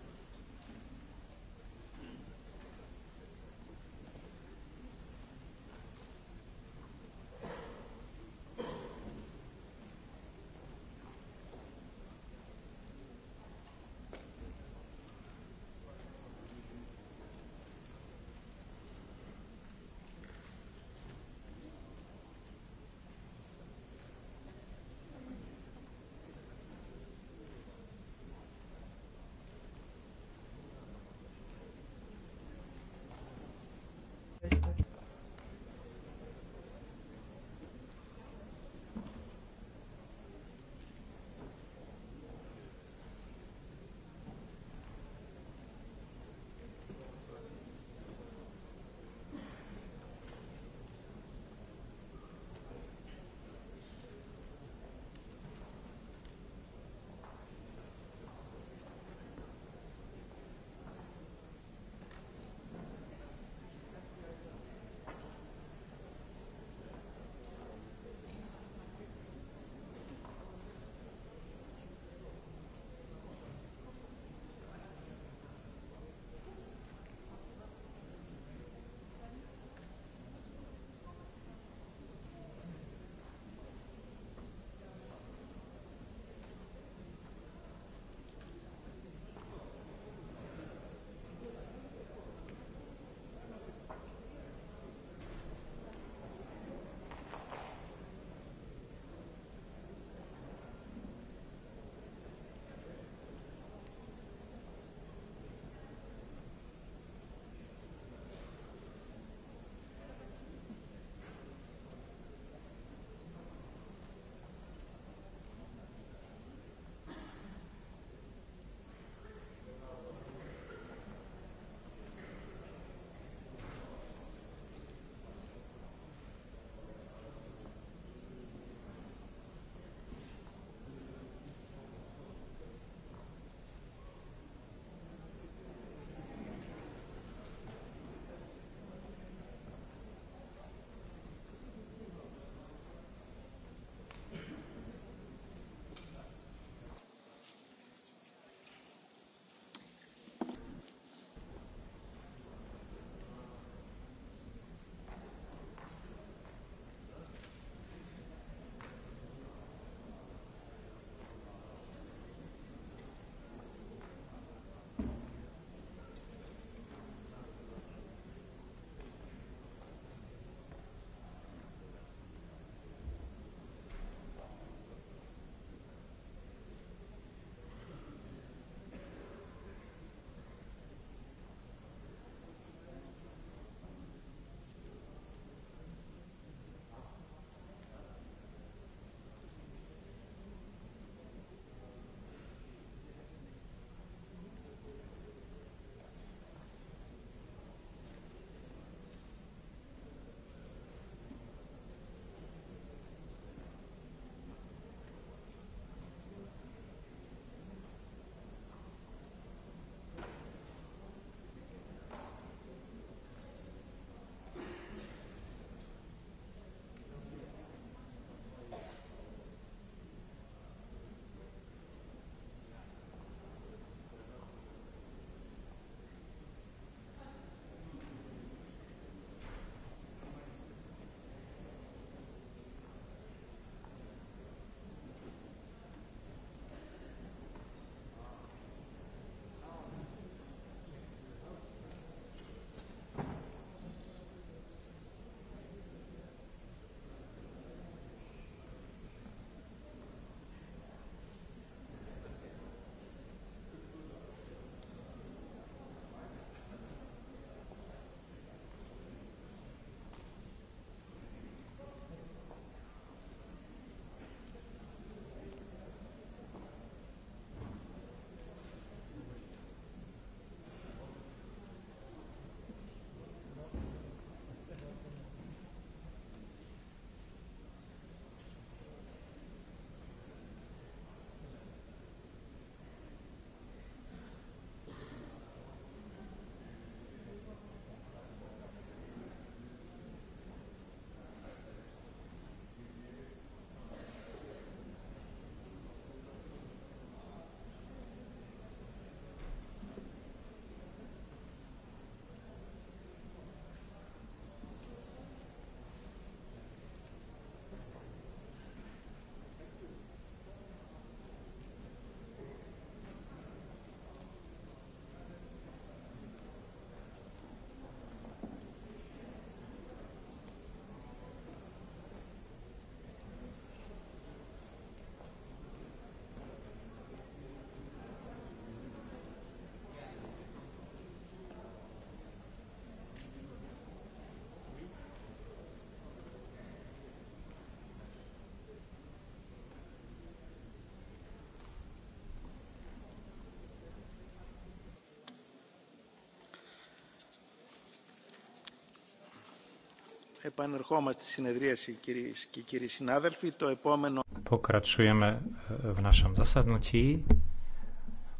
Pokračujeme v našom zasadnutí.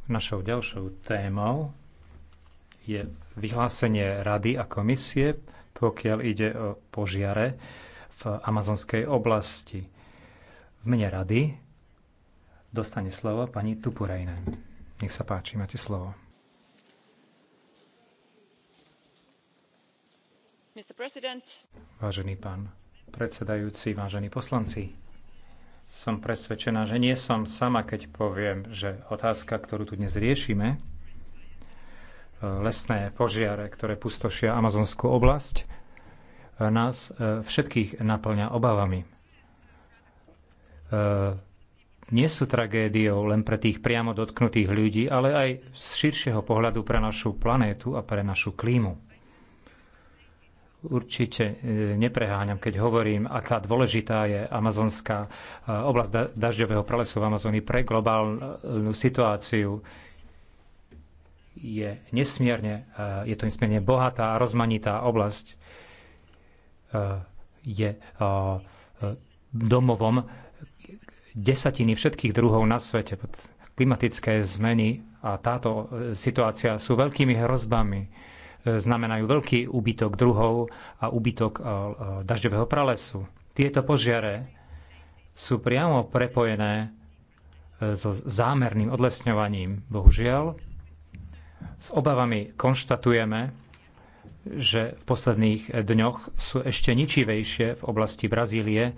Našou ďalšou témou je vyhlásenie Rady a komisie, pokiaľ ide o požiare v amazonskej oblasti. V mene Rady dostane slovo pani Tupurejne. Nech sa páči, máte slovo vážený pán predsedajúci, vážení poslanci. Som presvedčená, že nie som sama, keď poviem, že otázka, ktorú tu dnes riešime, lesné požiare, ktoré pustošia amazonskú oblasť, nás e, všetkých naplňa obavami. E, nie sú tragédiou len pre tých priamo dotknutých ľudí, ale aj z širšieho pohľadu pre našu planétu a pre našu klímu. Určite e, nepreháňam, keď hovorím, aká dôležitá je amazonská e, oblasť dažďového pralesu v Amazónii pre globálnu situáciu. Je, nesmierne, e, je to nesmierne bohatá a rozmanitá oblasť. Je domovom desatiny všetkých druhov na svete. Klimatické zmeny a táto situácia sú veľkými hrozbami znamenajú veľký úbytok druhov a úbytok e, e, dažďového pralesu. Tieto požiare sú priamo prepojené e, so zámerným odlesňovaním. Bohužiaľ, s obavami konštatujeme, že v posledných dňoch sú ešte ničivejšie v oblasti Brazílie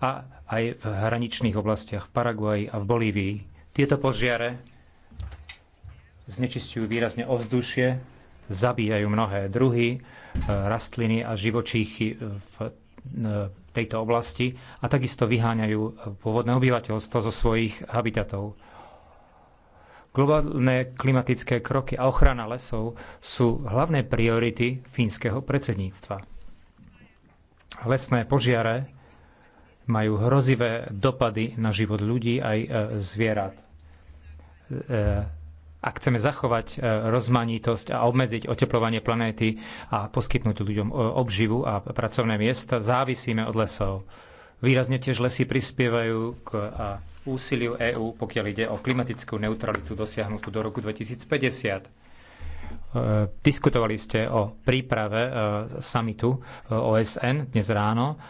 a aj v hraničných oblastiach v Paraguaji a v Bolívii. Tieto požiare znečistujú výrazne ovzdušie, zabíjajú mnohé druhy, e, rastliny a živočíchy v e, tejto oblasti a takisto vyháňajú pôvodné obyvateľstvo zo svojich habitatov. Globálne klimatické kroky a ochrana lesov sú hlavné priority fínskeho predsedníctva. Lesné požiare majú hrozivé dopady na život ľudí aj e, zvierat ak chceme zachovať e, rozmanitosť a obmedziť oteplovanie planéty a poskytnúť ľuďom e, obživu a pracovné miesta, závisíme od lesov. Výrazne tiež lesy prispievajú k úsiliu EÚ, pokiaľ ide o klimatickú neutralitu dosiahnutú do roku 2050. E, diskutovali ste o príprave samitu OSN dnes ráno.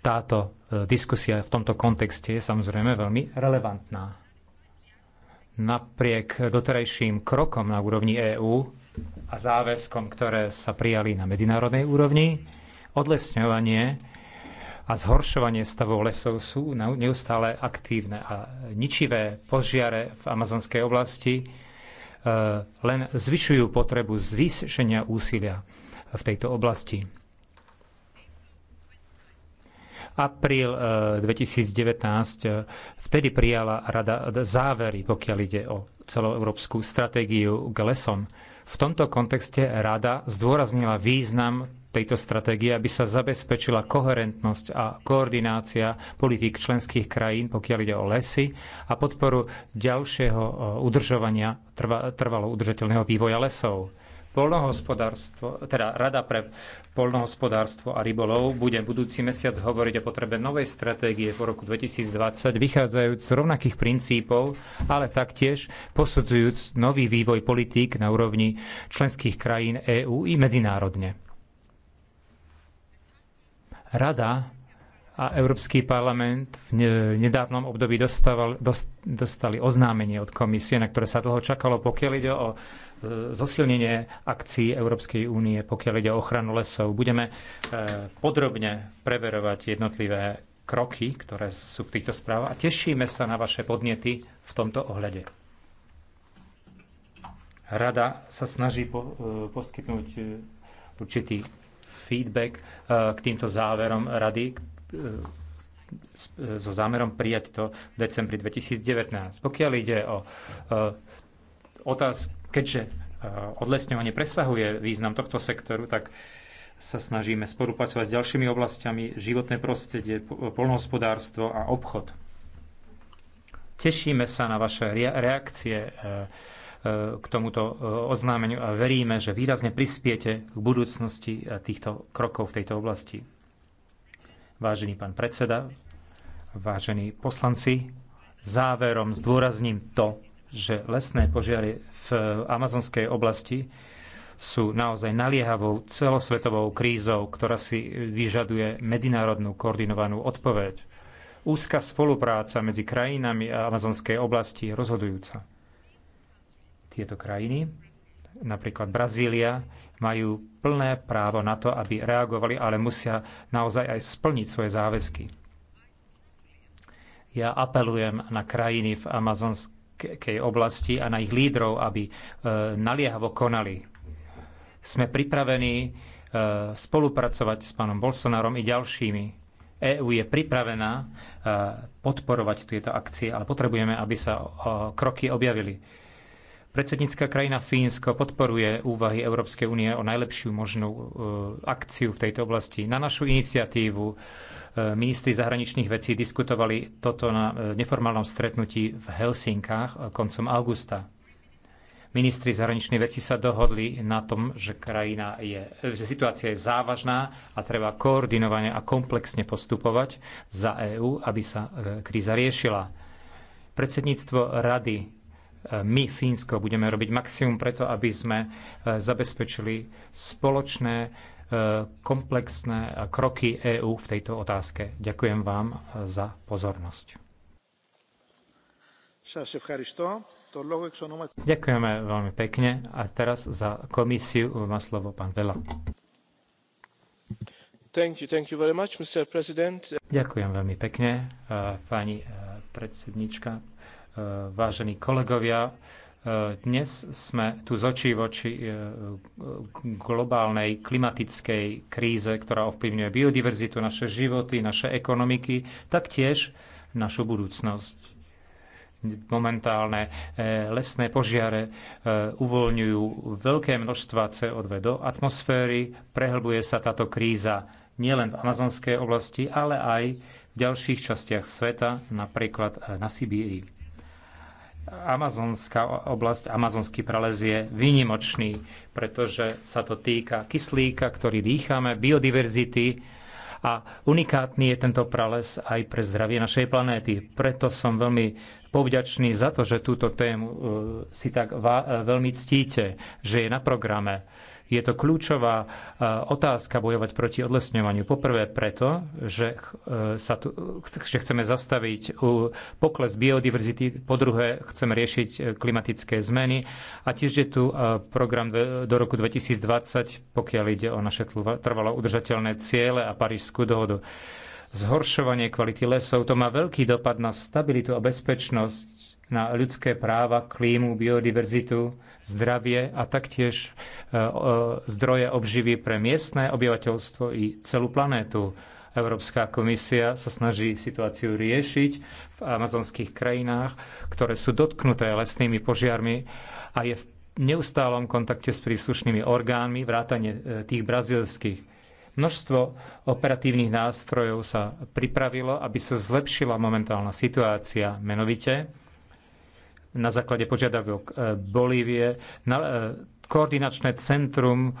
Táto diskusia v tomto kontexte je samozrejme veľmi relevantná napriek doterajším krokom na úrovni EÚ a záväzkom, ktoré sa prijali na medzinárodnej úrovni, odlesňovanie a zhoršovanie stavov lesov sú neustále aktívne a ničivé požiare v amazonskej oblasti e, len zvyšujú potrebu zvýšenia úsilia v tejto oblasti apríl 2019 eh, eh, vtedy prijala rada závery, pokiaľ ide o celoeurópsku stratégiu k lesom. V tomto kontexte rada zdôraznila význam tejto stratégie, aby sa zabezpečila koherentnosť a koordinácia politík členských krajín, pokiaľ ide o lesy a podporu ďalšieho eh, udržovania trvalo udržateľného vývoja lesov. Polnohospodárstvo, teda Rada pre polnohospodárstvo a rybolov bude budúci mesiac hovoriť o potrebe novej stratégie po roku 2020, vychádzajúc z rovnakých princípov, ale taktiež posudzujúc nový vývoj politík na úrovni členských krajín EÚ i medzinárodne. Rada a Európsky parlament v nedávnom období dostával, dostali oznámenie od komisie, na ktoré sa dlho čakalo, pokiaľ ide o e, zosilnenie akcií Európskej únie, pokiaľ ide o ochranu lesov. Budeme e, podrobne preverovať jednotlivé kroky, ktoré sú v týchto správach a tešíme sa na vaše podnety v tomto ohľade. Rada sa snaží po, e, poskytnúť určitý feedback k týmto záverom rady, E, e, e, so zámerom prijať to v decembri 2019. Pokiaľ ide o otázku, keďže odlesňovanie presahuje význam tohto sektoru, tak sa snažíme spolupracovať s ďalšími oblastiami, životné prostredie, polnohospodárstvo a obchod. Tešíme sa na vaše reakcie k tomuto oznámeniu a veríme, že výrazne prispiete k budúcnosti týchto krokov v tejto oblasti. Vážený pán predseda, vážení poslanci, záverom zdôrazním to, že lesné požiary v amazonskej oblasti sú naozaj naliehavou celosvetovou krízou, ktorá si vyžaduje medzinárodnú koordinovanú odpoveď. Úzka spolupráca medzi krajinami a amazonskej oblasti je rozhodujúca. Tieto krajiny, napríklad Brazília, majú plné právo na to, aby reagovali, ale musia naozaj aj splniť svoje záväzky. Ja apelujem na krajiny v amazonskej oblasti a na ich lídrov, aby e, naliehavo konali. Sme pripravení e, spolupracovať s pánom Bolsonarom i ďalšími. EÚ je pripravená e, podporovať tieto akcie, ale potrebujeme, aby sa kroky objavili Predsednícka krajina Fínsko podporuje úvahy Európskej únie o najlepšiu možnú e, akciu v tejto oblasti. Na našu iniciatívu e, ministri zahraničných vecí diskutovali toto na e, neformálnom stretnutí v Helsinkách koncom augusta. Ministri zahraničných vecí sa dohodli na tom, že, krajina je, že situácia je závažná a treba koordinovane a komplexne postupovať za EÚ, aby sa kríza riešila. Predsedníctvo rady E, my, Fínsko, budeme robiť maximum preto, aby sme e, zabezpečili spoločné e, komplexné kroky EÚ v tejto otázke. Ďakujem vám za pozornosť. Ďakujeme veľmi pekne a teraz za komisiu má slovo pán Vela. Thank you, thank you much, Ďakujem veľmi pekne, pani predsednička. Eh, vážení kolegovia. Eh, dnes sme tu z očí voči eh, globálnej klimatickej kríze, ktorá ovplyvňuje biodiverzitu, naše životy, naše ekonomiky, taktiež našu budúcnosť. Momentálne lesné požiare uvoľňujú veľké množstva CO2 do atmosféry, prehlbuje sa táto kríza nielen v amazonskej oblasti, ale aj v ďalších častiach sveta, napríklad na Sibírii. Amazonská oblasť, amazonský prales je výnimočný, pretože sa to týka kyslíka, ktorý dýchame, biodiverzity a unikátny je tento prales aj pre zdravie našej planéty. Preto som veľmi povďačný za to, že túto tému e, si tak e, veľmi ctíte, že je na programe je to kľúčová e, otázka bojovať proti odlesňovaniu. Poprvé preto, že, e, sa tu, že chceme zastaviť pokles biodiverzity, po druhé chceme riešiť e, klimatické zmeny a tiež je tu program do roku 2020, pokiaľ ide o naše trvalo udržateľné ciele a Parížskú dohodu zhoršovanie kvality lesov. To má veľký dopad na stabilitu a bezpečnosť na ľudské práva, klímu, biodiverzitu, zdravie a taktiež e, zdroje obživy pre miestne obyvateľstvo i celú planétu. Európska komisia sa snaží situáciu riešiť v amazonských krajinách, ktoré sú dotknuté lesnými požiarmi a je v neustálom kontakte s príslušnými orgánmi, vrátane e, tých brazilských. Množstvo operatívnych nástrojov sa pripravilo, aby sa zlepšila momentálna situácia. Menovite na základe požiadavok e, Bolívie, na e, koordinačné centrum,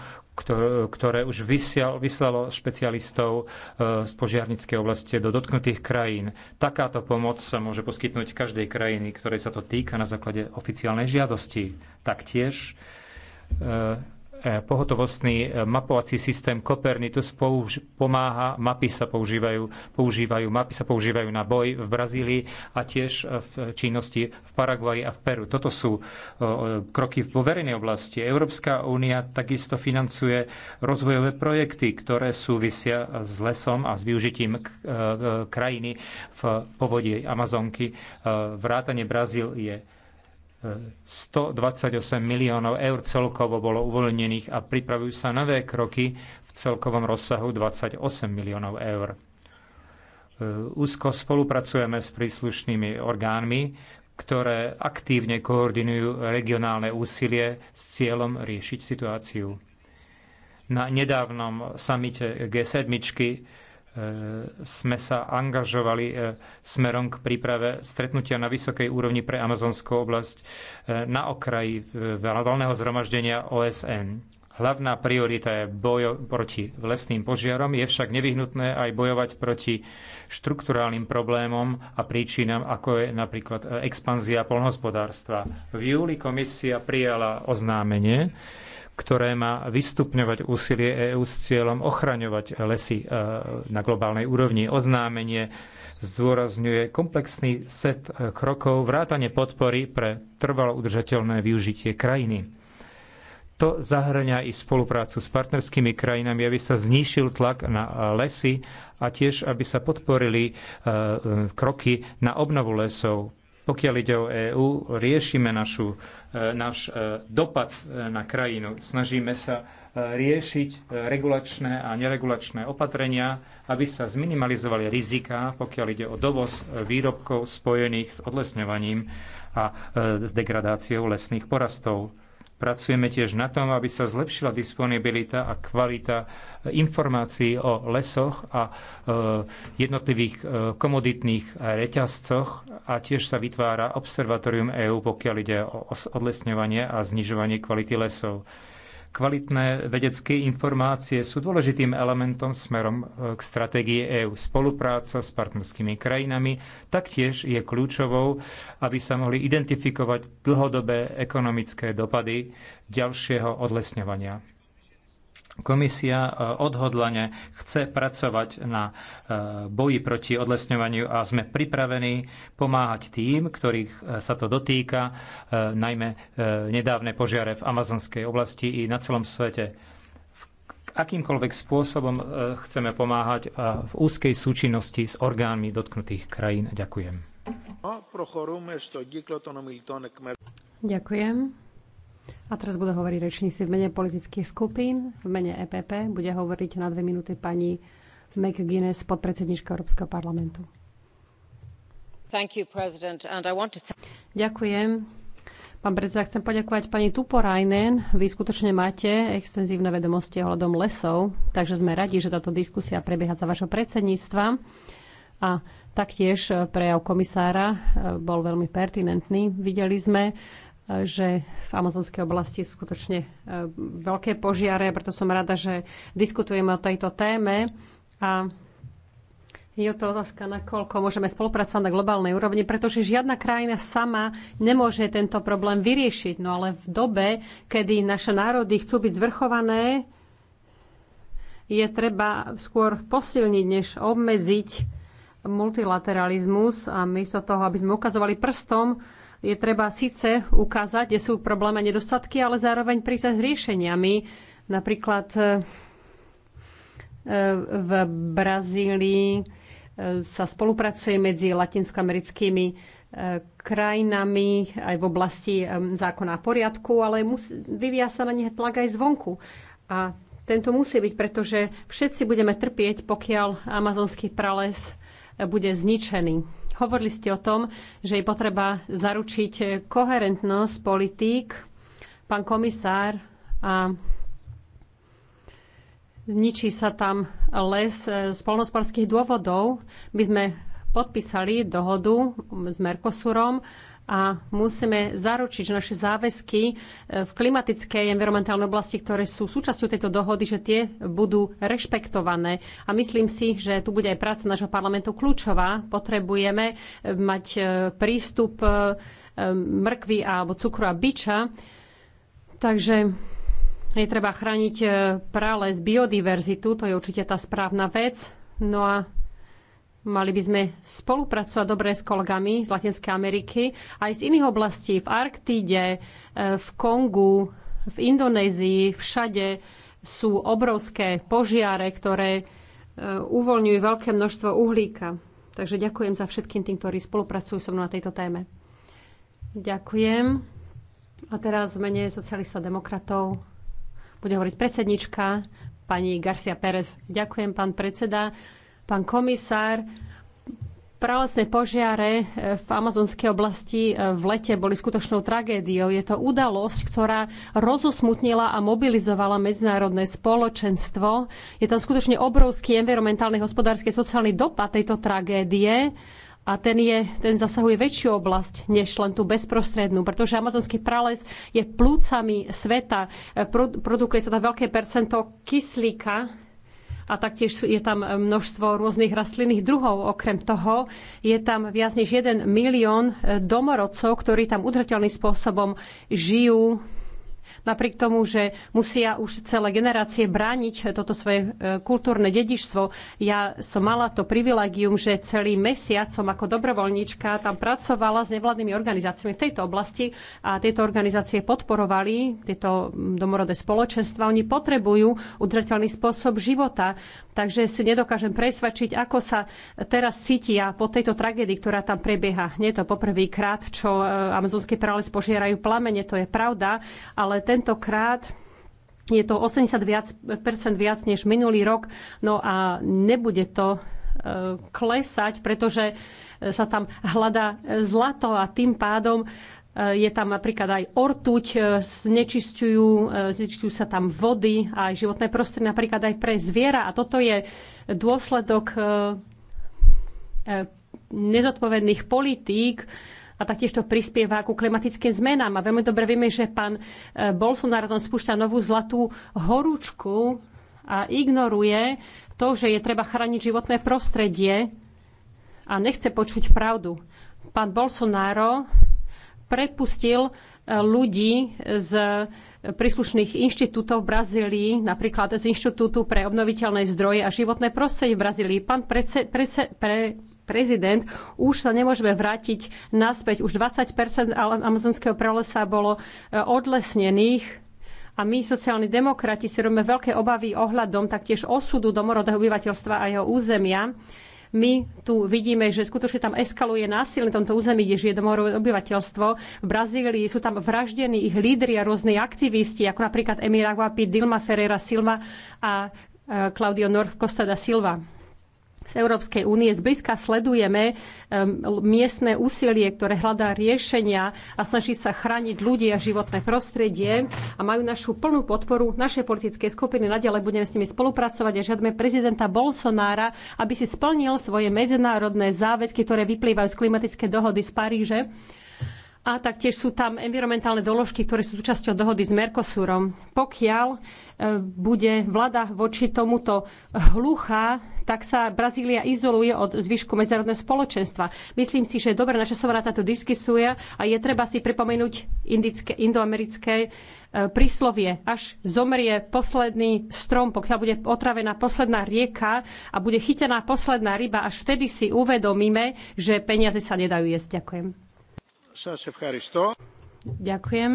ktoré už vysial, vyslalo špecialistov e, z požiarnickej oblasti do dotknutých krajín. Takáto pomoc sa môže poskytnúť každej krajiny, ktorej sa to týka na základe oficiálnej žiadosti. Taktiež E, pohotovostný e, mapovací systém Copernicus použ- pomáha, mapy sa používajú, používajú, mapy sa používajú na boj v Brazílii a tiež e, v činnosti v Paraguaji a v Peru. Toto sú kroky vo verejnej oblasti. Európska únia takisto financuje rozvojové projekty, ktoré súvisia s lesom a s využitím krajiny v povodí Amazonky. Vrátanie Brazílie 128 miliónov eur celkovo bolo uvoľnených a pripravujú sa nové kroky v celkovom rozsahu 28 miliónov eur. E, úzko spolupracujeme s príslušnými orgánmi, ktoré aktívne koordinujú regionálne úsilie s cieľom riešiť situáciu. Na nedávnom samite G7 E, sme sa angažovali e, smerom k príprave stretnutia na vysokej úrovni pre amazonskú oblasť e, na okraji valného zhromaždenia OSN. Hlavná priorita je boj proti lesným požiarom, je však nevyhnutné aj bojovať proti štrukturálnym problémom a príčinám, ako je napríklad expanzia polnohospodárstva. V júli komisia prijala oznámenie, ktoré má vystupňovať úsilie EÚ s cieľom ochraňovať lesy e, na globálnej úrovni. Oznámenie zdôrazňuje komplexný set e, krokov vrátane podpory pre trvalo udržateľné využitie krajiny. To zahrňa i spoluprácu s partnerskými krajinami, aby sa zníšil tlak na e, lesy a tiež, aby sa podporili kroky na obnovu lesov pokiaľ ide o EÚ, riešime našu, e, náš e, dopad e, na krajinu. Snažíme sa riešiť regulačné a neregulačné opatrenia, aby sa zminimalizovali riziká, pokiaľ ide o dovoz výrobkov spojených s odlesňovaním a s degradáciou lesných porastov. Pracujeme tiež na tom, aby sa zlepšila disponibilita a kvalita e, informácií o lesoch a e, jednotlivých e, komoditných reťazcoch a tiež sa vytvára Observatórium EÚ, pokiaľ ide o odlesňovanie a znižovanie kvality lesov. Kvalitné vedecké informácie sú dôležitým elementom smerom e, k stratégii EÚ. Spolupráca s partnerskými krajinami taktiež je kľúčovou, aby sa mohli identifikovať dlhodobé ekonomické dopady ďalšieho odlesňovania. Komisia e, odhodlane chce pracovať na e, boji proti odlesňovaniu a sme pripravení pomáhať tým, ktorých e, sa to dotýka, najmä nedávne požiare v amazonskej oblasti i na celom svete. Akýmkoľvek spôsobom chceme pomáhať v úzkej súčinnosti s orgánmi dotknutých krajín. Ďakujem. Ďakujem. A teraz budú hovoriť rečníci v mene politických skupín. V mene EPP bude hovoriť na dve minúty pani McGuinness, podpredsednička Európskeho parlamentu. You, to... Ďakujem. Pán predseda, chcem poďakovať pani Tuporajnen. Vy skutočne máte extenzívne vedomosti ohľadom lesov, takže sme radi, že táto diskusia prebieha za vašho predsedníctva. A taktiež prejav komisára eh, bol veľmi pertinentný. Videli sme, že v amazonskej oblasti sú skutočne e, veľké požiare, preto som rada, že diskutujeme o tejto téme a je to otázka, nakoľko môžeme spolupracovať na globálnej úrovni, pretože žiadna krajina sama nemôže tento problém vyriešiť. No ale v dobe, kedy naše národy chcú byť zvrchované, je treba skôr posilniť, než obmedziť multilateralizmus a miesto toho, aby sme ukazovali prstom je treba síce ukázať, kde sú problémy a nedostatky, ale zároveň prísť s riešeniami. Napríklad e, e, v Brazílii e, sa spolupracuje medzi latinskoamerickými krajinami aj v oblasti zákona a poriadku, ale vyvíja sa na nich tlak aj zvonku. A tento musí byť, pretože všetci budeme trpieť, pokiaľ amazonský prales bude zničený. Hovorili ste o tom, že je potreba zaručiť koherentnosť politík. Pán komisár, a ničí sa tam les z polnospodárských dôvodov. My sme podpísali dohodu s Mercosurom a musíme zaručiť, že naše záväzky e, v klimatickej a environmentálnej oblasti, ktoré sú súčasťou tejto dohody, že tie budú rešpektované. A myslím si, že tu bude aj práca nášho parlamentu kľúčová. Potrebujeme e, mať e, prístup mrkvy alebo cukru a biča. Takže je treba chrániť prales biodiverzitu, to je určite tá správna vec. No a Mali by sme spolupracovať dobre s kolegami z Latinskej Ameriky aj z iných oblastí, v Arktíde, e, v Kongu, v Indonézii, všade sú obrovské požiare, ktoré e, uvoľňujú veľké množstvo uhlíka. Takže ďakujem za všetkým tým, ktorí spolupracujú so mnou na tejto téme. Ďakujem. A teraz v mene socialistov a demokratov bude hovoriť predsednička pani Garcia Pérez. Ďakujem, pán predseda. Pán komisár, pralesné požiare eh, v amazonskej oblasti eh, v lete boli skutočnou tragédiou. Je to udalosť, ktorá rozosmutnila a mobilizovala medzinárodné spoločenstvo. Je tam skutočne obrovský environmentálny, hospodársky, a sociálny dopad tejto tragédie a ten, je, ten zasahuje väčšiu oblasť než len tú bezprostrednú, pretože amazonský prales je plúcami sveta, eh, produkuje sa tam veľké percento kyslíka, a taktiež je tam množstvo rôznych rastlinných druhov. Okrem toho je tam viac než 1 milión domorodcov, ktorí tam udržateľným spôsobom žijú napriek tomu, že musia už celé generácie brániť toto svoje e, kultúrne dedičstvo. Ja som mala to privilegium, že celý mesiac som ako dobrovoľníčka tam pracovala s nevládnymi organizáciami v tejto oblasti a tieto organizácie podporovali tieto domorodé spoločenstva. Oni potrebujú udržateľný spôsob života takže si nedokážem presvedčiť, ako sa teraz cítia po tejto tragédii, ktorá tam prebieha. Nie je to poprvýkrát, čo e, amazonský prales požierajú plamene, to je pravda, ale tentokrát je to 80% viac, percent viac než minulý rok, no a nebude to e, klesať, pretože e, sa tam hľadá zlato a tým pádom je tam napríklad aj ortuť, znečisťujú, znečisťujú e, sa tam vody a aj životné prostredie, napríklad aj pre zviera. A toto je dôsledok e, e, nezodpovedných politík a taktiež to prispieva ku klimatickým zmenám. A veľmi dobre vieme, že pán Bolsonaro tam spúšťa novú zlatú horúčku a ignoruje to, že je treba chrániť životné prostredie a nechce počuť pravdu. Pán Bolsonaro prepustil eh, ľudí z eh, príslušných inštitútov v Brazílii, napríklad z Inštitútu pre obnoviteľné zdroje a životné prostredie v Brazílii. Pán prece, prece, pre, prezident, už sa nemôžeme vrátiť naspäť. Už 20 amazonského prelesa bolo eh, odlesnených a my, sociálni demokrati, si robíme veľké obavy ohľadom taktiež osudu domorodého obyvateľstva a jeho územia. My tu vidíme, že skutočne tam eskaluje násilie na tomto území, kde žije domorové obyvateľstvo. V Brazílii sú tam vraždení ich lídri a rôzni aktivisti, ako napríklad Emir Aguapi, Dilma Ferreira Silva a e, Claudio Norf Costa da Silva z Európskej únie zblízka sledujeme um, miestne úsilie, ktoré hľadá riešenia a snaží sa chrániť ľudí a životné prostredie a majú našu plnú podporu našej politickej skupiny. Naďalej budeme s nimi spolupracovať a žiadme prezidenta Bolsonára, aby si splnil svoje medzinárodné záväzky, ktoré vyplývajú z klimatické dohody z Paríže a taktiež sú tam environmentálne doložky, ktoré sú súčasťou dohody s Mercosurom. Pokiaľ e, bude vláda voči tomuto hluchá, tak sa Brazília izoluje od zvyšku medzinárodného spoločenstva. Myslím si, že je naša načasovaná táto diskusia a je treba si pripomenúť indické, indoamerické e, príslovie. Až zomrie posledný strom, pokiaľ bude otravená posledná rieka a bude chytená posledná ryba, až vtedy si uvedomíme, že peniaze sa nedajú jesť. Ďakujem. Ďakujem.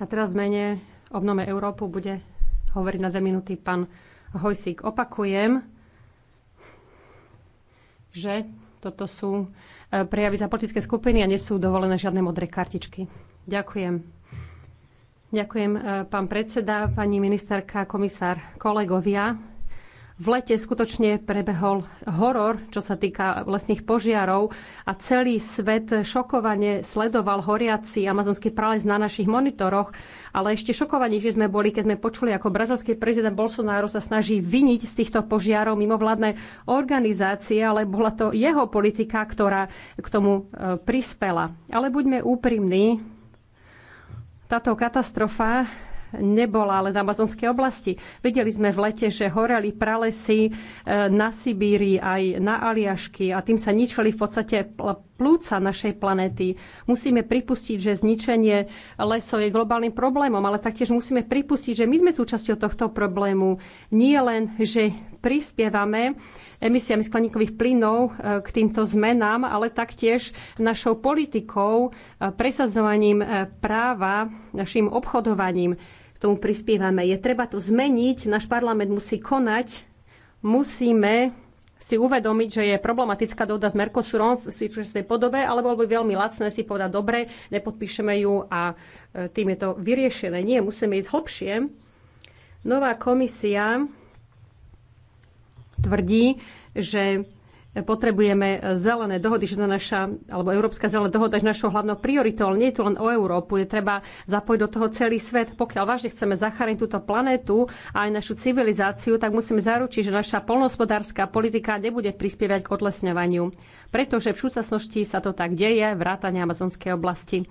A teraz v mene Obnome Európu bude hovoriť na dve minúty pán Hojsík. Opakujem, že toto sú e, prejavy za politické skupiny a nie sú dovolené žiadne modré kartičky. Ďakujem. Ďakujem, e, pán predseda, pani ministerka, komisár, kolegovia. V lete skutočne prebehol horor, čo sa týka lesných požiarov a celý svet šokovane sledoval horiaci amazonský prales na našich monitoroch, ale ešte šokovanejšie sme boli, keď sme počuli, ako brazilský prezident Bolsonaro sa snaží vyniť z týchto požiarov mimovládne organizácie, ale bola to jeho politika, ktorá k tomu e, prispela. Ale buďme úprimní, táto katastrofa nebola len v amazonskej oblasti. Vedeli sme v lete, že horeli pralesy e, na Sibíri aj na Aliašky a tým sa ničili v podstate plúca našej planéty. Musíme pripustiť, že zničenie lesov je globálnym problémom, ale taktiež musíme pripustiť, že my sme súčasťou tohto problému. Nie len, že prispievame emisiami skleníkových plynov e, k týmto zmenám, ale taktiež našou politikou, e, presadzovaním práva, našim obchodovaním k tomu prispievame. Je treba to zmeniť, náš parlament musí konať, musíme si uvedomiť, že je problematická dohoda s Mercosurom v súčasnej podobe, ale bolo by veľmi lacné si povedať, dobre, nepodpíšeme ju a e, tým je to vyriešené. Nie, musíme ísť hlbšie. Nová komisia tvrdí, že potrebujeme zelené dohody, že to naša, alebo Európska zelená dohoda je našou hlavnou prioritou, ale nie je to len o Európu, je treba zapojiť do toho celý svet. Pokiaľ vážne chceme zachrániť túto planetu a aj našu civilizáciu, tak musíme zaručiť, že naša polnospodárska politika nebude prispievať k odlesňovaniu. Pretože v súčasnosti sa to tak deje, vrátane amazonskej oblasti.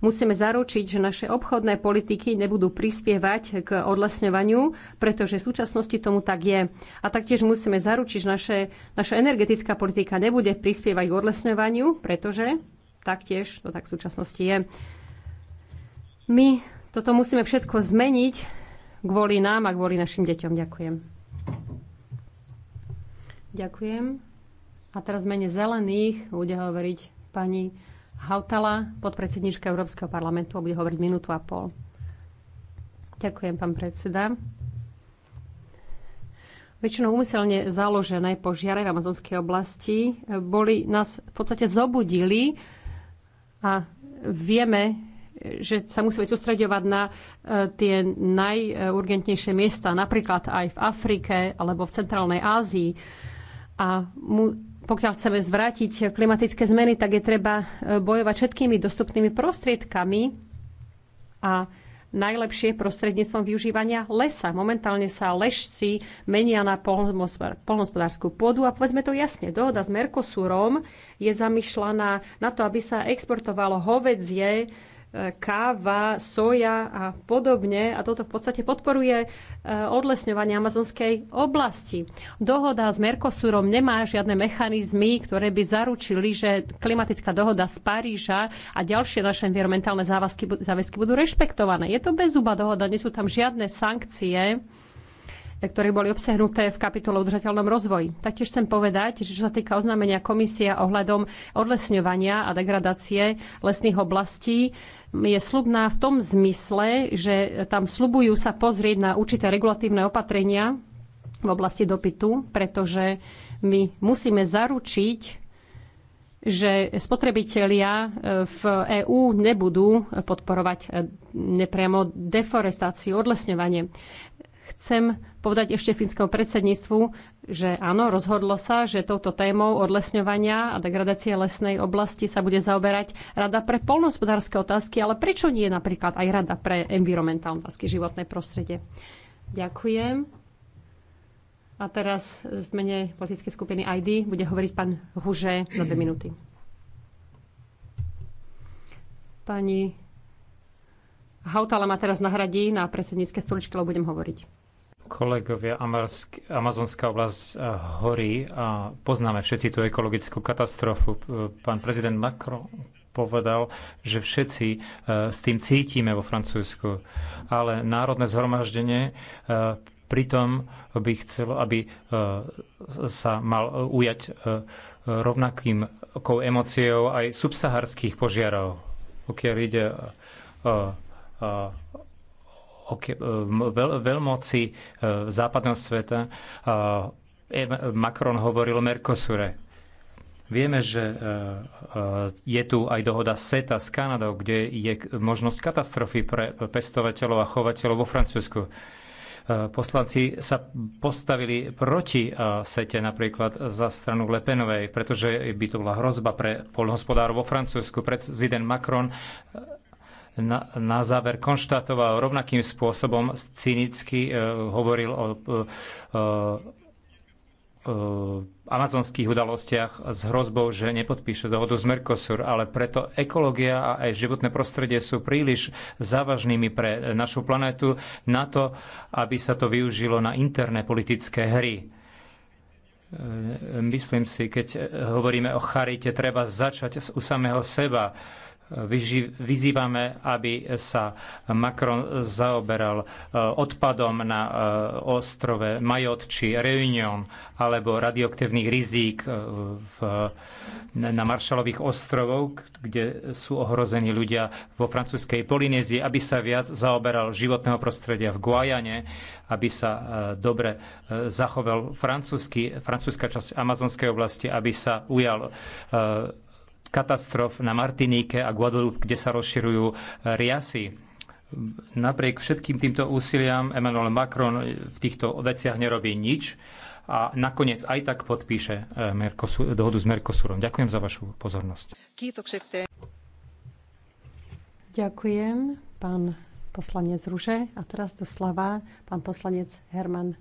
Musíme zaručiť, že naše obchodné politiky nebudú prispievať k odlesňovaniu, pretože v súčasnosti tomu tak je. A taktiež musíme zaručiť, že naše, naša energetická politika nebude prispievať k odlesňovaniu, pretože taktiež to tak v súčasnosti je. My toto musíme všetko zmeniť kvôli nám a kvôli našim deťom. Ďakujem. Ďakujem. A teraz mene zelených bude hovoriť pani Hautala, podpredsednička Európskeho parlamentu, bude hovoriť minútu a pol. Ďakujem, pán predseda. Väčšinou umyselne založené požiare v amazonskej oblasti eh, boli, nás v podstate zobudili a vieme, že sa musíme sústredovať na eh, tie najurgentnejšie miesta, napríklad aj v Afrike alebo v Centrálnej Ázii. A pokiaľ chceme zvrátiť klimatické zmeny, tak je treba e, bojovať všetkými dostupnými prostriedkami a najlepšie prostredníctvom využívania lesa. Momentálne sa lešci menia na polnospodárskú pôdu a povedzme to jasne, dohoda s Mercosurom je zamýšľaná na to, aby sa exportovalo hovedzie, káva, soja a podobne. A toto v podstate podporuje e, odlesňovanie amazonskej oblasti. Dohoda s Mercosurom nemá žiadne mechanizmy, ktoré by zaručili, že klimatická dohoda z Paríža a ďalšie naše environmentálne záväzky, záväzky budú rešpektované. Je to bezúba dohoda, nie sú tam žiadne sankcie e, ktoré boli obsahnuté v kapitole o udržateľnom rozvoji. Taktiež chcem povedať, že čo sa týka oznámenia komisia ohľadom odlesňovania a degradácie lesných oblastí, je slubná v tom zmysle, že tam slubujú sa pozrieť na určité regulatívne opatrenia v oblasti dopytu, pretože my musíme zaručiť, že spotrebitelia e, v EÚ nebudú podporovať e, nepriamo deforestáciu, odlesňovanie. Chcem povedať ešte fínskom predsedníctvu, že áno, rozhodlo sa, že touto témou odlesňovania a degradácie lesnej oblasti sa bude zaoberať Rada pre polnohospodárske otázky, ale prečo nie napríklad aj Rada pre environmentálne otázky, životné prostredie? Ďakujem. A teraz z mene politickej skupiny ID bude hovoriť pán Huže za dve minúty. Pani Hautala ma teraz nahradí na predsednícke stoličke, lebo budem hovoriť. Kolegovia, amazonská oblasť eh, horí a poznáme všetci tú ekologickú katastrofu. Eh, pán prezident Macron povedal, že všetci eh, s tým cítime vo Francúzsku. Ale národné zhromaždenie pritom by chcelo, aby sa mal ujať rovnakým emóciou aj subsaharských požiarov, pokiaľ ide o, E, veľmoci e, západného sveta. E, Macron hovoril o Mercosure. Vieme, že je tu aj dohoda SETA s Kanadou, kde je možnosť katastrofy pre pestovateľov a chovateľov vo Francúzsku. Poslanci sa postavili proti SETE napríklad za stranu Lepenovej, pretože by to bola hrozba pre polnohospodárov vo Francúzsku. Prezident Macron na, na záver konštatoval rovnakým spôsobom, cynicky e, hovoril o e, e, e amazonských udalostiach s hrozbou, že nepodpíše dohodu z Mercosur, ale preto ekológia a aj životné prostredie sú príliš závažnými pre našu planétu na to, aby sa to využilo na interné politické hry. E, myslím si, keď hovoríme o charite, treba začať u samého seba Vyzývame, aby sa Macron zaoberal e, odpadom na e, ostrove Majot či Reunion alebo radioaktívnych rizík e, v, na Maršalových ostrovoch, kde sú ohrození ľudia vo francúzskej Polynézii, aby sa viac zaoberal životného prostredia v Guajane, aby sa dobre zachoval francúzska časť amazonskej oblasti, aby sa ujal katastrof na Martinike a Guadeloupe, kde sa rozširujú eh, riasy. Napriek všetkým týmto úsiliam Emmanuel Macron v týchto veciach nerobí nič a nakoniec aj tak podpíše eh, Mercosur, dohodu s Mercosurom. Ďakujem za vašu pozornosť. Ďakujem, pán poslanec Ruže. A teraz do slava pán poslanec Herman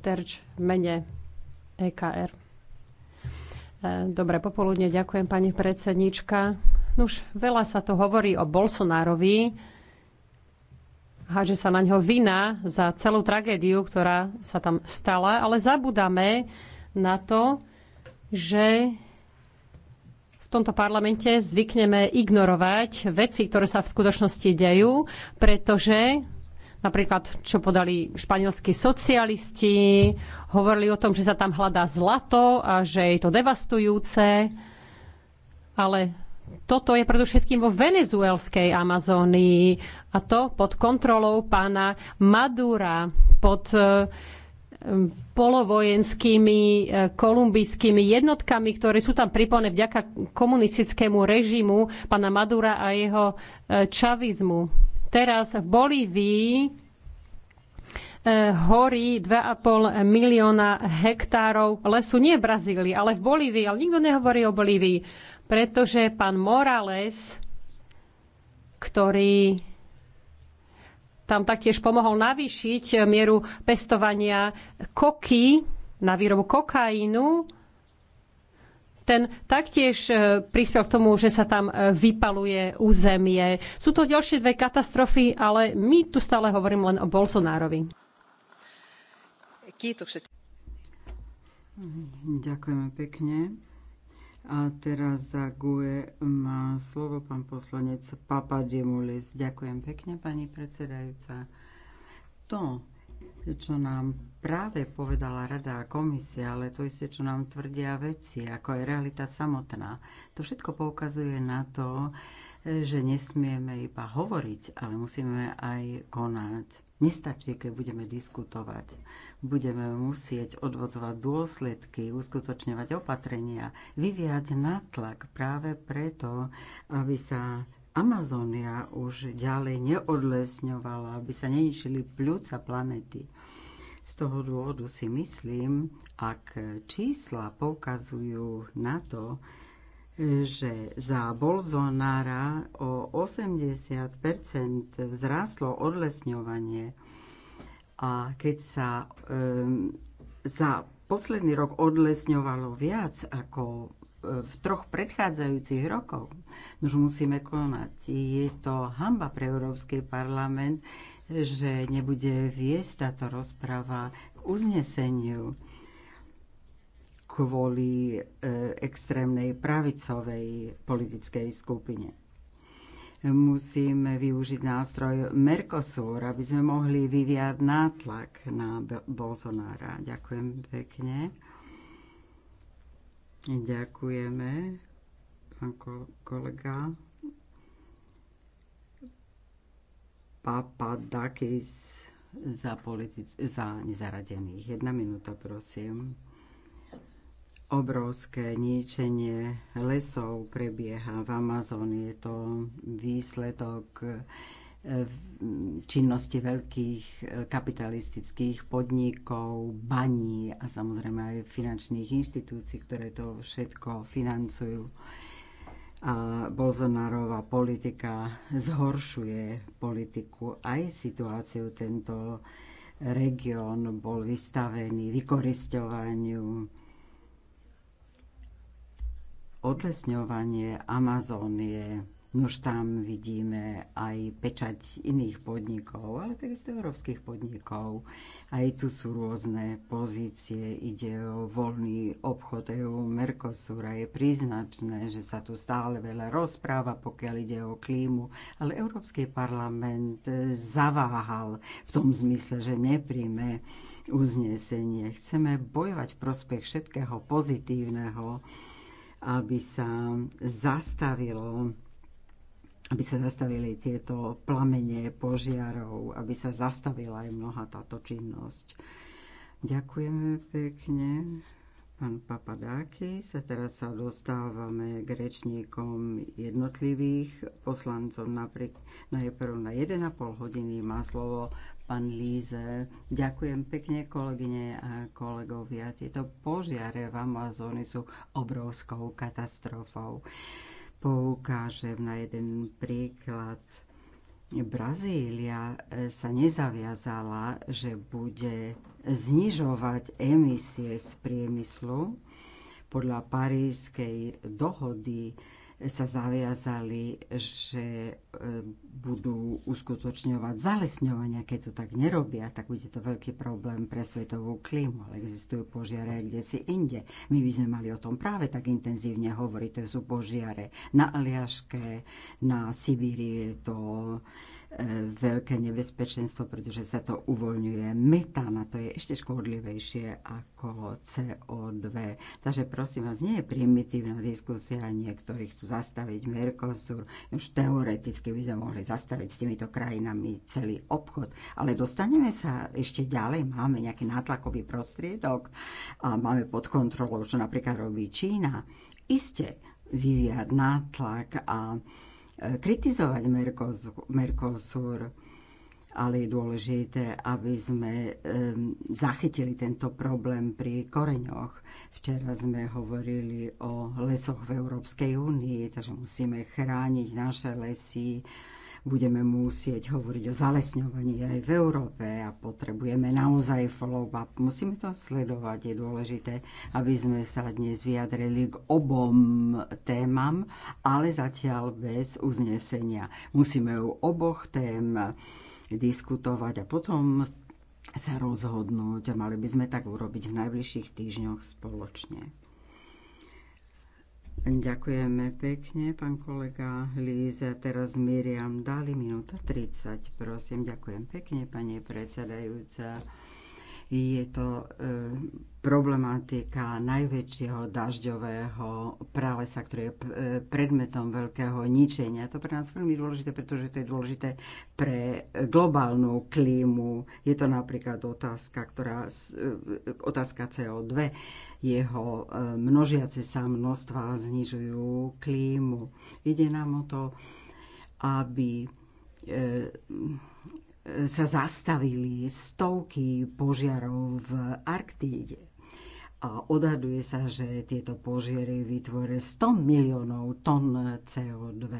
Terč v mene EKR. Dobré popoludne, ďakujem pani predsednička. Už veľa sa tu hovorí o Bolsonárovi. Háže sa na ňo vina za celú tragédiu, ktorá sa tam stala, ale zabudáme na to, že v tomto parlamente zvykneme ignorovať veci, ktoré sa v skutočnosti dejú, pretože napríklad čo podali španielskí socialisti, hovorili o tom, že sa tam hľadá zlato a že je to devastujúce, ale toto je predovšetkým vo venezuelskej Amazónii a to pod kontrolou pána Madura, pod eh, polovojenskými eh, kolumbijskými jednotkami, ktoré sú tam pripojené vďaka komunistickému režimu pána Madura a jeho eh, čavizmu. Teraz v Bolívii eh, horí 2,5 milióna hektárov lesu, nie v Brazílii, ale v Bolívii. Ale nikto nehovorí o Bolívii, pretože pán Morales, ktorý tam taktiež pomohol navýšiť mieru pestovania koky na výrobu kokainu, ten taktiež e, prispel k tomu, že sa tam e, vypaluje územie. Sú to ďalšie dve katastrofy, ale my tu stále hovorím len o Bolsonárovi. Ďakujeme pekne. A teraz za GUE má slovo pán poslanec Papadimulis. Ďakujem pekne, pani predsedajúca. To, čo nám práve povedala Rada a komisia, ale to isté, čo nám tvrdia veci, ako je realita samotná. To všetko poukazuje na to, že nesmieme iba hovoriť, ale musíme aj konať. Nestačí, keď budeme diskutovať. Budeme musieť odvodzovať dôsledky, uskutočňovať opatrenia, vyviať nátlak práve preto, aby sa Amazónia už ďalej neodlesňovala, aby sa neničili pľúca planety. Z toho dôvodu si myslím, ak čísla poukazujú na to, že za Bolzonára o 80 vzrástlo odlesňovanie a keď sa um, za posledný rok odlesňovalo viac ako e, v troch predchádzajúcich rokoch, no už musíme konať. Je to hamba pre Európsky parlament, že nebude viesť táto rozprava k uzneseniu kvôli e, extrémnej pravicovej politickej skupine. Musíme využiť nástroj Mercosur, aby sme mohli vyviať nátlak na Bolsonára. Ďakujem pekne. Ďakujeme, pán kolega. Papadakis za, politic- za nezaradených. Jedna minúta, prosím. Obrovské ničenie lesov prebieha v Amazónii. Je to výsledok e, činnosti veľkých e, kapitalistických podnikov, baní a samozrejme aj finančných inštitúcií, ktoré to všetko financujú a Bolsonárova politika zhoršuje politiku aj situáciu. Tento región bol vystavený vykoristovaniu. Odlesňovanie Amazónie, nož tam vidíme aj pečať iných podnikov, ale takisto európskych podnikov. Aj tu sú rôzne pozície, ide o voľný obchod EU a Je príznačné, že sa tu stále veľa rozpráva, pokiaľ ide o klímu, ale Európsky parlament zaváhal v tom zmysle, že nepríjme uznesenie. Chceme bojovať v prospech všetkého pozitívneho, aby sa zastavilo aby sa zastavili tieto plamenie požiarov, aby sa zastavila aj mnoha táto činnosť. Ďakujeme pekne, pán Papadáky. Sa teraz sa dostávame k rečníkom jednotlivých poslancov. Napriek, najprv na 1,5 hodiny má slovo pán Líze. Ďakujem pekne, kolegyne a kolegovia. Tieto požiare v Amazóne sú obrovskou katastrofou poukážem na jeden príklad. Brazília e, sa nezaviazala, že bude znižovať emisie z priemyslu. Podľa parížskej dohody sa zaviazali, že e, budú uskutočňovať zalesňovania. Keď to tak nerobia, tak bude to veľký problém pre svetovú klímu, ale existujú požiare kde si inde. My by sme mali o tom práve tak intenzívne hovoriť. To sú požiare na Aliaške, na Sibírii, je to veľké nebezpečenstvo, pretože sa to uvoľňuje. Metán a to je ešte škodlivejšie ako CO2. Takže prosím vás, nie je primitívna diskusia, niektorí chcú zastaviť Mercosur. Už teoreticky by sme mohli zastaviť s týmito krajinami celý obchod, ale dostaneme sa ešte ďalej, máme nejaký nátlakový prostriedok a máme pod kontrolou, čo napríklad robí Čína. Isté vyvíjať nátlak a kritizovať Mercosur, ale je dôležité, aby sme zachytili tento problém pri koreňoch. Včera sme hovorili o lesoch v Európskej únii, takže musíme chrániť naše lesy budeme musieť hovoriť o zalesňovaní aj v Európe a potrebujeme naozaj follow-up. Musíme to sledovať. Je dôležité, aby sme sa dnes vyjadrili k obom témam, ale zatiaľ bez uznesenia. Musíme ju oboch tém diskutovať a potom sa rozhodnúť. Mali by sme tak urobiť v najbližších týždňoch spoločne. Ďakujeme pekne, pán kolega Líze. Teraz Miriam Dali, minúta 30. Prosím, ďakujem pekne, pani predsedajúca. Je to e, problematika najväčšieho dažďového pralesa, ktorý je e, predmetom veľkého ničenia. To pre nás veľmi dôležité, pretože to je dôležité pre globálnu klímu. Je to napríklad otázka, ktorá, e, otázka CO2 jeho e, množiace sa množstva znižujú klímu. Ide nám o to, aby e, sa zastavili stovky požiarov v Arktíde. A odhaduje sa, že tieto požiary vytvoria 100 miliónov tón CO2.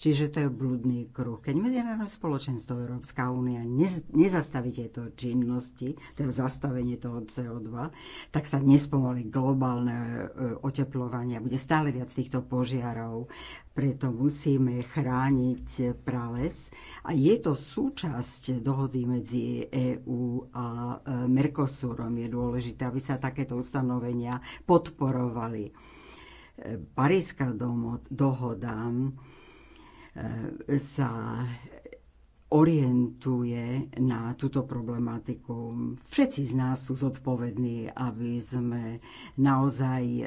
Čiže to je blúdny kruh. Keď medzinárodné spoločenstvo Európska únia nez, nezastaví tieto činnosti, teda zastavenie toho CO2, tak sa nespomalí globálne e, oteplovanie. Bude stále viac týchto požiarov, preto musíme chrániť prales. A je to súčasť dohody medzi EÚ a e, Mercosurom. Je dôležité, aby sa takéto ustanovenia podporovali. E, Paríska dohoda E, sa orientuje na túto problematiku. Všetci z nás sú zodpovední, aby sme naozaj e, e,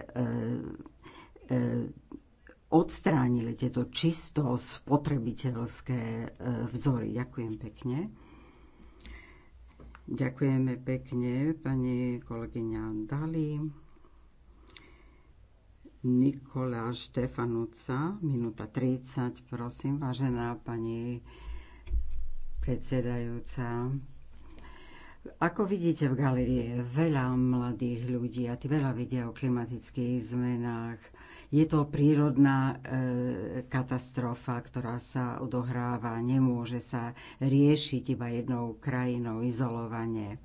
odstránili tieto čisto spotrebiteľské vzory. Ďakujem pekne. Ďakujeme pekne, pani kolegyňa Dali. Nikola Štefanuca, minúta 30, prosím, vážená pani predsedajúca. Ako vidíte v galerii, veľa mladých ľudí a tí veľa vidia o klimatických zmenách. Je to prírodná e, katastrofa, ktorá sa odohráva, nemôže sa riešiť iba jednou krajinou izolovanie.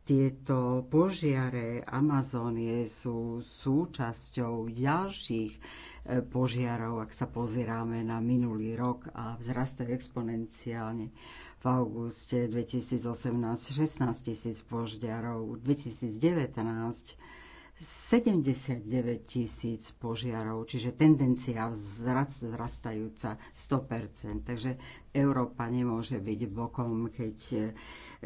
Tieto požiare Amazónie sú súčasťou ďalších e, požiarov, ak sa pozeráme na minulý rok a vzrastajú exponenciálne. V auguste 2018 16 tisíc požiarov, 2019 79 tisíc požiarov, čiže tendencia vzrastajúca 100%. Takže Európa nemôže byť bokom, keď e,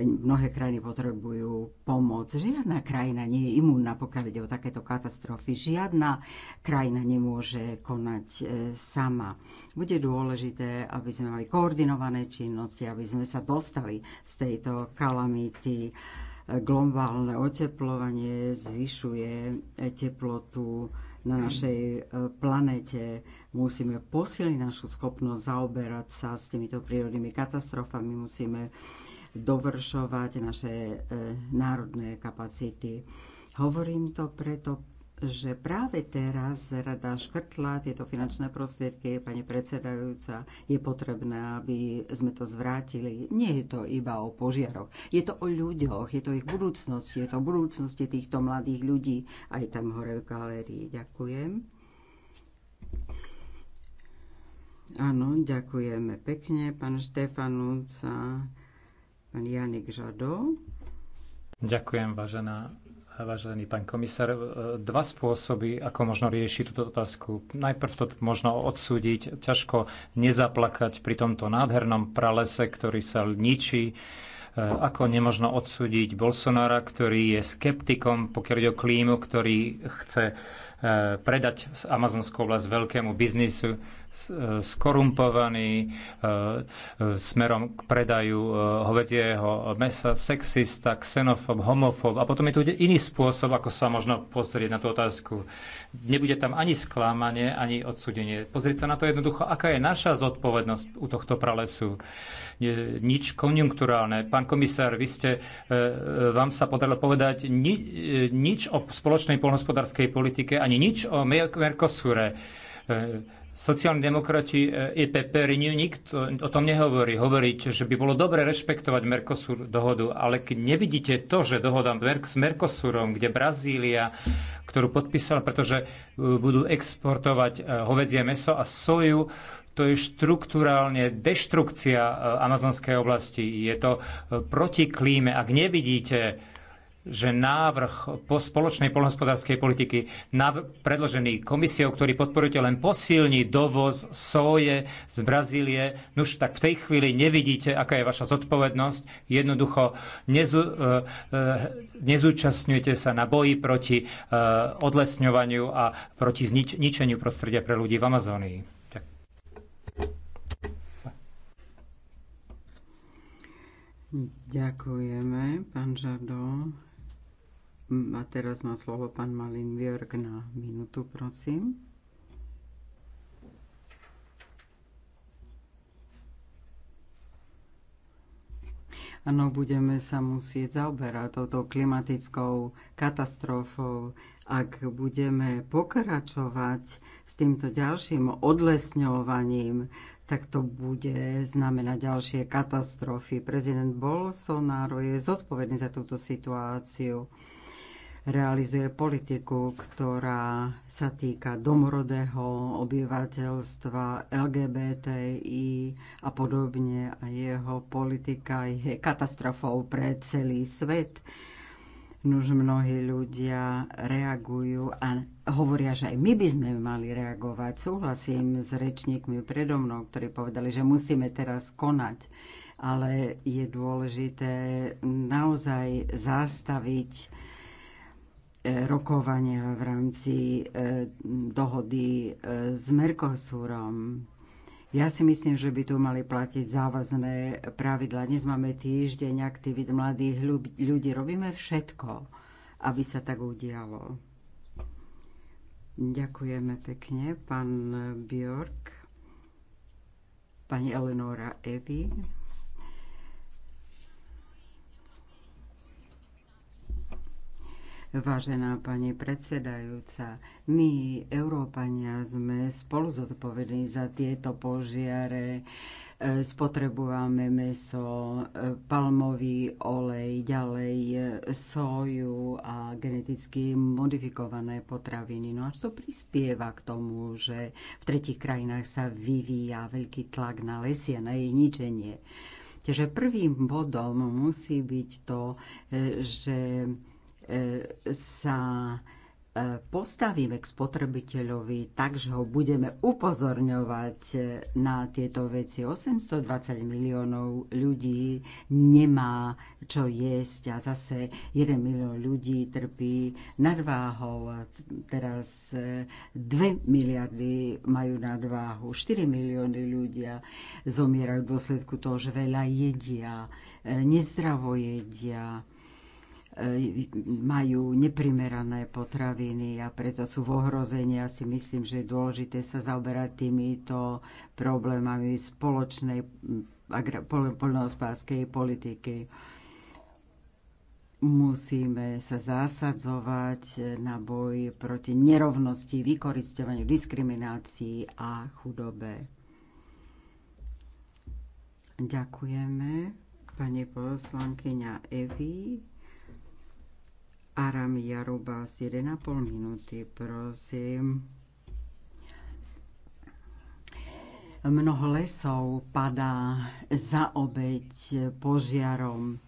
mnohé krajiny potrebujú pomoc. Žiadna krajina nie je imúnna, pokiaľ ide o takéto katastrofy. Žiadna krajina nemôže konať e, sama. Bude dôležité, aby sme mali koordinované činnosti, aby sme sa dostali z tejto kalamity e, globálne oteplovanie zvyšuje teplotu na našej e, planete. Musíme posiliť našu schopnosť zaoberať sa s týmito prírodnými katastrofami, musíme dovršovať naše e, národné kapacity. Hovorím to preto, že práve teraz rada škrtla tieto finančné prostriedky, pani predsedajúca, je potrebné, aby sme to zvrátili. Nie je to iba o požiaroch, je to o ľuďoch, je to ich budúcnosti, je to o budúcnosti týchto mladých ľudí. Aj tam hore v galérii. Ďakujem. Áno, ďakujeme pekne, pán Štefanúca. Pán Janik Žado. Ďakujem, vážená vážený pán komisár, e, dva spôsoby, ako možno riešiť túto otázku. Najprv to možno odsúdiť, ťažko nezaplakať pri tomto nádhernom pralese, ktorý sa ničí. E, ako nemožno odsúdiť Bolsonara, ktorý je skeptikom, pokiaľ ide o klímu, ktorý chce e, predať amazonskú vlast veľkému biznisu, skorumpovaný e, e, smerom k predaju e, hovedzieho mesa, sexista, xenofób, homofób. A potom je tu iný spôsob, ako sa možno pozrieť na tú otázku. Nebude tam ani sklamanie, ani odsudenie. Pozrieť sa na to jednoducho, aká je naša zodpovednosť u tohto pralesu. Nič konjunkturálne. Pán komisár, vy ste, vám sa podarilo povedať ni, nič o spoločnej polnospodárskej politike, ani nič o Mercosure Sociálni demokrati EPP e Renew nikto o tom nehovorí. Hovoríte, že by bolo dobre rešpektovať Mercosur dohodu, ale keď nevidíte to, že dohoda s Mercosurom, kde Brazília, ktorú podpísala, pretože e, budú exportovať e, hovedzie meso a soju, to je štruktúrálne deštrukcia amazonskej oblasti. Je to proti klíme. Ak nevidíte že návrh po spoločnej poľnohospodárskej politiky predložený komisiou, ktorý podporujete, len posilní dovoz soje z Brazílie. Nuž no tak v tej chvíli nevidíte, aká je vaša zodpovednosť. Jednoducho nezu, e, e, nezúčastňujete sa na boji proti e, odlesňovaniu a proti znič, ničeniu prostredia pre ľudí v Amazónii. Ďakujeme, pán Žardo. A teraz má slovo pán Malin Björk na minútu, prosím. Áno, budeme sa musieť zaoberať touto klimatickou katastrofou, ak budeme pokračovať s týmto ďalším odlesňovaním, tak to bude znamenať ďalšie katastrofy. Prezident Bolsonaro je zodpovedný za túto situáciu realizuje politiku, ktorá sa týka domorodého obyvateľstva, LGBTI a podobne. A jeho politika je katastrofou pre celý svet. Nuž mnohí ľudia reagujú a hovoria, že aj my by sme mali reagovať. Súhlasím s rečníkmi predo mnou, ktorí povedali, že musíme teraz konať ale je dôležité naozaj zastaviť E, rokovania v rámci e, dohody e, s Mercosurom. Ja si myslím, že by tu mali platiť závazné pravidla. Dnes máme týždeň aktivít mladých ľudí. Robíme všetko, aby sa tak udialo. Ďakujeme pekne, pán Bjork, pani Eleonora Evi. Vážená pani predsedajúca, my, Európania, sme spolu zodpovední za tieto požiare. E, spotrebujeme meso, e, palmový olej, ďalej e, soju a geneticky modifikované potraviny. No a to prispieva k tomu, že v tretich krajinách sa vyvíja veľký tlak na lesie, na jej ničenie. Takže prvým bodom musí byť to, že sa e, postavíme k spotrebiteľovi tak, že ho budeme upozorňovať e, na tieto veci. 820 miliónov ľudí nemá čo jesť a zase 1 milión ľudí trpí nadváhou. Teraz 2 e, miliardy majú nadváhu, 4 milióny ľudia zomierajú v dôsledku toho, že veľa jedia, nezdravo jedia E, majú neprimerané potraviny a preto sú v ohrození. Ja si myslím, že je dôležité sa zaoberať týmito problémami spoločnej mm, poľnohospodárskej politiky. Musíme sa zasadzovať e, na boj proti nerovnosti, vykoristovaniu, diskriminácii a chudobe. Ďakujeme. Pani poslankyňa Evi. Aram Jaruba z 1,5 minúty, prosím. Mnoho lesov padá za obeď požiarom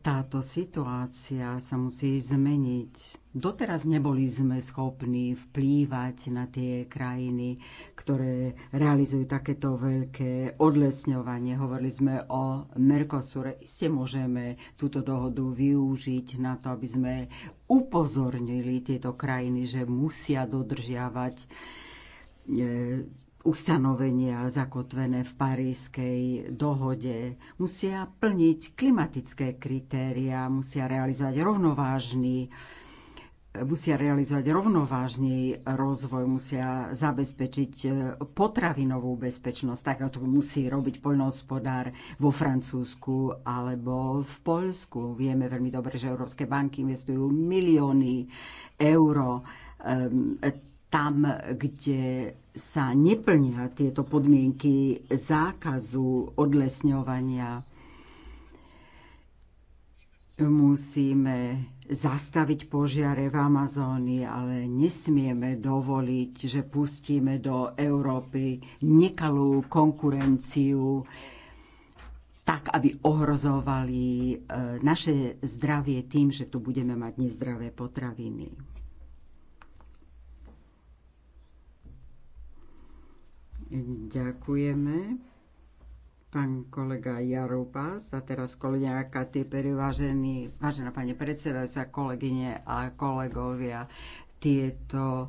táto situácia sa musí zmeniť. Doteraz neboli sme schopní vplývať na tie krajiny, ktoré realizujú takéto veľké odlesňovanie. Hovorili sme o Mercosure. Iste môžeme túto dohodu využiť na to, aby sme upozornili tieto krajiny, že musia dodržiavať e, ustanovenia zakotvené v Parískej dohode, musia plniť klimatické kritéria, musia realizovať rovnovážny musia realizovať rovnovážny rozvoj, musia zabezpečiť e, potravinovú bezpečnosť, tak ako to musí robiť poľnohospodár vo Francúzsku alebo v Poľsku. Vieme veľmi dobre, že európske banky investujú milióny eur e, tam, kde sa neplnia tieto podmienky zákazu odlesňovania, musíme zastaviť požiare v Amazónii, ale nesmieme dovoliť, že pustíme do Európy nekalú konkurenciu, tak, aby ohrozovali eh, naše zdravie tým, že tu budeme mať nezdravé potraviny. Ďakujeme. Pán kolega Jarupas a teraz kolegyňa Katypery, vážený, vážená pani predsedajúca, kolegyne a kolegovia, tieto e,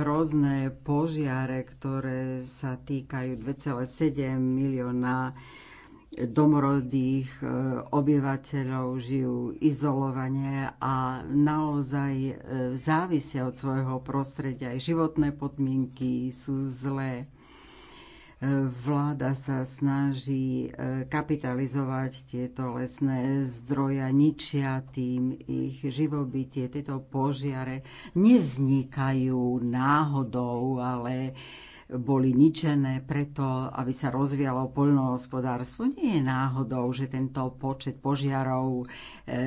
hrozné požiare, ktoré sa týkajú 2,7 milióna domorodých e, obyvateľov žijú izolovanie a naozaj e, závisia od svojho prostredia. Aj životné podmienky sú zlé. Vláda sa snaží e, kapitalizovať tieto lesné zdroja, ničia tým ich živobytie. Tieto požiare nevznikajú náhodou, ale boli ničené preto, aby sa rozvialo poľnohospodárstvo. Nie je náhodou, že tento počet požiarov e, e,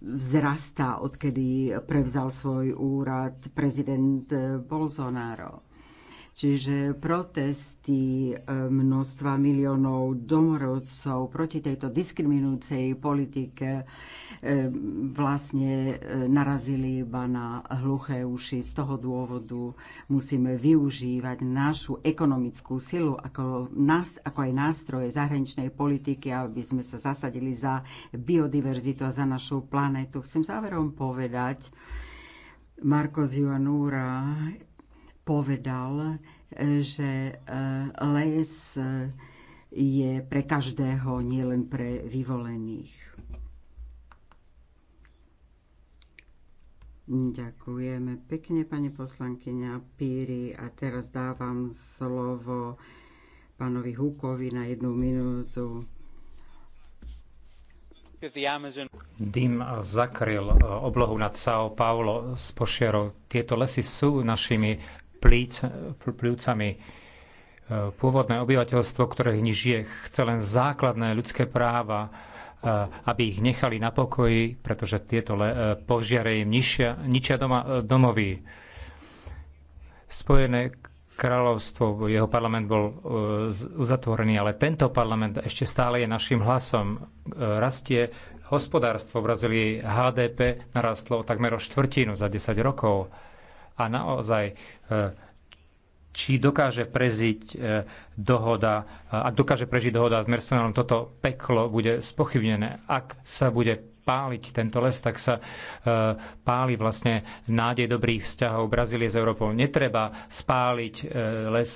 vzrastá, odkedy prevzal svoj úrad prezident Bolsonaro. Čiže protesty e, množstva miliónov domorodcov proti tejto diskriminujúcej politike e, vlastne e, narazili iba na hluché uši. Z toho dôvodu musíme využívať našu ekonomickú silu ako, nást- ako aj nástroje zahraničnej politiky, aby sme sa zasadili za biodiverzitu a za našu planetu. Chcem záverom povedať, Marko Zionúra povedal, e, že e, les e, je pre každého, nielen pre vyvolených. Ďakujeme pekne, pani poslankyňa Píri. A teraz dávam slovo pánovi Hukovi na jednu minútu. Dým zakryl oblohu nad São Paulo z pošiarov. Tieto lesy sú našimi plíc, e, Pôvodné obyvateľstvo, ktoré v nich žije, chce len základné ľudské práva, e, aby ich nechali na pokoji, pretože tieto e, požiare im ničia, ničia doma, domovy. Spojené kráľovstvo, jeho parlament bol uzatvorený, ale tento parlament ešte stále je našim hlasom. Rastie hospodárstvo v Brazílii, HDP narastlo takmer o štvrtinu za 10 rokov a naozaj e, či dokáže preziť e, dohoda, e, ak dokáže prežiť dohoda s Mercenárom, toto peklo bude spochybnené. Ak sa bude páliť tento les, tak sa páli vlastne nádej dobrých vzťahov Brazílie s Európou. Netreba spáliť les,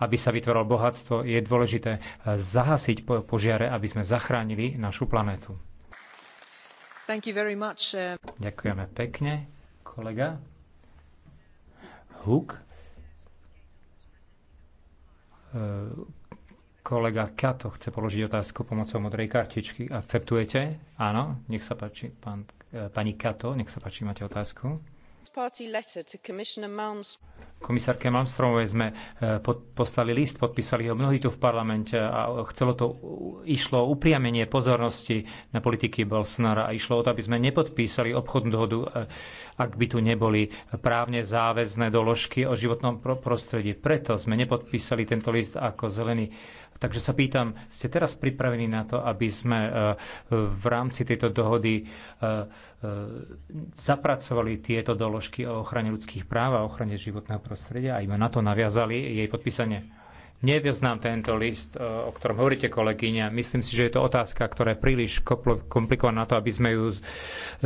aby sa vytvoril bohatstvo. Je dôležité zahasiť požiare, aby sme zachránili našu planétu. Uh, Ďakujeme pekne, kolega. Hook, e, kolega Kato chce položiť otázku pomocou modrej kartičky. Akceptujete? Áno, nech sa páči, pán, e, pani Kato, nech sa páči, máte otázku. Komisárke Malmstromovej sme e, poslali list, podpísali ho mnohí tu v parlamente a chcelo to, išlo upriamenie pozornosti na politiky Bolsonara a išlo o to, aby sme nepodpísali obchodnú dohodu, e, ak by tu neboli právne záväzné doložky o životnom prostredí. Preto sme nepodpísali tento list ako zelený Takže sa pýtam, ste teraz pripravení na to, aby sme e, v rámci tejto dohody e, e, zapracovali tieto doložky o ochrane ľudských práv a ochrane životného prostredia a iba na to naviazali jej podpísanie? Nevyznám tento list, e, o ktorom hovoríte, kolegyňa. Myslím si, že je to otázka, ktorá je príliš komplikovaná na to, aby sme ju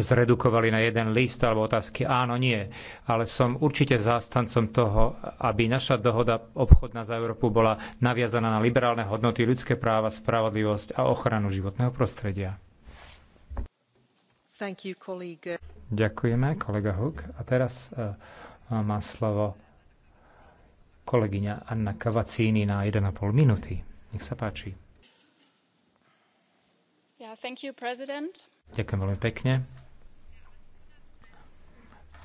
zredukovali na jeden list alebo otázky áno, nie. Ale som určite zástancom toho, aby naša dohoda obchodná za Európu bola naviazaná na liberálne hodnoty, ľudské práva, spravodlivosť a ochranu životného prostredia. You, Ďakujeme, kolega Huk. A teraz e, má slovo kolegyňa Anna Cavacini na 1,5 minúty. Nech sa páči. Yeah, thank you, president. Ďakujem veľmi pekne.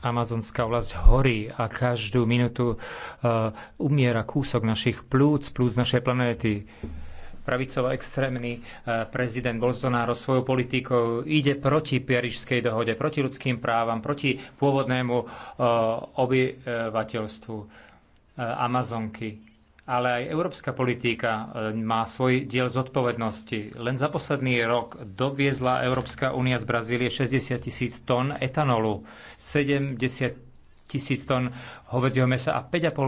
Amazonská vlast horí a každú minútu uh, umiera kúsok našich plúc, plúc našej planéty pravicovo-extrémny uh, prezident Bolsonaro svojou politikou ide proti Pierižskej dohode, proti ľudským právam, proti pôvodnému uh, obyvateľstvu E, Amazonky. Ale aj európska politika e, má svoj diel zodpovednosti. Len za posledný rok doviezla Európska únia z Brazílie 60 tisíc tón etanolu, 70 tisíc tón hovedzieho mesa a 5,5 e,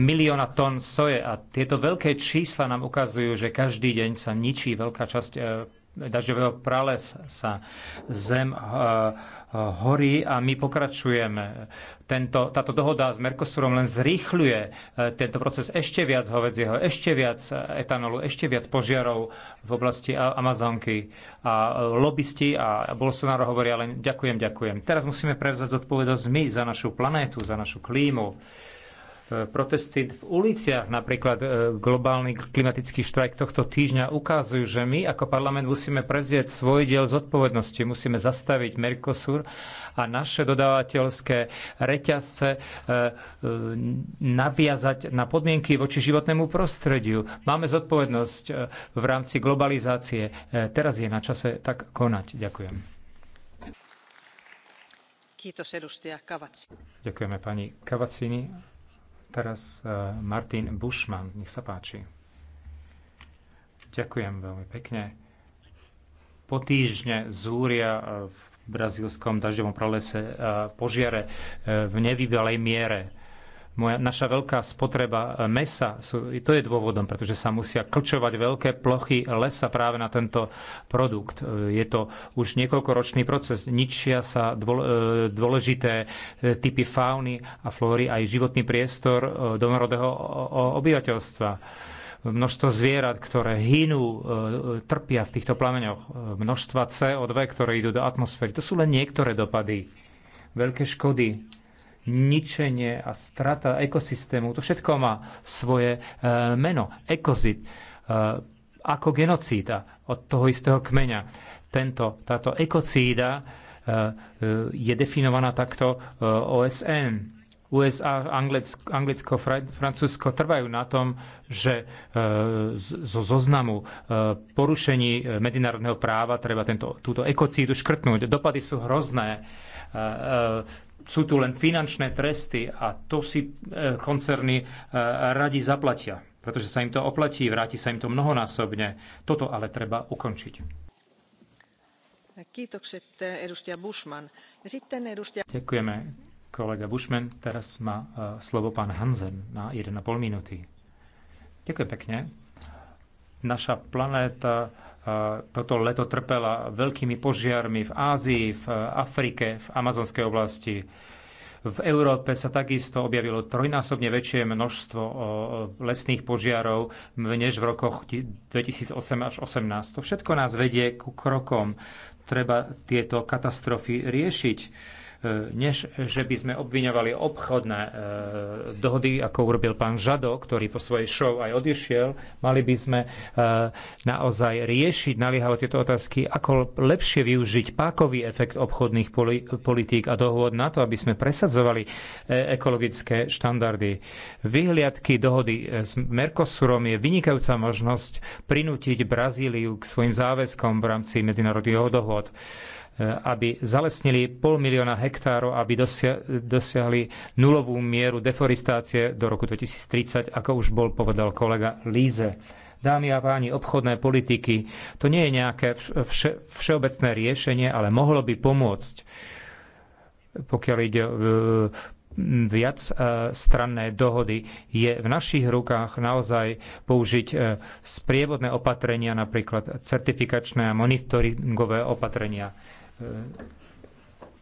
milióna tón soje. A tieto veľké čísla nám ukazujú, že každý deň sa ničí veľká časť dažďového pralesa, zem, horí a my pokračujeme. Tento, táto dohoda s Mercosurom len zrýchľuje e, tento proces ešte viac hovedzieho, ešte viac e, etanolu, ešte viac požiarov v oblasti Amazonky. A e, lobbysti a Bolsonaro hovoria len ďakujem, ďakujem. Teraz musíme prevzať zodpovednosť my za našu planétu, za našu klímu Protesty v uliciach, napríklad e, globálny klimatický štrajk tohto týždňa, ukazujú, že my ako parlament musíme prezieť svoj diel zodpovednosti. Musíme zastaviť Mercosur a naše dodávateľské reťazce e, e, naviazať na podmienky voči životnému prostrediu. Máme zodpovednosť v rámci globalizácie. Teraz je na čase tak konať. Ďakujem. Ďakujeme pani Kavacini. Teraz eh, Martin Bushman, nech sa páči. Ďakujem veľmi pekne. Po týždne zúria eh, v brazílskom dažďovom pralese eh, požiare v nevybalej miere moja, naša veľká spotreba e, mesa, sú, to je dôvodom, pretože sa musia klčovať veľké plochy lesa práve na tento produkt. E, je to už niekoľkoročný proces. Ničia sa e, dôležité typy fauny a flóry, aj životný priestor domorodého obyvateľstva množstvo zvierat, ktoré hynú, trpia v týchto plameňoch, množstva CO2, ktoré idú do atmosféry. To sú len niektoré dopady. Veľké škody ničenie a strata ekosystému, to všetko má svoje e, meno. Ekozit e, ako genocída od toho istého kmeňa. Tento, táto ekocída e, je definovaná takto OSN. USA, Anglicko, Anglicko Francúzsko trvajú na tom, že zo zoznamu porušení medzinárodného práva treba tento, túto ekocídu škrtnúť. Dopady sú hrozné sú tu len finančné tresty a to si e, koncerny e, radi zaplatia, pretože sa im to oplatí, vráti sa im to mnohonásobne. Toto ale treba ukončiť. Ďakujeme, kolega Bushman. Teraz má e, slovo pán Hansen na 1,5 minúty. Ďakujem pekne. Naša planéta toto leto trpela veľkými požiarmi v Ázii, v Afrike, v amazonskej oblasti. V Európe sa takisto objavilo trojnásobne väčšie množstvo lesných požiarov než v rokoch 2008 až 2018. To všetko nás vedie ku krokom. Treba tieto katastrofy riešiť než že by sme obviňovali obchodné e, dohody, ako urobil pán Žado, ktorý po svojej show aj odišiel, mali by sme e, naozaj riešiť naliehavo tieto otázky, ako lepšie využiť pákový efekt obchodných politík a dohôd na to, aby sme presadzovali e, ekologické štandardy. Vyhliadky dohody s Mercosurom je vynikajúca možnosť prinútiť Brazíliu k svojim záväzkom v rámci medzinárodných dohod aby zalesnili pol milióna hektárov, aby dosiahli nulovú mieru deforestácie do roku 2030, ako už bol povedal kolega Líze. Dámy a páni, obchodné politiky, to nie je nejaké vše- všeobecné riešenie, ale mohlo by pomôcť, pokiaľ ide viac e, stranné dohody. Je v našich rukách naozaj použiť e, sprievodné opatrenia, napríklad certifikačné a monitoringové opatrenia. E,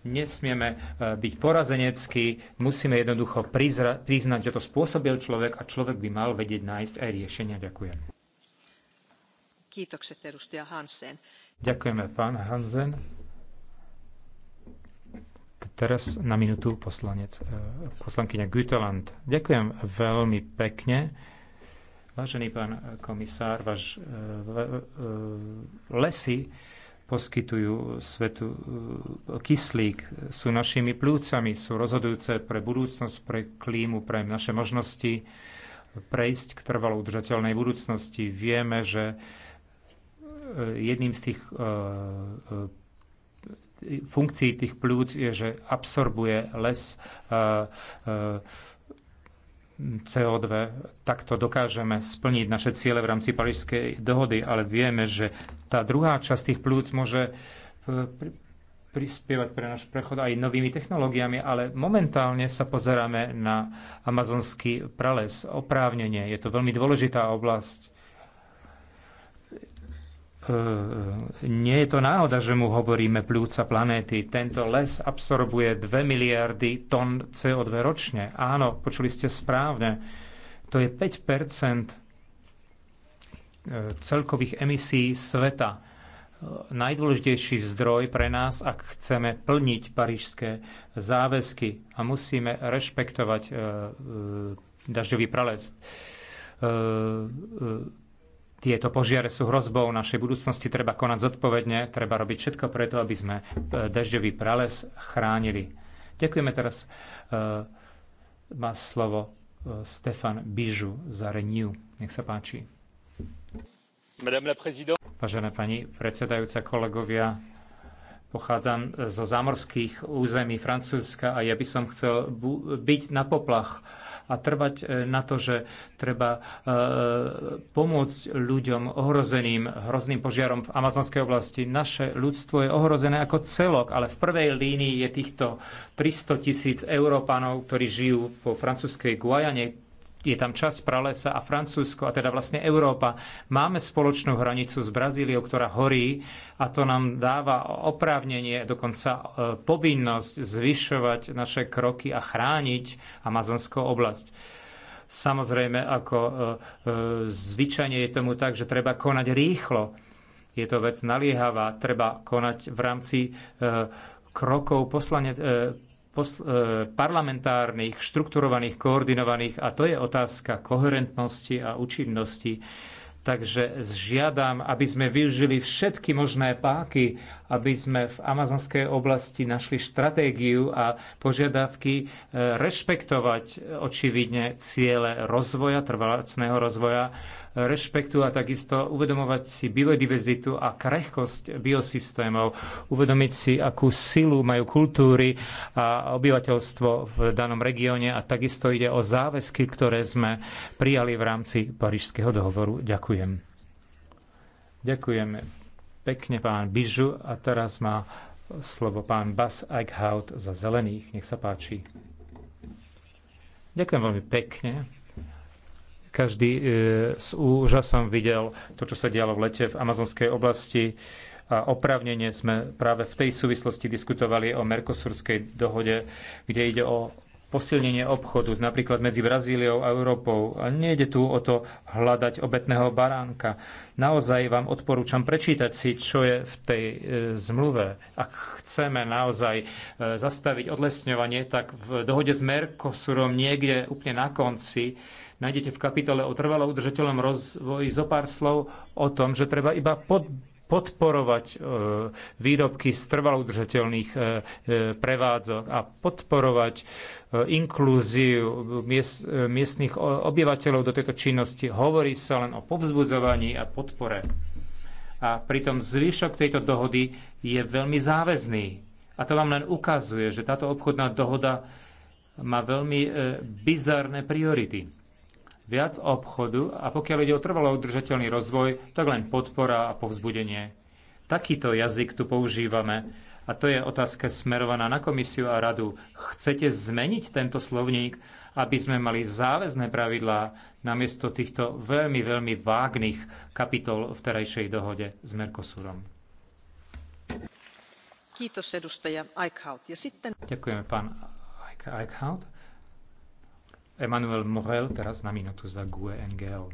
nesmieme e, byť porazeneckí, musíme jednoducho priznať, že to spôsobil človek a človek by mal vedieť nájsť aj riešenia. Ďakujem. Kiitokset, edustaja Hansen. Ďakujeme, pán Hansen. Teraz na minútu poslanec, e, poslankyňa Güteland. Ďakujem veľmi pekne. Vážený pán komisár, váš lesy poskytujú svetu e, kyslík, sú našimi plúcami, sú rozhodujúce pre budúcnosť, pre klímu, pre naše možnosti prejsť k trvalo udržateľnej budúcnosti. Vieme, že e, jedným z tých e, funkcií tých plúc je, že absorbuje les CO2, takto dokážeme splniť naše ciele v rámci Parížskej dohody, ale vieme, že tá druhá časť tých plúc môže eh, prispievať pre náš prechod aj novými technológiami, ale momentálne sa pozeráme na amazonský prales, oprávnenie. Je to veľmi dôležitá oblasť E, e, nie je to náhoda, že mu hovoríme plúca planéty. Tento les absorbuje 2 miliardy tón CO2 ročne. Áno, počuli ste správne. To je 5 e, celkových emisí sveta. Najdôležitejší zdroj pre nás, ak chceme plniť parížské záväzky a musíme rešpektovať dažďový prales tieto požiare sú hrozbou našej budúcnosti, treba konať zodpovedne, treba robiť všetko preto, aby sme e, dažďový prales chránili. Ďakujeme teraz. E, má slovo e, Stefan Bižu za Renew. Nech sa páči. Vážená pani predsedajúca, kolegovia, Pochádzam e, zo zámorských území Francúzska a ja by som chcel byť na poplach a trvať e, na to, že treba e, pomôcť ľuďom ohrozeným hrozným požiarom v amazonskej oblasti. Naše ľudstvo je ohrozené ako celok, ale v prvej línii je týchto 300 tisíc Európanov, ktorí žijú vo francúzskej Guajane, je tam časť pralesa a Francúzsko, a teda vlastne Európa. Máme spoločnú hranicu s Brazíliou, ktorá horí a to nám dáva oprávnenie, dokonca e, povinnosť zvyšovať naše kroky a chrániť amazonskú oblasť. Samozrejme, ako e, e, zvyčajne je tomu tak, že treba konať rýchlo. Je to vec naliehavá, treba konať v rámci krokov poslane, E, parlamentárnych, štrukturovaných, koordinovaných a to je otázka koherentnosti a účinnosti. Takže žiadam, aby sme využili všetky možné páky, aby sme v amazonskej oblasti našli stratégiu a požiadavky eh, rešpektovať očividne ciele rozvoja, trvalacného rozvoja, eh, rešpektu a takisto uvedomovať si biodiverzitu a krehkosť biosystémov, uvedomiť si, akú silu majú kultúry a obyvateľstvo v danom regióne a takisto ide o záväzky, ktoré sme prijali v rámci Parížského dohovoru. Ďakujem. Ďakujeme pekne pán Bižu a teraz má slovo pán Bas Eichhout za zelených. Nech sa páči. Ďakujem veľmi pekne. Každý e, s úžasom videl to, čo sa dialo v lete v amazonskej oblasti. A opravnenie sme práve v tej súvislosti diskutovali o Merkosurskej dohode, kde ide o posilnenie obchodu napríklad medzi Brazíliou a Európou. A nejde tu o to hľadať obetného baránka. Naozaj vám odporúčam prečítať si, čo je v tej e, zmluve. Ak chceme naozaj e, zastaviť odlesňovanie, tak v dohode s Mercosurom niekde úplne na konci nájdete v kapitole o trvalo udržateľnom rozvoji zo pár slov o tom, že treba iba pod, podporovať e, výrobky z trvalo udržateľných e, e, prevádzok a podporovať inklúziu miest, miestných obyvateľov do tejto činnosti. Hovorí sa len o povzbudzovaní a podpore. A pritom zvyšok tejto dohody je veľmi záväzný. A to vám len ukazuje, že táto obchodná dohoda má veľmi bizarné priority viac obchodu a pokiaľ ide o trvalo udržateľný rozvoj, tak len podpora a povzbudenie. Takýto jazyk tu používame a to je otázka smerovaná na komisiu a radu. Chcete zmeniť tento slovník, aby sme mali záväzné pravidlá namiesto týchto veľmi, veľmi vágnych kapitol v terajšej dohode s Mercosurom? Kiitos, edustaja Eichhout. Ja sitten... Ďakujeme, pán Eichhout. Emmanuel Morel teraz na minútu za GUE NGL.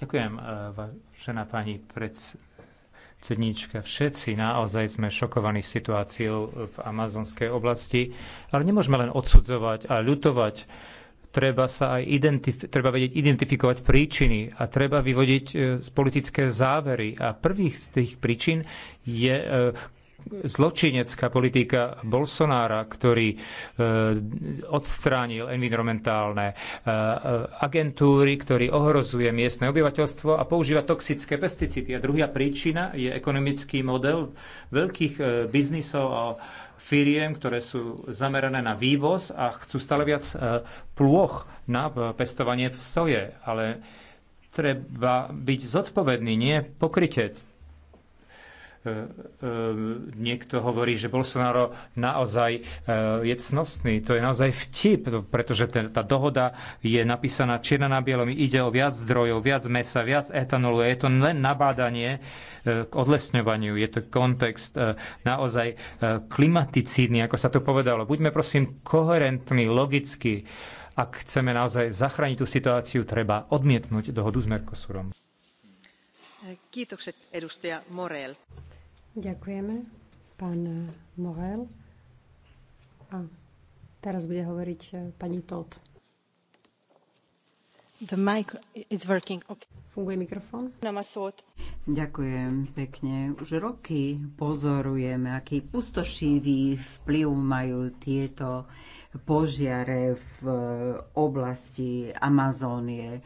Ďakujem, eh, vážená pani predsedníčka. Všetci naozaj sme šokovaní situáciou v amazonskej oblasti, ale nemôžeme len odsudzovať a ľutovať. Treba, sa aj identif- treba vedieť identifikovať príčiny a treba vyvodiť eh, politické závery. A prvých z tých príčin je eh, zločinecká politika Bolsonára, ktorý e, odstránil environmentálne e, agentúry, ktorý ohrozuje miestne obyvateľstvo a používa toxické pesticídy. A druhá príčina je ekonomický model veľkých e, biznisov a firiem, ktoré sú zamerané na vývoz a chcú stále viac plôch na pestovanie soje. Ale treba byť zodpovedný, nie pokrytec Ehm, ehm, niekto hovorí, že Bolsonaro naozaj eh, je cnostný. To je naozaj vtip, pretože tá dohoda je napísaná čierna na bielom. Ide o viac zdrojov, viac mesa, viac etanolu. Je to len nabádanie eh, k odlesňovaniu. Je to kontext eh, naozaj klimaticídny, ako sa to povedalo. Buďme prosím koherentní, logicky. Ak chceme naozaj zachrániť tú situáciu, treba odmietnúť dohodu s Mercosurom. Ďakujeme, pán Morel. A teraz bude hovoriť eh, pani Todd. The mic is working. Okay. Funguje mikrofón? Ďakujem pekne. Už roky pozorujeme, aký pustošivý vplyv majú tieto požiare v eh, oblasti Amazónie.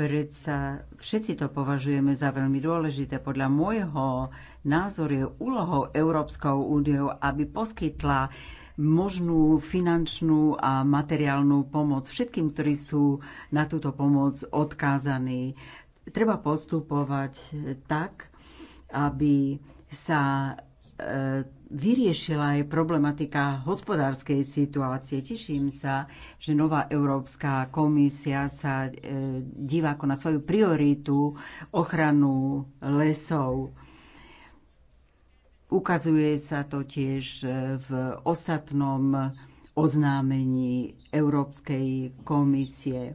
Predsa všetci to považujeme za veľmi dôležité. Podľa môjho názoru je úlohou Európskou úniou, aby poskytla možnú finančnú a materiálnu pomoc všetkým, ktorí sú na túto pomoc odkázaní. Treba postupovať tak, aby sa E, vyriešila aj problematika hospodárskej situácie. Teším sa, že nová Európska komisia sa e, divá ako na svoju prioritu ochranu lesov. Ukazuje sa to tiež e, v ostatnom oznámení Európskej komisie.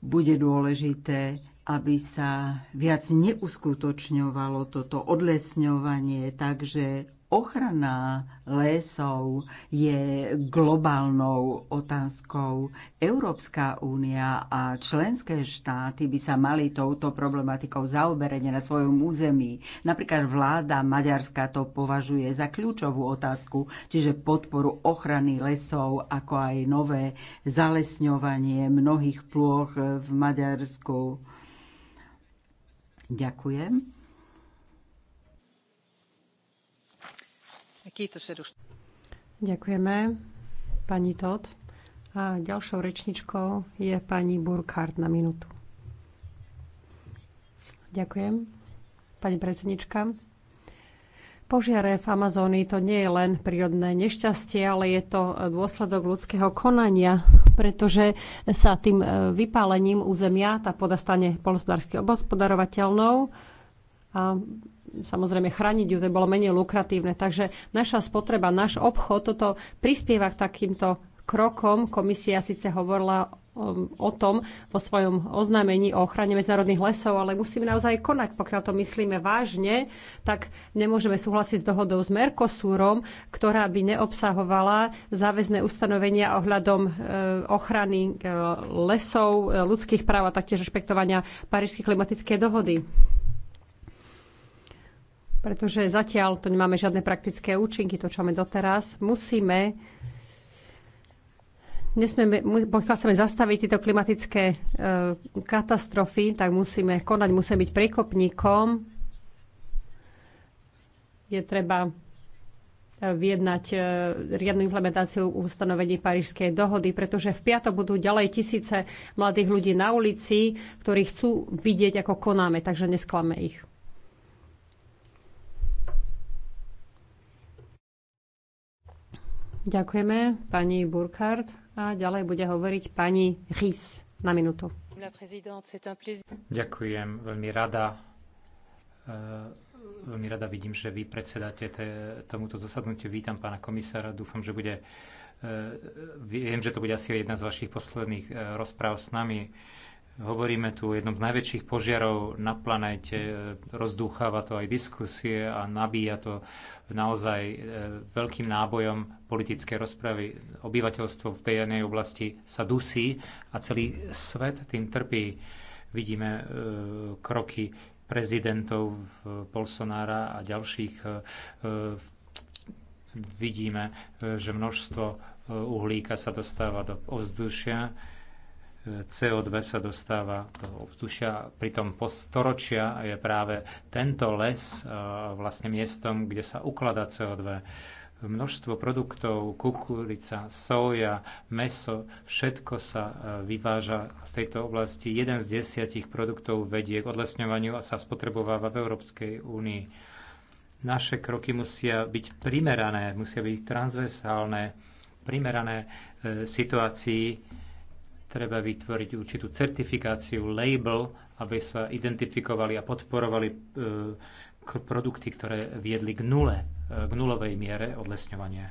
Bude dôležité aby sa viac neuskutočňovalo toto odlesňovanie, takže ochrana lesov je globálnou otázkou. Európska únia a členské štáty by sa mali touto problematikou zaoberať na svojom území. Napríklad vláda Maďarska to považuje za kľúčovú otázku, čiže podporu ochrany lesov, ako aj nové zalesňovanie mnohých plôch v Maďarsku Ďakujem. Ďakujeme, pani Todd. A ďalšou rečničkou je pani Burkhardt na minútu. Ďakujem, pani predsednička. Požiare v Amazónii to nie je len prírodné nešťastie, ale je to dôsledok ľudského konania, pretože sa tým e, vypálením územia tá poda stane polospodársky obospodarovateľnou a samozrejme chrániť ju, to bolo menej lukratívne. Takže naša spotreba, náš obchod, toto prispieva k takýmto krokom. Komisia síce hovorila Um, o tom vo svojom oznámení o ochrane medzinárodných lesov, ale musíme naozaj konať. Pokiaľ to myslíme vážne, tak nemôžeme súhlasiť s dohodou s Mercosurom, ktorá by neobsahovala záväzné ustanovenia ohľadom e, ochrany e, lesov, e, ľudských práv a taktiež rešpektovania Parížskej klimatickej dohody pretože zatiaľ to nemáme žiadne praktické účinky, to čo máme doteraz. Musíme nesmieme, pokiaľ chceme zastaviť tieto klimatické e, katastrofy, tak musíme konať, musíme byť prekopníkom. Je treba e, vyjednať e, riadnu implementáciu ustanovení Parížskej dohody, pretože v piatok budú ďalej tisíce mladých ľudí na ulici, ktorí chcú vidieť, ako konáme, takže nesklame ich. Ďakujeme, pani Burkhardt. A ďalej bude hovoriť pani Ries na minútu. Ďakujem, veľmi rada. E, veľmi rada vidím, že vy predsedáte tomuto zasadnutiu. Vítam pána komisára, dúfam, že bude... E, viem, že to bude asi jedna z vašich posledných e, rozpráv s nami Hovoríme tu o jednom z najväčších požiarov na planéte, rozdúcháva to aj diskusie a nabíja to naozaj e, veľkým nábojom politické rozpravy. Obyvateľstvo v tej jednej oblasti sa dusí a celý svet tým trpí. Vidíme e, kroky prezidentov Bolsonára a ďalších. E, vidíme, že množstvo uhlíka sa dostáva do ovzdušia CO2 sa dostáva do ovzdušia, pritom po storočia je práve tento les e, vlastne miestom, kde sa ukladá CO2. Množstvo produktov, kukurica, soja, meso, všetko sa e, vyváža z tejto oblasti. Jeden z desiatich produktov vedie k odlesňovaniu a sa spotrebováva v Európskej únii. Naše kroky musia byť primerané, musia byť transversálne, primerané e, situácii, Treba vytvoriť určitú certifikáciu, label, aby sa identifikovali a podporovali e, produkty, ktoré viedli k nule, e, k nulovej miere odlesňovania.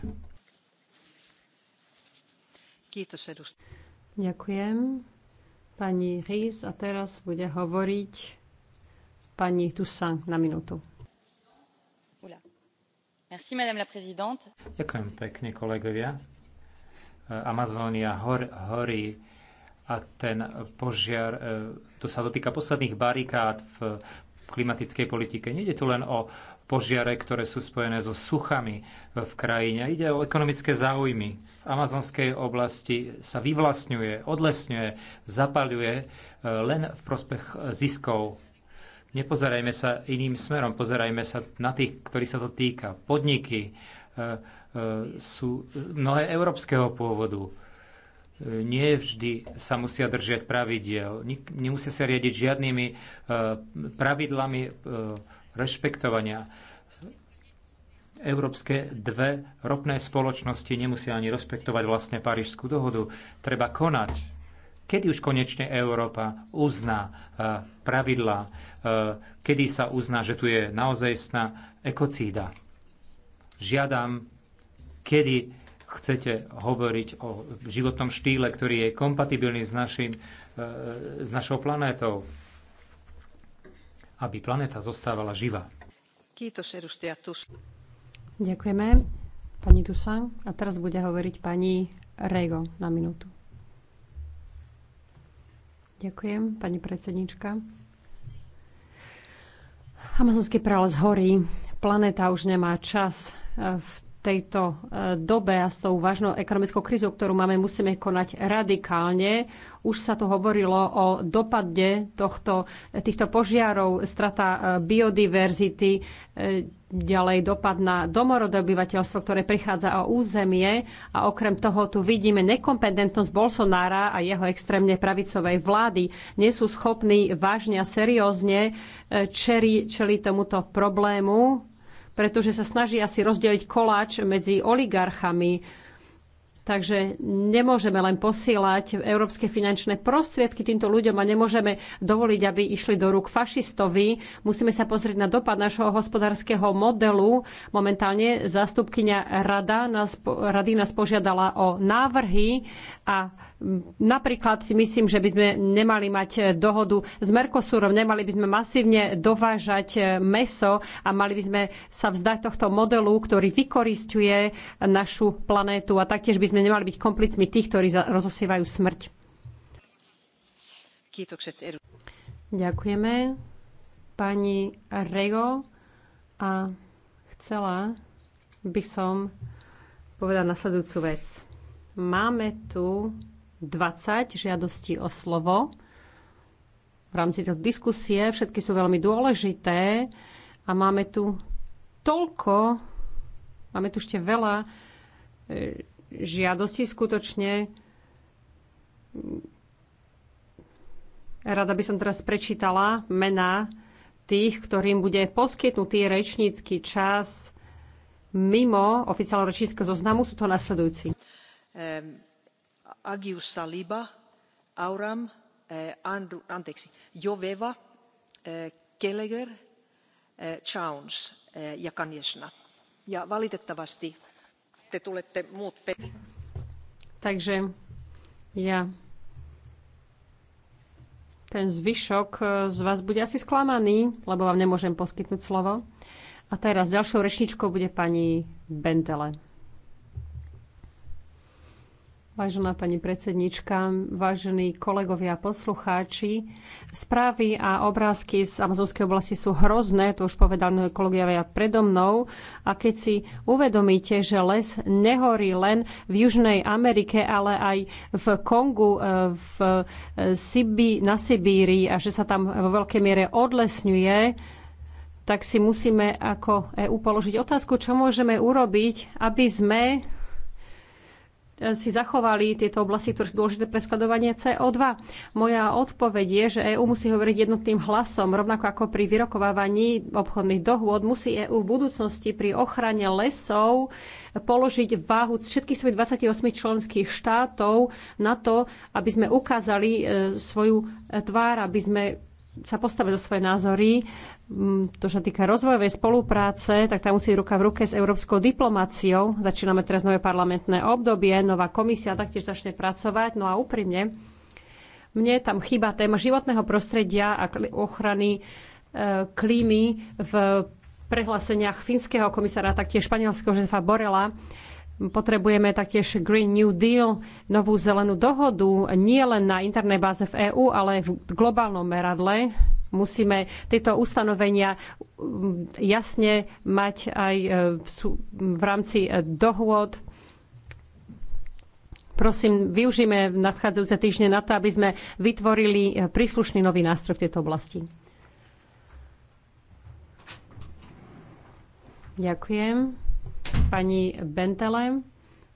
Ďakujem. Pani Rís a teraz bude hovoriť pani Tussan na minútu. Merci, madame la présidente. Ďakujem pekne, kolegovia. E, Amazónia hor, horí a ten požiar e, to sa dotýka posledných barikád v klimatickej politike. Nejde tu len o požiare, ktoré sú spojené so suchami v krajine. Ide o ekonomické záujmy. V amazonskej oblasti sa vyvlastňuje, odlesňuje, zapaľuje e, len v prospech ziskov. Nepozerajme sa iným smerom, pozerajme sa na tých, ktorí sa to týka. Podniky e, sú mnohé európskeho pôvodu nie vždy sa musia držať pravidiel, nemusia sa riadiť žiadnymi e, pravidlami e, rešpektovania. Európske dve ropné spoločnosti nemusia ani rešpektovať vlastne Parížskú dohodu. Treba konať. Kedy už konečne Európa uzná e, pravidlá? Kedy sa uzná, že tu je naozaj sná ekocída? Žiadam, kedy chcete hovoriť o životnom štýle, ktorý je kompatibilný s, našim, e, s našou planétou, aby planéta zostávala živá. Ďakujeme, pani Tusan. A teraz bude hovoriť pani Rego na minútu. Ďakujem, pani predsednička. Amazonský prales horí. Planéta už nemá čas e, v tejto e, dobe a s tou vážnou ekonomickou krízou, ktorú máme, musíme konať radikálne. Už sa tu hovorilo o dopade tohto, týchto požiarov, strata e, biodiverzity, e, ďalej dopad na domorodé obyvateľstvo, ktoré prichádza o územie a okrem toho tu vidíme nekompetentnosť Bolsonára a jeho extrémne pravicovej vlády. Nie sú schopní vážne a seriózne čeliť tomuto problému pretože sa snaží asi rozdeliť koláč medzi oligarchami. Takže nemôžeme len posielať európske finančné prostriedky týmto ľuďom a nemôžeme dovoliť, aby išli do rúk fašistovi. Musíme sa pozrieť na dopad našho hospodárskeho modelu. Momentálne zástupkynia rada nás, rady nás požiadala o návrhy a napríklad si myslím, že by sme nemali mať eh, dohodu s Mercosurom, nemali by sme masívne dovážať eh, meso a mali by sme sa vzdať tohto modelu, ktorý vykoristuje našu planétu a taktiež by sme nemali byť komplicmi tých, ktorí rozosievajú smrť. Ďakujeme. Pani Rego a chcela by som povedať nasledujúcu vec. Máme tu 20 žiadostí o slovo v rámci tejto diskusie. Všetky sú veľmi dôležité a máme tu toľko, máme tu ešte veľa e, žiadostí skutočne. Rada by som teraz prečítala mená tých, ktorým bude poskytnutý rečnícky čas mimo oficiálneho rečníckého zoznamu. Sú to nasledujúci. Ehm, agius saliba auram eh, joveva eh, gallagher jones eh, ja ja valitettavasti te tulette muut Takže ja ten zvyšok z vás bude asi sklamaný, lebo vám nemôžem poskytnúť slovo. A teraz ďalšou rečničkou bude pani Bentele. Vážená pani predsednička, vážení kolegovia poslucháči, správy a obrázky z amazonskej oblasti sú hrozné, to už povedal môj kolegovia predo mnou. A keď si uvedomíte, že les nehorí len v Južnej Amerike, ale aj v Kongu, eh, v eh, Sibí, na Sibírii a že sa tam vo veľkej miere odlesňuje, tak si musíme ako EU položiť otázku, čo môžeme urobiť, aby sme si zachovali tieto oblasti, ktoré sú dôležité pre skladovanie CO2. Moja odpoveď je, že EÚ musí hovoriť jednotným hlasom, rovnako ako pri vyrokovávaní obchodných dohôd. Musí EÚ v budúcnosti pri ochrane lesov položiť váhu z všetkých svojich 28 členských štátov na to, aby sme ukázali e, svoju tvár, aby sme sa postavia za svoje názory, mm, to, čo sa týka rozvojovej spolupráce, tak tá musí ruka v ruke s európskou diplomáciou. Začíname teraz nové parlamentné obdobie, nová komisia taktiež začne pracovať. No a úprimne, mne tam chýba téma životného prostredia a ochrany e, klímy v prehláseniach finského komisára, taktiež španielského Žefa Borela. Potrebujeme taktiež Green New Deal, novú zelenú dohodu, nie len na internej báze v EÚ, ale v globálnom meradle. Musíme tieto ustanovenia mm, jasne mať aj e, v, v rámci e, dohôd prosím, využijme nadchádzajúce týždne na to, aby sme vytvorili e, príslušný nový nástroj v tejto oblasti. Ďakujem pani Bentele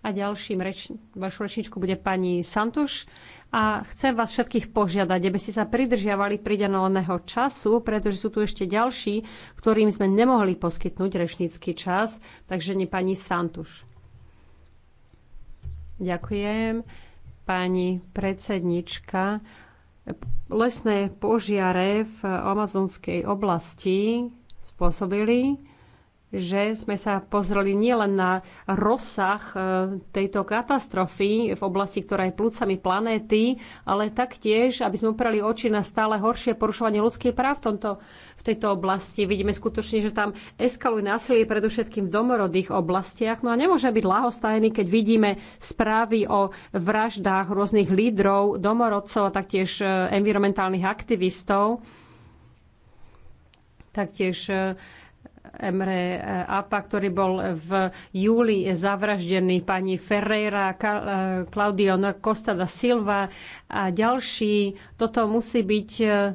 a ďalším reč, vašu rečničku bude pani Santuš. A chcem vás všetkých požiadať, aby ste sa pridržiavali prideleného času, pretože sú tu ešte ďalší, ktorým sme nemohli poskytnúť rečnícky čas, takže nie pani Santuš. Ďakujem. Pani predsednička, lesné požiare v amazonskej oblasti spôsobili že sme sa pozreli nielen na rozsah e, tejto katastrofy v oblasti, ktorá je plúcami planéty, ale taktiež, aby sme uprali oči na stále horšie porušovanie ľudských práv v, tomto, v tejto oblasti. Vidíme skutočne, že tam eskaluje násilie predovšetkým v domorodých oblastiach. No a nemôže byť lahostajný, keď vidíme správy o vraždách rôznych lídrov, domorodcov a taktiež e, environmentálnych aktivistov. Taktiež e, Emre eh, Apa, ktorý bol v júli zavraždený, pani Ferreira, eh, Claudio Costa da Silva a ďalší. Toto musí byť eh,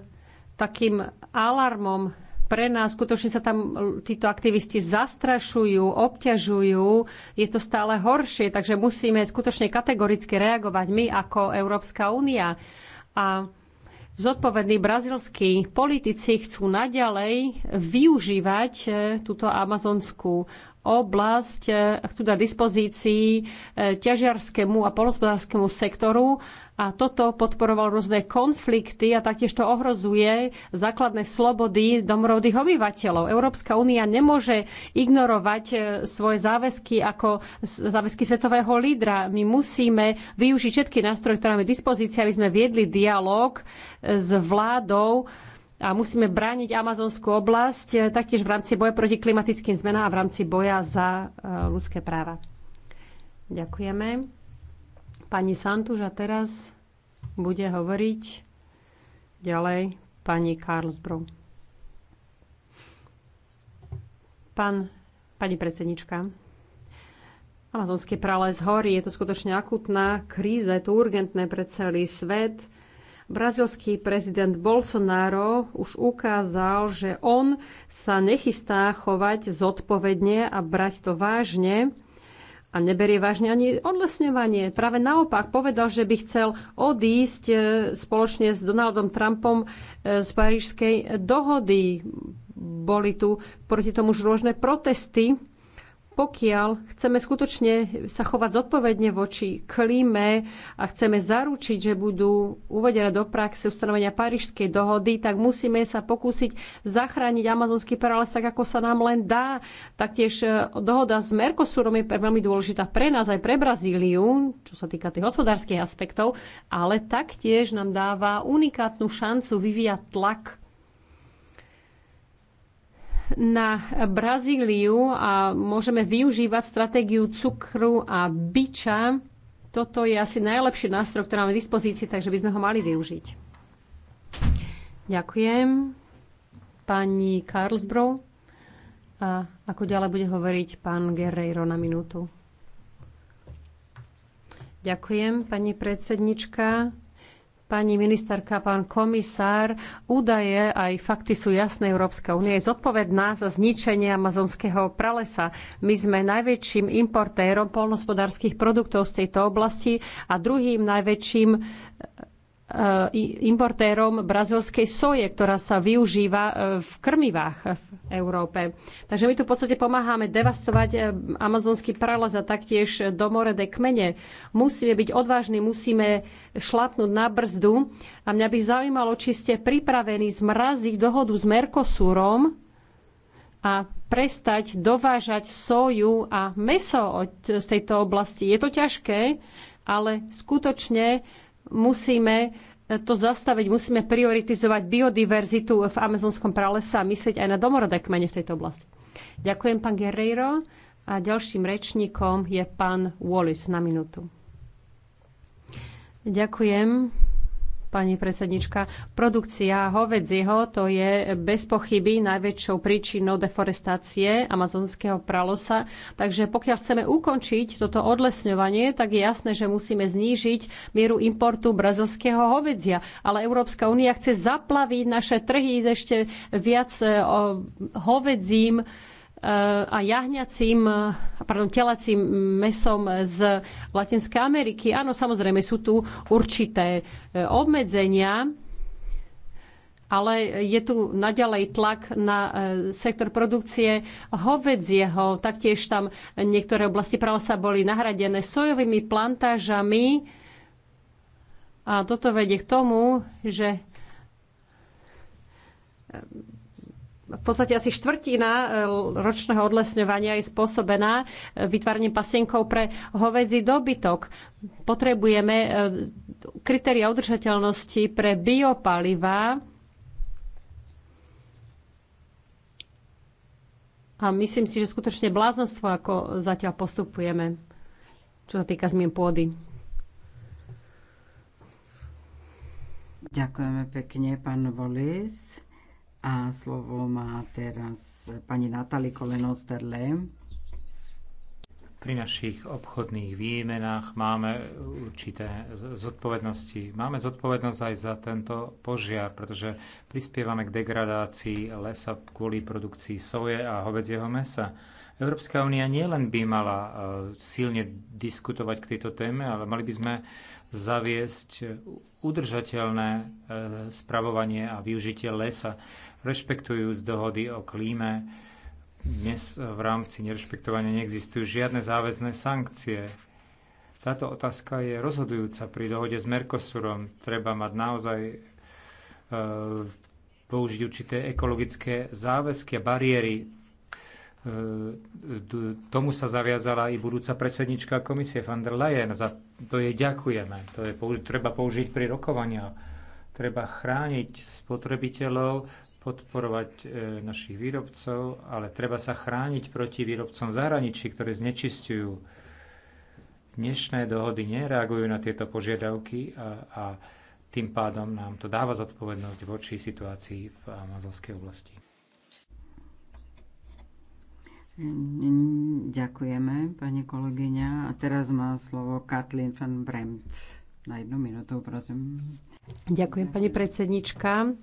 takým alarmom pre nás. Skutočne sa tam títo aktivisti zastrašujú, obťažujú. Je to stále horšie, takže musíme skutočne kategoricky reagovať my ako Európska únia. A zodpovední brazilskí politici chcú naďalej využívať e, túto amazonskú oblasť, e, chcú dať dispozícii e, ťažiarskému a polospodárskému sektoru a toto podporoval rôzne konflikty a taktiež to ohrozuje základné slobody domorodých obyvateľov. Európska únia nemôže ignorovať e, svoje záväzky ako záväzky svetového lídra. My musíme využiť všetky nástroje, ktoré máme dispozícii, aby sme viedli dialog e, s vládou a musíme brániť amazonskú oblasť e, taktiež v rámci boja proti klimatickým zmenám a v rámci boja za ľudské práva. Ďakujeme pani Santuž a teraz bude hovoriť ďalej pani Karlsbro. Pán, pani predsednička, amazonský prales hory, je to skutočne akutná kríza, je to urgentné pre celý svet. Brazilský prezident Bolsonaro už ukázal, že on sa nechystá chovať zodpovedne a brať to vážne a neberie vážne ani odlesňovanie. Práve naopak povedal, že by chcel odísť e, spoločne s Donaldom Trumpom e, z Parížskej dohody. Boli tu proti tomu už rôzne protesty pokiaľ chceme skutočne sa chovať zodpovedne voči klíme a chceme zaručiť, že budú uvedené do praxe ustanovenia Parížskej dohody, tak musíme sa pokúsiť zachrániť amazonský prales tak, ako sa nám len dá. Taktiež e, dohoda s Mercosurom je veľmi dôležitá pre nás aj pre Brazíliu, čo sa týka tých hospodárskych aspektov, ale taktiež nám dáva unikátnu šancu vyvíjať tlak na Brazíliu a môžeme využívať stratégiu cukru a biča. Toto je asi najlepší nástroj, ktorý máme v dispozícii, takže by sme ho mali využiť. Ďakujem. Pani Karlsbrough. A ako ďalej bude hovoriť pán Guerreiro na minútu. Ďakujem, pani predsednička pani ministerka, pán komisár, údaje aj fakty sú jasné. Európska únia je zodpovedná za zničenie amazonského pralesa. My sme najväčším importérom polnospodárských produktov z tejto oblasti a druhým najväčším importérom brazilskej soje, ktorá sa využíva e, v krmivách v Európe. Takže my tu v podstate pomáhame devastovať e, amazonský prales a taktiež domoredé kmene. Musíme byť odvážni, musíme šlapnúť na brzdu. A mňa by zaujímalo, či ste pripravení zmraziť dohodu s Mercosurom a prestať dovážať soju a meso z tejto oblasti. Je to ťažké, ale skutočne musíme e, to zastaviť, musíme prioritizovať biodiverzitu v amazonskom pralese a myslieť aj na domorodé kmene v tejto oblasti. Ďakujem, pán Guerreiro. A ďalším rečníkom je pán Wallis na minútu. Ďakujem, pani predsednička. Produkcia hovedzieho to je bez pochyby najväčšou príčinou deforestácie amazonského pralosa. Takže pokiaľ chceme ukončiť toto odlesňovanie, tak je jasné, že musíme znížiť mieru importu brazilského hovedzia. Ale Európska únia chce zaplaviť naše trhy ešte viac eh, hovedzím a jahňacím, pardon, telacím mesom z Latinskej Ameriky. Áno, samozrejme, sú tu určité e, obmedzenia, ale je tu naďalej tlak na e, sektor produkcie hovedzieho. Taktiež tam niektoré oblasti pralesa boli nahradené sojovými plantážami. A toto vedie k tomu, že v podstate asi štvrtina e, ročného odlesňovania je spôsobená e, vytváraním pasienkov pre hovedzi dobytok. Potrebujeme e, kritéria udržateľnosti pre biopalivá, A myslím si, že skutočne bláznostvo, ako zatiaľ postupujeme, čo sa týka zmien pôdy. Ďakujeme pekne, pán Volis. A slovo má teraz pani Natali Kolenosterle. Pri našich obchodných výmenách máme určité zodpovednosti. Máme zodpovednosť aj za tento požiar, pretože prispievame k degradácii lesa kvôli produkcii soje a hovedzieho mesa. Európska únia nielen by mala e, silne diskutovať k tejto téme, ale mali by sme zaviesť udržateľné e, spravovanie a využitie lesa rešpektujúc dohody o klíme. Dnes v rámci nerešpektovania neexistujú žiadne záväzné sankcie. Táto otázka je rozhodujúca pri dohode s Mercosurom. Treba mať naozaj e, použiť určité ekologické záväzky a bariéry. E, tomu sa zaviazala i budúca predsednička komisie van der Leyen. Za to jej ďakujeme. To je, treba použiť pri rokovaniach. Treba chrániť spotrebiteľov, podporovať e, našich výrobcov, ale treba sa chrániť proti výrobcom zahraničí, ktorí znečistujú. Dnešné dohody nereagujú na tieto požiadavky a, a tým pádom nám to dáva zodpovednosť voči situácii v amazonskej oblasti. Ďakujeme, pani kolegyňa. A teraz má slovo Katlin van Bremt. Na jednu minútu, prosím. Ďakujem, pani predsednička.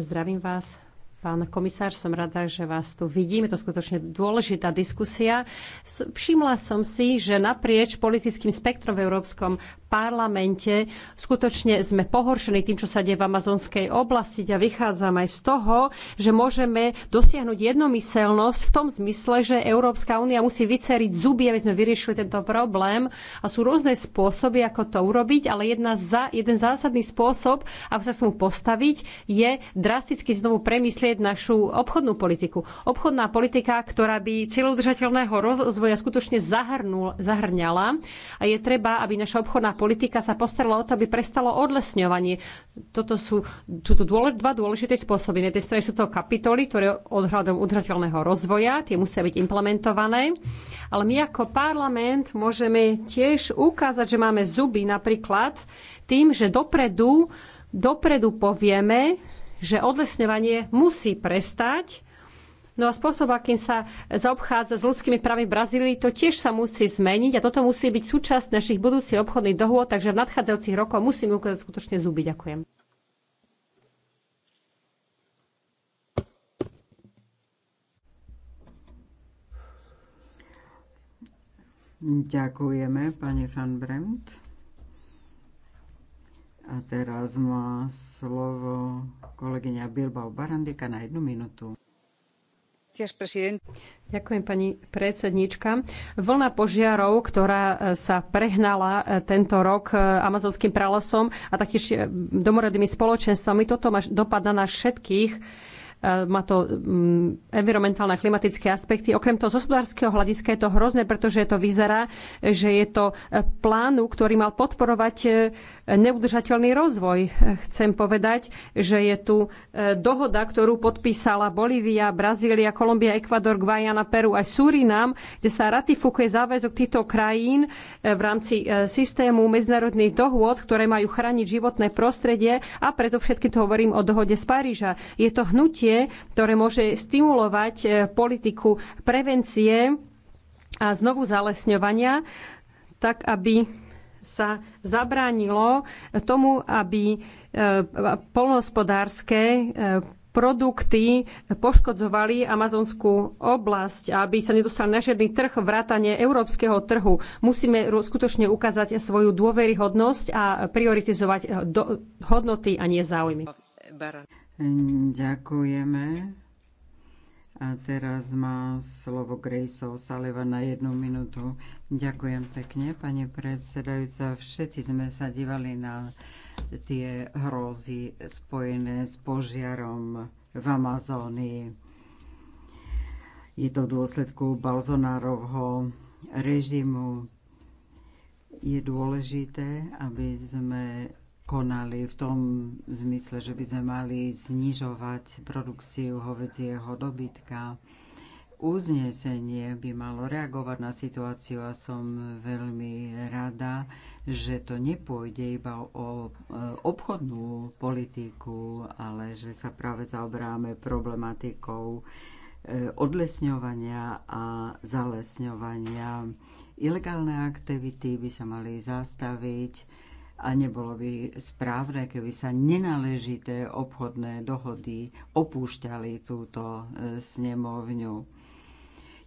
Zdravím vás Pán komisár, som rada, že vás tu vidím. Je to skutočne dôležitá diskusia. Všimla som si, že naprieč politickým spektrom v Európskom parlamente skutočne sme pohoršení tým, čo sa deje v amazonskej oblasti a vychádzam aj z toho, že môžeme dosiahnuť jednomyselnosť v tom zmysle, že Európska únia musí vyceriť zuby, aby sme vyriešili tento problém. A sú rôzne spôsoby, ako to urobiť, ale jedna za, jeden zásadný spôsob, ako sa k tomu postaviť, je drasticky znovu premyslieť vidieť našu obchodnú politiku. Obchodná politika, ktorá by cieľodržateľného rozvoja skutočne zahrnul, zahrňala a je treba, aby naša obchodná politika sa postarala o to, aby prestalo odlesňovanie. Toto sú, sú to dôle, dva dôležité spôsoby. Na tej strane sú to kapitoly, ktoré odhľadom udržateľného rozvoja, tie musia byť implementované. Ale my ako parlament môžeme tiež ukázať, že máme zuby napríklad tým, že dopredu dopredu povieme, že odlesňovanie musí prestať. No a spôsob, akým sa zaobchádza s ľudskými právami v Brazílii, to tiež sa musí zmeniť a toto musí byť súčasť našich budúcich obchodných dohôd, takže v nadchádzajúcich rokoch musíme ukázať skutočne zuby. Ďakujem. Ďakujeme, pani van a teraz má slovo kolegyňa Bilbao Barandika na jednu minútu. Ďakujem, pani predsednička. Vlna požiarov, ktorá e, sa prehnala e, tento rok e, amazonským pralesom a taktiež domorodými spoločenstvami, toto má dopad na nás všetkých E, má to mm, environmentálne a klimatické aspekty. Okrem toho, z hospodárskeho hľadiska je to hrozné, pretože to vyzerá, že je to e, plánu, ktorý mal podporovať e, neudržateľný rozvoj. Chcem povedať, že je tu dohoda, ktorú podpísala Bolívia, Brazília, Kolumbia, Ekvador, Guajana, Peru aj Surinam, kde sa ratifikuje záväzok týchto krajín v rámci systému medzinárodných dohôd, ktoré majú chrániť životné prostredie a predovšetkým to hovorím o dohode z Paríža. Je to hnutie, prostredie, ktoré môže stimulovať e, politiku prevencie a znovu zalesňovania, tak aby sa zabránilo tomu, aby e, polnohospodárske e, produkty poškodzovali amazonskú oblasť, aby sa nedostal na žiadny trh vrátane európskeho trhu. Musíme skutočne ukázať svoju dôveryhodnosť a prioritizovať hodnoty a nie záujmy. Ďakujeme. A teraz má slovo Grace Saliva na jednu minútu. Ďakujem pekne, pani predsedajúca. Všetci sme sa dívali na tie hrozy spojené s požiarom v Amazónii. Je to v dôsledku Balzonárovho režimu. Je dôležité, aby sme konali v tom zmysle, že by sme mali znižovať produkciu hovedzieho dobytka. Uznesenie by malo reagovať na situáciu a som veľmi rada, že to nepôjde iba o e, obchodnú politiku, ale že sa práve zaoberáme problematikou e, odlesňovania a zalesňovania. Ilegálne aktivity by sa mali zastaviť a nebolo by správne, keby sa nenáležité obchodné dohody opúšťali túto e, snemovňu.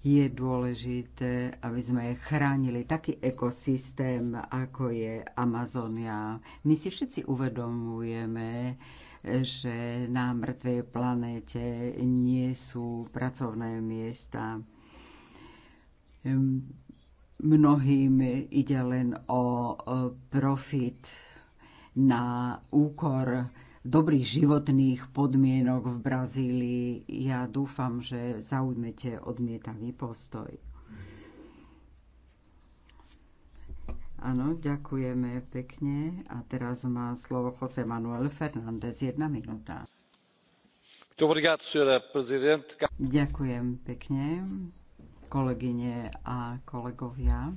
Je dôležité, aby sme chránili taký ekosystém, ako je Amazonia. My si všetci uvedomujeme, že na mŕtvej planéte nie sú pracovné miesta mnohým ide len o e, profit na úkor dobrých životných podmienok v Brazílii. Ja dúfam, že zaujmete odmietavý postoj. Áno, ďakujeme pekne. A teraz má slovo Jose Manuel Fernández. Jedna minúta. Ďakujem pekne, kolegyne a kolegovia.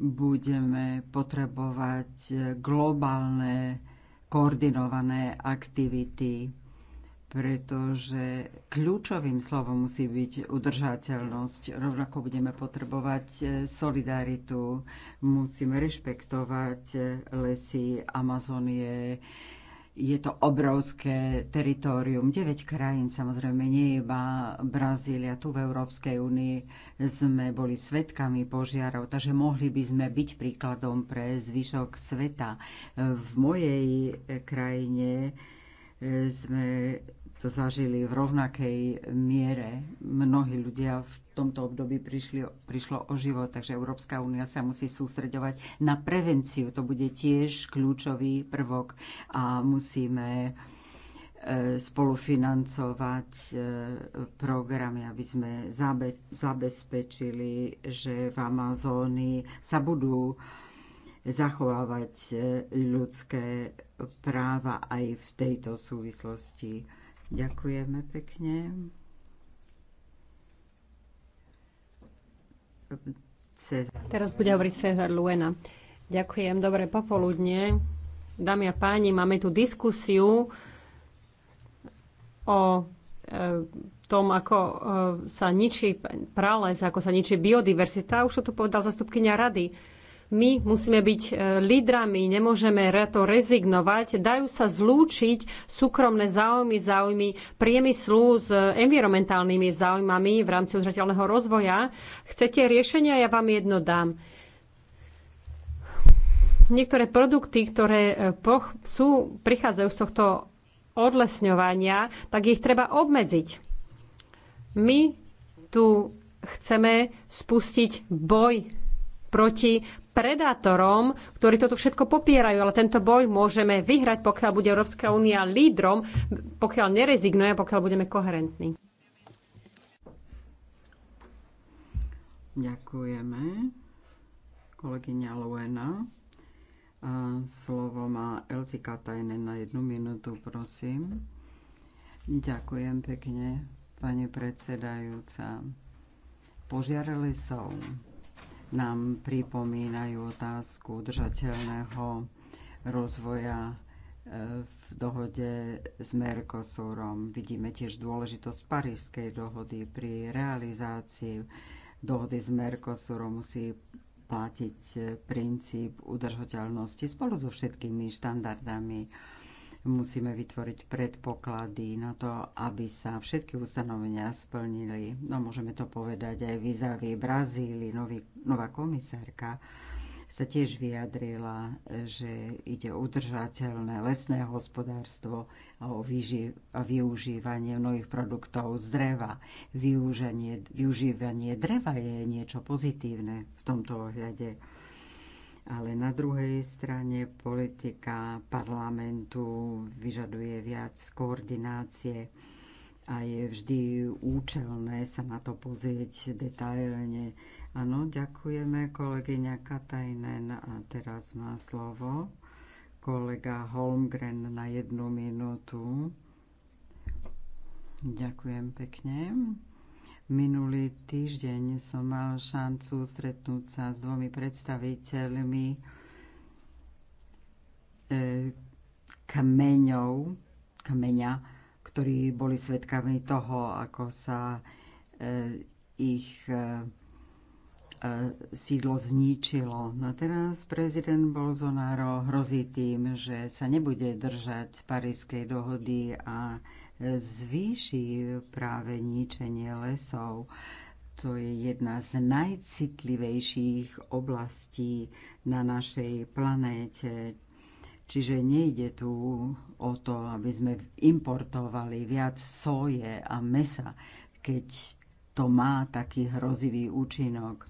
Budeme potrebovať globálne koordinované aktivity, pretože kľúčovým slovom musí byť udržateľnosť. Rovnako budeme potrebovať e, solidaritu, musíme rešpektovať e, lesy Amazonie, je to obrovské teritorium, 9 krajín, samozrejme nie iba Brazília, tu v Európskej únii sme boli svetkami požiarov, takže mohli by sme byť príkladom pre zvyšok sveta. V mojej krajine e, sme to zažili v rovnakej miere. Mnohí ľudia v tomto období prišli, prišlo o život, takže Európska únia sa musí sústreďovať na prevenciu. To bude tiež kľúčový prvok a musíme e, spolufinancovať e, programy, aby sme zabezpečili, že v Amazónii sa budú zachovávať e, ľudské práva aj v tejto súvislosti. Ďakujeme pekne. Cezar. Teraz bude hovoriť Cezar Luena. Ďakujem, dobre popoludne. Dámy a páni, máme tu diskusiu o e, tom, ako e, sa ničí prales, ako sa ničí biodiverzita. Už to tu povedal zastupkynia rady my musíme byť e, lídrami, nemôžeme to rezignovať. Dajú sa zlúčiť súkromné záujmy, záujmy priemyslu s environmentálnymi záujmami v rámci udržateľného rozvoja. Chcete riešenia? Ja vám jedno dám niektoré produkty, ktoré e, sú, prichádzajú z tohto odlesňovania, tak ich treba obmedziť. My tu chceme spustiť boj proti predátorom, ktorí toto všetko popierajú, ale tento boj môžeme vyhrať, pokiaľ bude Európska únia lídrom, pokiaľ nerezignuje, pokiaľ budeme koherentní. Ďakujeme. Kolegyňa Luena. slovo má Elzi Katajne na jednu minútu, prosím. Ďakujem pekne, pani predsedajúca. Požiarali som nám pripomínajú otázku udržateľného rozvoja e, v dohode s Mercosurom. Vidíme tiež dôležitosť Parížskej dohody pri realizácii dohody s Mercosurom musí platiť e, princíp udržateľnosti spolu so všetkými štandardami Musíme vytvoriť predpoklady na to, aby sa všetky ustanovenia splnili. No môžeme to povedať aj vizavi Brazílii. Nový, nová komisárka sa tiež vyjadrila, že ide o udržateľné lesné hospodárstvo a o využívanie mnohých produktov z dreva. Využívanie, využívanie dreva je niečo pozitívne v tomto ohľade ale na druhej strane politika parlamentu vyžaduje viac koordinácie a je vždy účelné sa na to pozrieť detailne. Áno, ďakujeme kolegyňa Katajnen a teraz má slovo kolega Holmgren na jednu minútu. Ďakujem pekne. Minulý týždeň som mal šancu stretnúť sa s dvomi predstaviteľmi e, kameňov, kameňa, ktorí boli svetkami toho, ako sa e, ich e, sídlo zničilo. No teraz prezident Bolsonaro hrozí tým, že sa nebude držať Parískej dohody a zvýši práve ničenie lesov. To je jedna z najcitlivejších oblastí na našej planéte. Čiže nejde tu o to, aby sme importovali viac soje a mesa, keď to má taký hrozivý účinok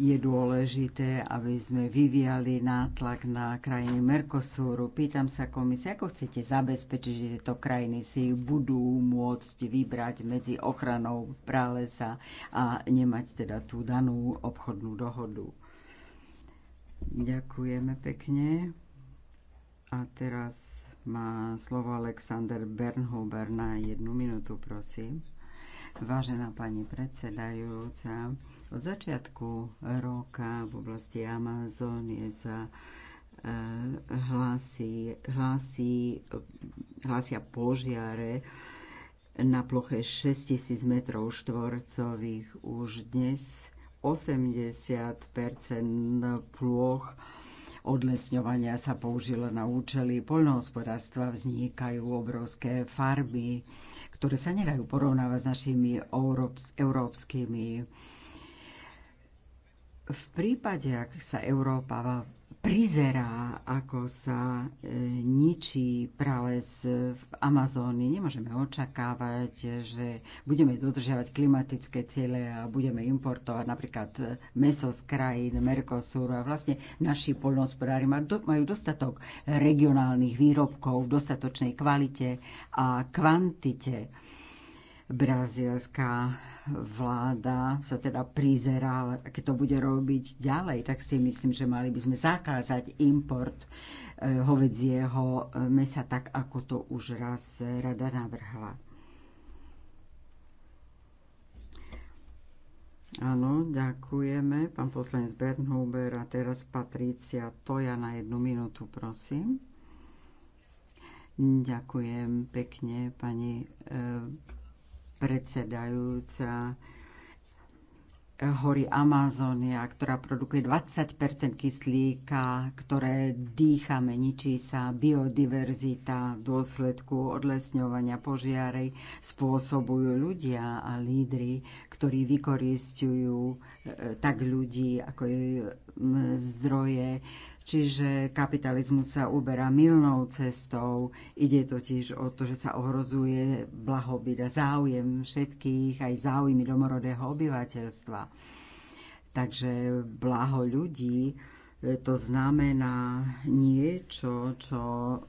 je dôležité, aby sme vyvíjali nátlak na krajiny Mercosuru. Pýtam sa komisie, ako chcete zabezpečiť, že tieto krajiny si budú môcť vybrať medzi ochranou pralesa a nemať teda tú danú obchodnú dohodu. Ďakujeme pekne. A teraz má slovo Alexander Bernhuber na jednu minútu, prosím. Vážená pani predsedajúca, od začiatku roka v oblasti Amazónie sa hlási, e, hlási, hlásia požiare na ploche 6000 m štvorcových už dnes 80 ploch odlesňovania sa použilo na účely poľnohospodárstva, vznikajú obrovské farby, ktoré sa nedajú porovnávať s našimi európskymi v prípade, ak sa Európa prizerá, ako sa e, ničí prales v Amazónii. Nemôžeme očakávať, že budeme dodržiavať klimatické ciele a budeme importovať napríklad e, meso z krajín Mercosur a vlastne naši poľnohospodári majú dostatok regionálnych výrobkov v dostatočnej kvalite a kvantite brazílská vláda sa teda prizerá, keď to bude robiť ďalej, tak si myslím, že mali by sme zakázať import e, hovedzieho e, mesa tak, ako to už raz rada navrhla. Áno, ďakujeme. Pán poslanec Bernhuber a teraz Patricia Toja na jednu minútu, prosím. Ďakujem pekne, pani e, predsedajúca. Eh, hory Amazonia, ktorá produkuje 20 kyslíka, ktoré dýchame, ničí sa biodiverzita v dôsledku odlesňovania požiarej, spôsobujú ľudia a lídry, ktorí vykoristujú eh, tak ľudí ako mm, zdroje Čiže kapitalizmus sa uberá milnou cestou, ide totiž o to, že sa ohrozuje blahobyt a záujem všetkých, aj záujmy domorodého obyvateľstva. Takže blaho ľudí E, to znamená niečo, čo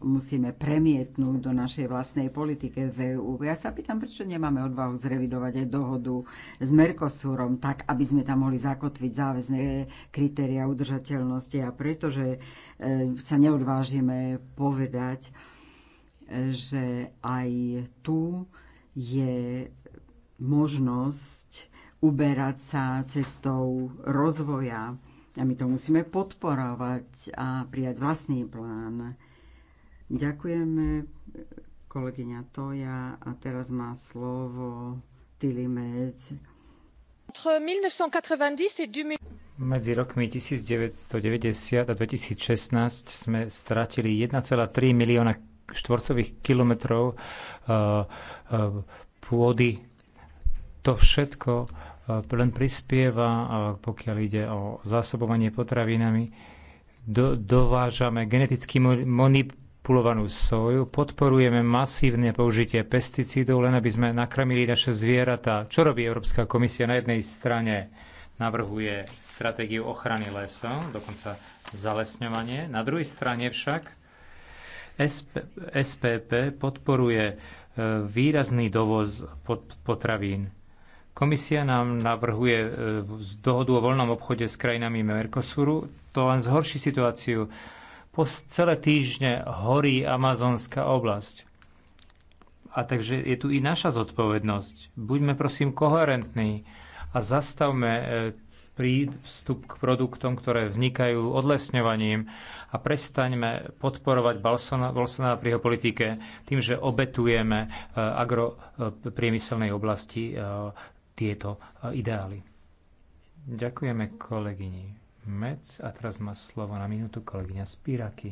musíme premietnúť do našej vlastnej politike v EU. Ja sa pýtam, prečo nemáme odvahu zrevidovať aj dohodu s Mercosurom, tak aby sme tam mohli zakotviť záväzné kritéria udržateľnosti a pretože e, sa neodvážime povedať, e, že aj tu je možnosť uberať sa cestou rozvoja a my to musíme podporovať a prijať vlastný plán. Ďakujeme kolegyňa Toja a teraz má slovo Medz. Medzi rokmi 1990 a 2016 sme stratili 1,3 milióna štvorcových kilometrov eh, eh, pôdy. To všetko E, len prispieva, pokiaľ ide o zásobovanie potravinami. Do, dovážame geneticky manipulovanú soju, podporujeme masívne použitie pesticídov, len aby sme nakrmili naše zvieratá. Čo robí Európska komisia? Na jednej strane navrhuje stratégiu ochrany lesa, dokonca zalesňovanie. Na druhej strane však SP, SPP podporuje e, výrazný dovoz pot, potravín Komisia nám navrhuje e, dohodu o voľnom obchode s krajinami Mercosuru. To len zhorší situáciu. Po celé týždne horí amazonská oblasť. A takže je tu i naša zodpovednosť. Buďme prosím koherentní a zastavme e, prístup k produktom, ktoré vznikajú odlesňovaním a prestaňme podporovať Bolsonaro pri jeho politike tým, že obetujeme e, agropriemyselnej oblasti tieto e, ideály. Ďakujeme kolegyni Mec a teraz má slovo na minútu kolegyňa Spiraky.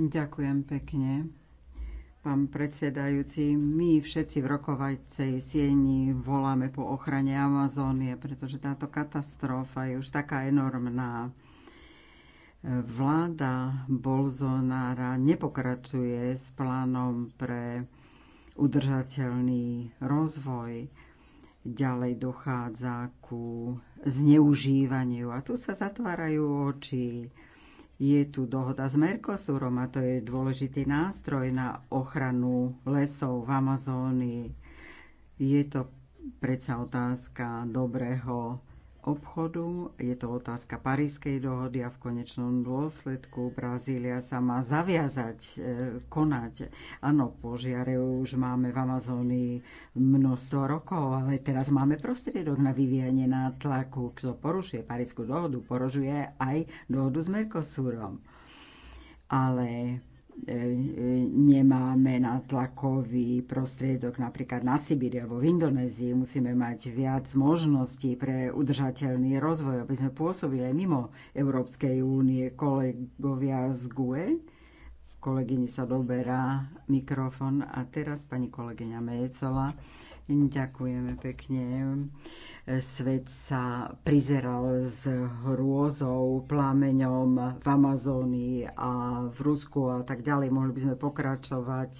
Ďakujem pekne. Pán predsedajúci, my všetci v rokovajcej sieni voláme po ochrane Amazónie, pretože táto katastrofa je už taká enormná. Vláda Bolzonára nepokračuje s plánom pre udržateľný rozvoj. Ďalej dochádza ku zneužívaniu a tu sa zatvárajú oči. Je tu dohoda s Mercosurom a to je dôležitý nástroj na ochranu lesov v Amazónii. Je to predsa otázka dobrého obchodu. Je to otázka Parískej dohody a v konečnom dôsledku Brazília sa má zaviazať, e, konať. Áno, požiare už máme v Amazónii množstvo rokov, ale teraz máme prostriedok na vyvíjanie nátlaku. Kto porušuje Parískú dohodu, porušuje aj dohodu s Mercosurom. Ale E, nemáme natlakový prostriedok napríklad na Sibíri alebo v Indonézii. Musíme mať viac možností pre udržateľný rozvoj, aby sme pôsobili aj mimo Európskej únie. Kolegovia z GUE, kolegyni sa doberá mikrofon a teraz pani kolegyňa Mejcová. Ďakujeme pekne. Svet sa prizeral s hrôzou, plámeňom v Amazónii a v Rusku a tak ďalej. Mohli by sme pokračovať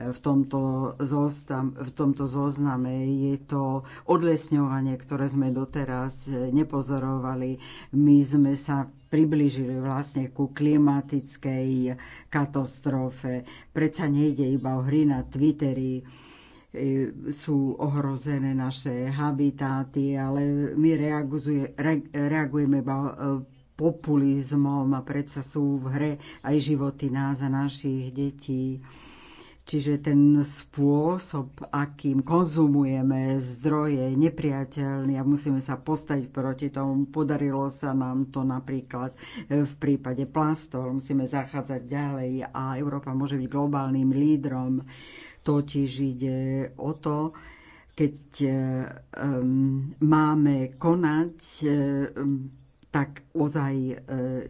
v tomto, zoznam, v tomto zozname. Je to odlesňovanie, ktoré sme doteraz nepozorovali. My sme sa priblížili vlastne ku klimatickej katastrofe. Predsa nejde iba o hry na Twitteri E, sú ohrozené naše habitáty, ale my reagujeme iba e, populizmom a predsa sú v hre aj životy nás a našich detí. Čiže ten spôsob, akým konzumujeme zdroje, je nepriateľný a musíme sa postaviť proti tomu. Podarilo sa nám to napríklad e, v prípade plastov. Musíme zachádzať ďalej a Európa môže byť globálnym lídrom Totiž ide o to, keď um, máme konať, um, tak ozaj uh,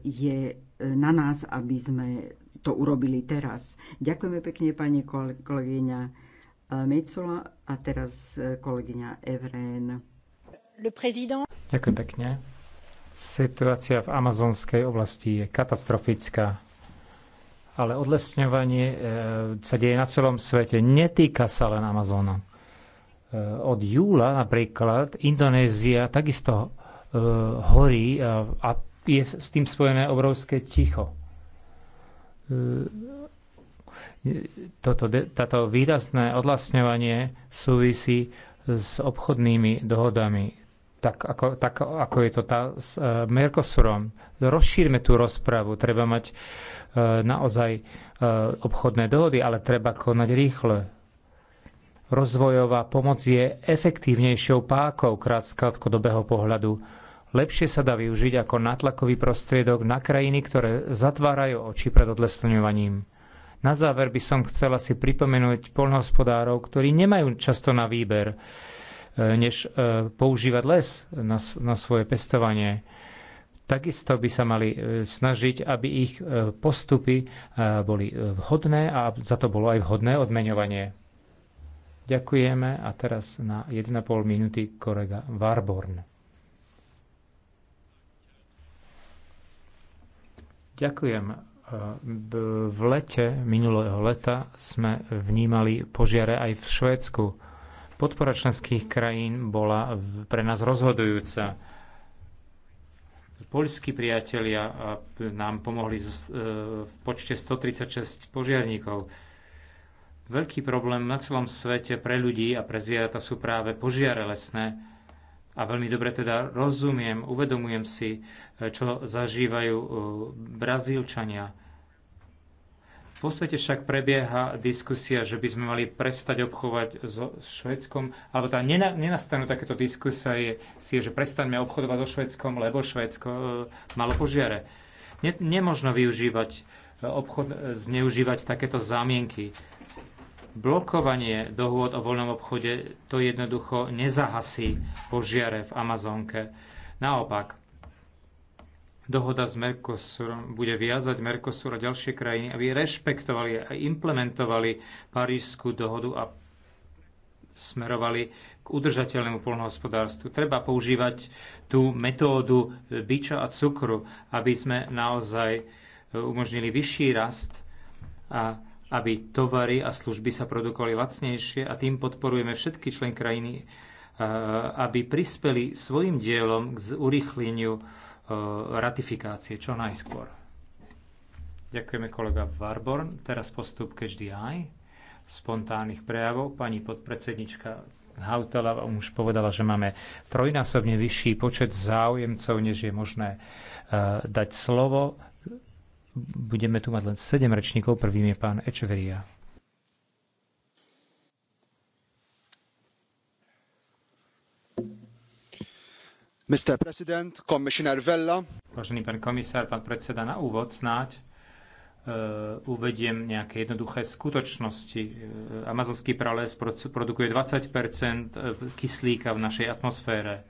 je na nás, aby sme to urobili teraz. Ďakujeme pekne, pani kolegyňa Mecula a teraz kolegyňa Evren. Ďakujem pekne. Situácia v amazonskej oblasti je katastrofická ale odlesňovanie e, sa deje na celom svete. Netýka sa len Amazóna. E, od júla napríklad Indonézia takisto e, horí a je s tým spojené obrovské ticho. Toto, táto výrazné odlastňovanie súvisí s obchodnými dohodami tak ako, tak ako je to tá s e, Mercosurom. Rozšírme tú rozpravu, treba mať e, naozaj e, obchodné dohody, ale treba konať rýchle. Rozvojová pomoc je efektívnejšou pákou z krátkodobého pohľadu. Lepšie sa dá využiť ako natlakový prostriedok na krajiny, ktoré zatvárajú oči pred odlesňovaním. Na záver by som chcela si pripomenúť polnohospodárov, ktorí nemajú často na výber než e, používať les na, na svoje pestovanie. Takisto by sa mali e, snažiť, aby ich e, postupy boli vhodné a za to bolo aj vhodné odmeňovanie. Ďakujeme a teraz na 1,5 minúty kolega Warborn. Ďakujem. V lete minulého leta sme vnímali požiare aj v Švédsku Podpora členských krajín bola pre nás rozhodujúca. Poľskí priatelia nám pomohli e, v počte 136 požiarníkov. Veľký problém na celom svete pre ľudí a pre zvieratá sú práve požiare lesné. A veľmi dobre teda rozumiem, uvedomujem si, e, čo zažívajú e, Brazílčania, vo svete však prebieha diskusia, že by sme mali prestať obchovať so Švedskom, alebo tá nena, nenastanú takéto diskusie, je, že prestaňme obchodovať so Švedskom, lebo Švedsko e, malo požiare. Ne, nemožno využívať e, obchod, e, zneužívať takéto zámienky. Blokovanie dohôd o voľnom obchode to jednoducho nezahasí požiare v Amazonke. Naopak, dohoda s Mercosurom bude viazať Mercosur a ďalšie krajiny, aby rešpektovali a implementovali Parížskú dohodu a smerovali k udržateľnému polnohospodárstvu. Treba používať tú metódu biča a cukru, aby sme naozaj e, umožnili vyšší rast a aby tovary a služby sa produkovali lacnejšie a tým podporujeme všetky člen krajiny, e, aby prispeli svojim dielom k urýchleniu Eh, ratifikácie čo najskôr. Ďakujeme kolega Warborn. Teraz postup každý aj spontánnych prejavov. Pani podpredsednička Hautala vám už povedala, že máme trojnásobne vyšší počet záujemcov, než je možné uh, dať slovo. Budeme tu mať len 7 rečníkov. Prvým je pán Ečveria. Mr. President, Commissioner Vella. Vážený pán komisár, pán predseda, na úvod snáď uh, uvediem nejaké jednoduché skutočnosti. E, amazonský prales produkuje 20 e, kyslíka v našej atmosfére.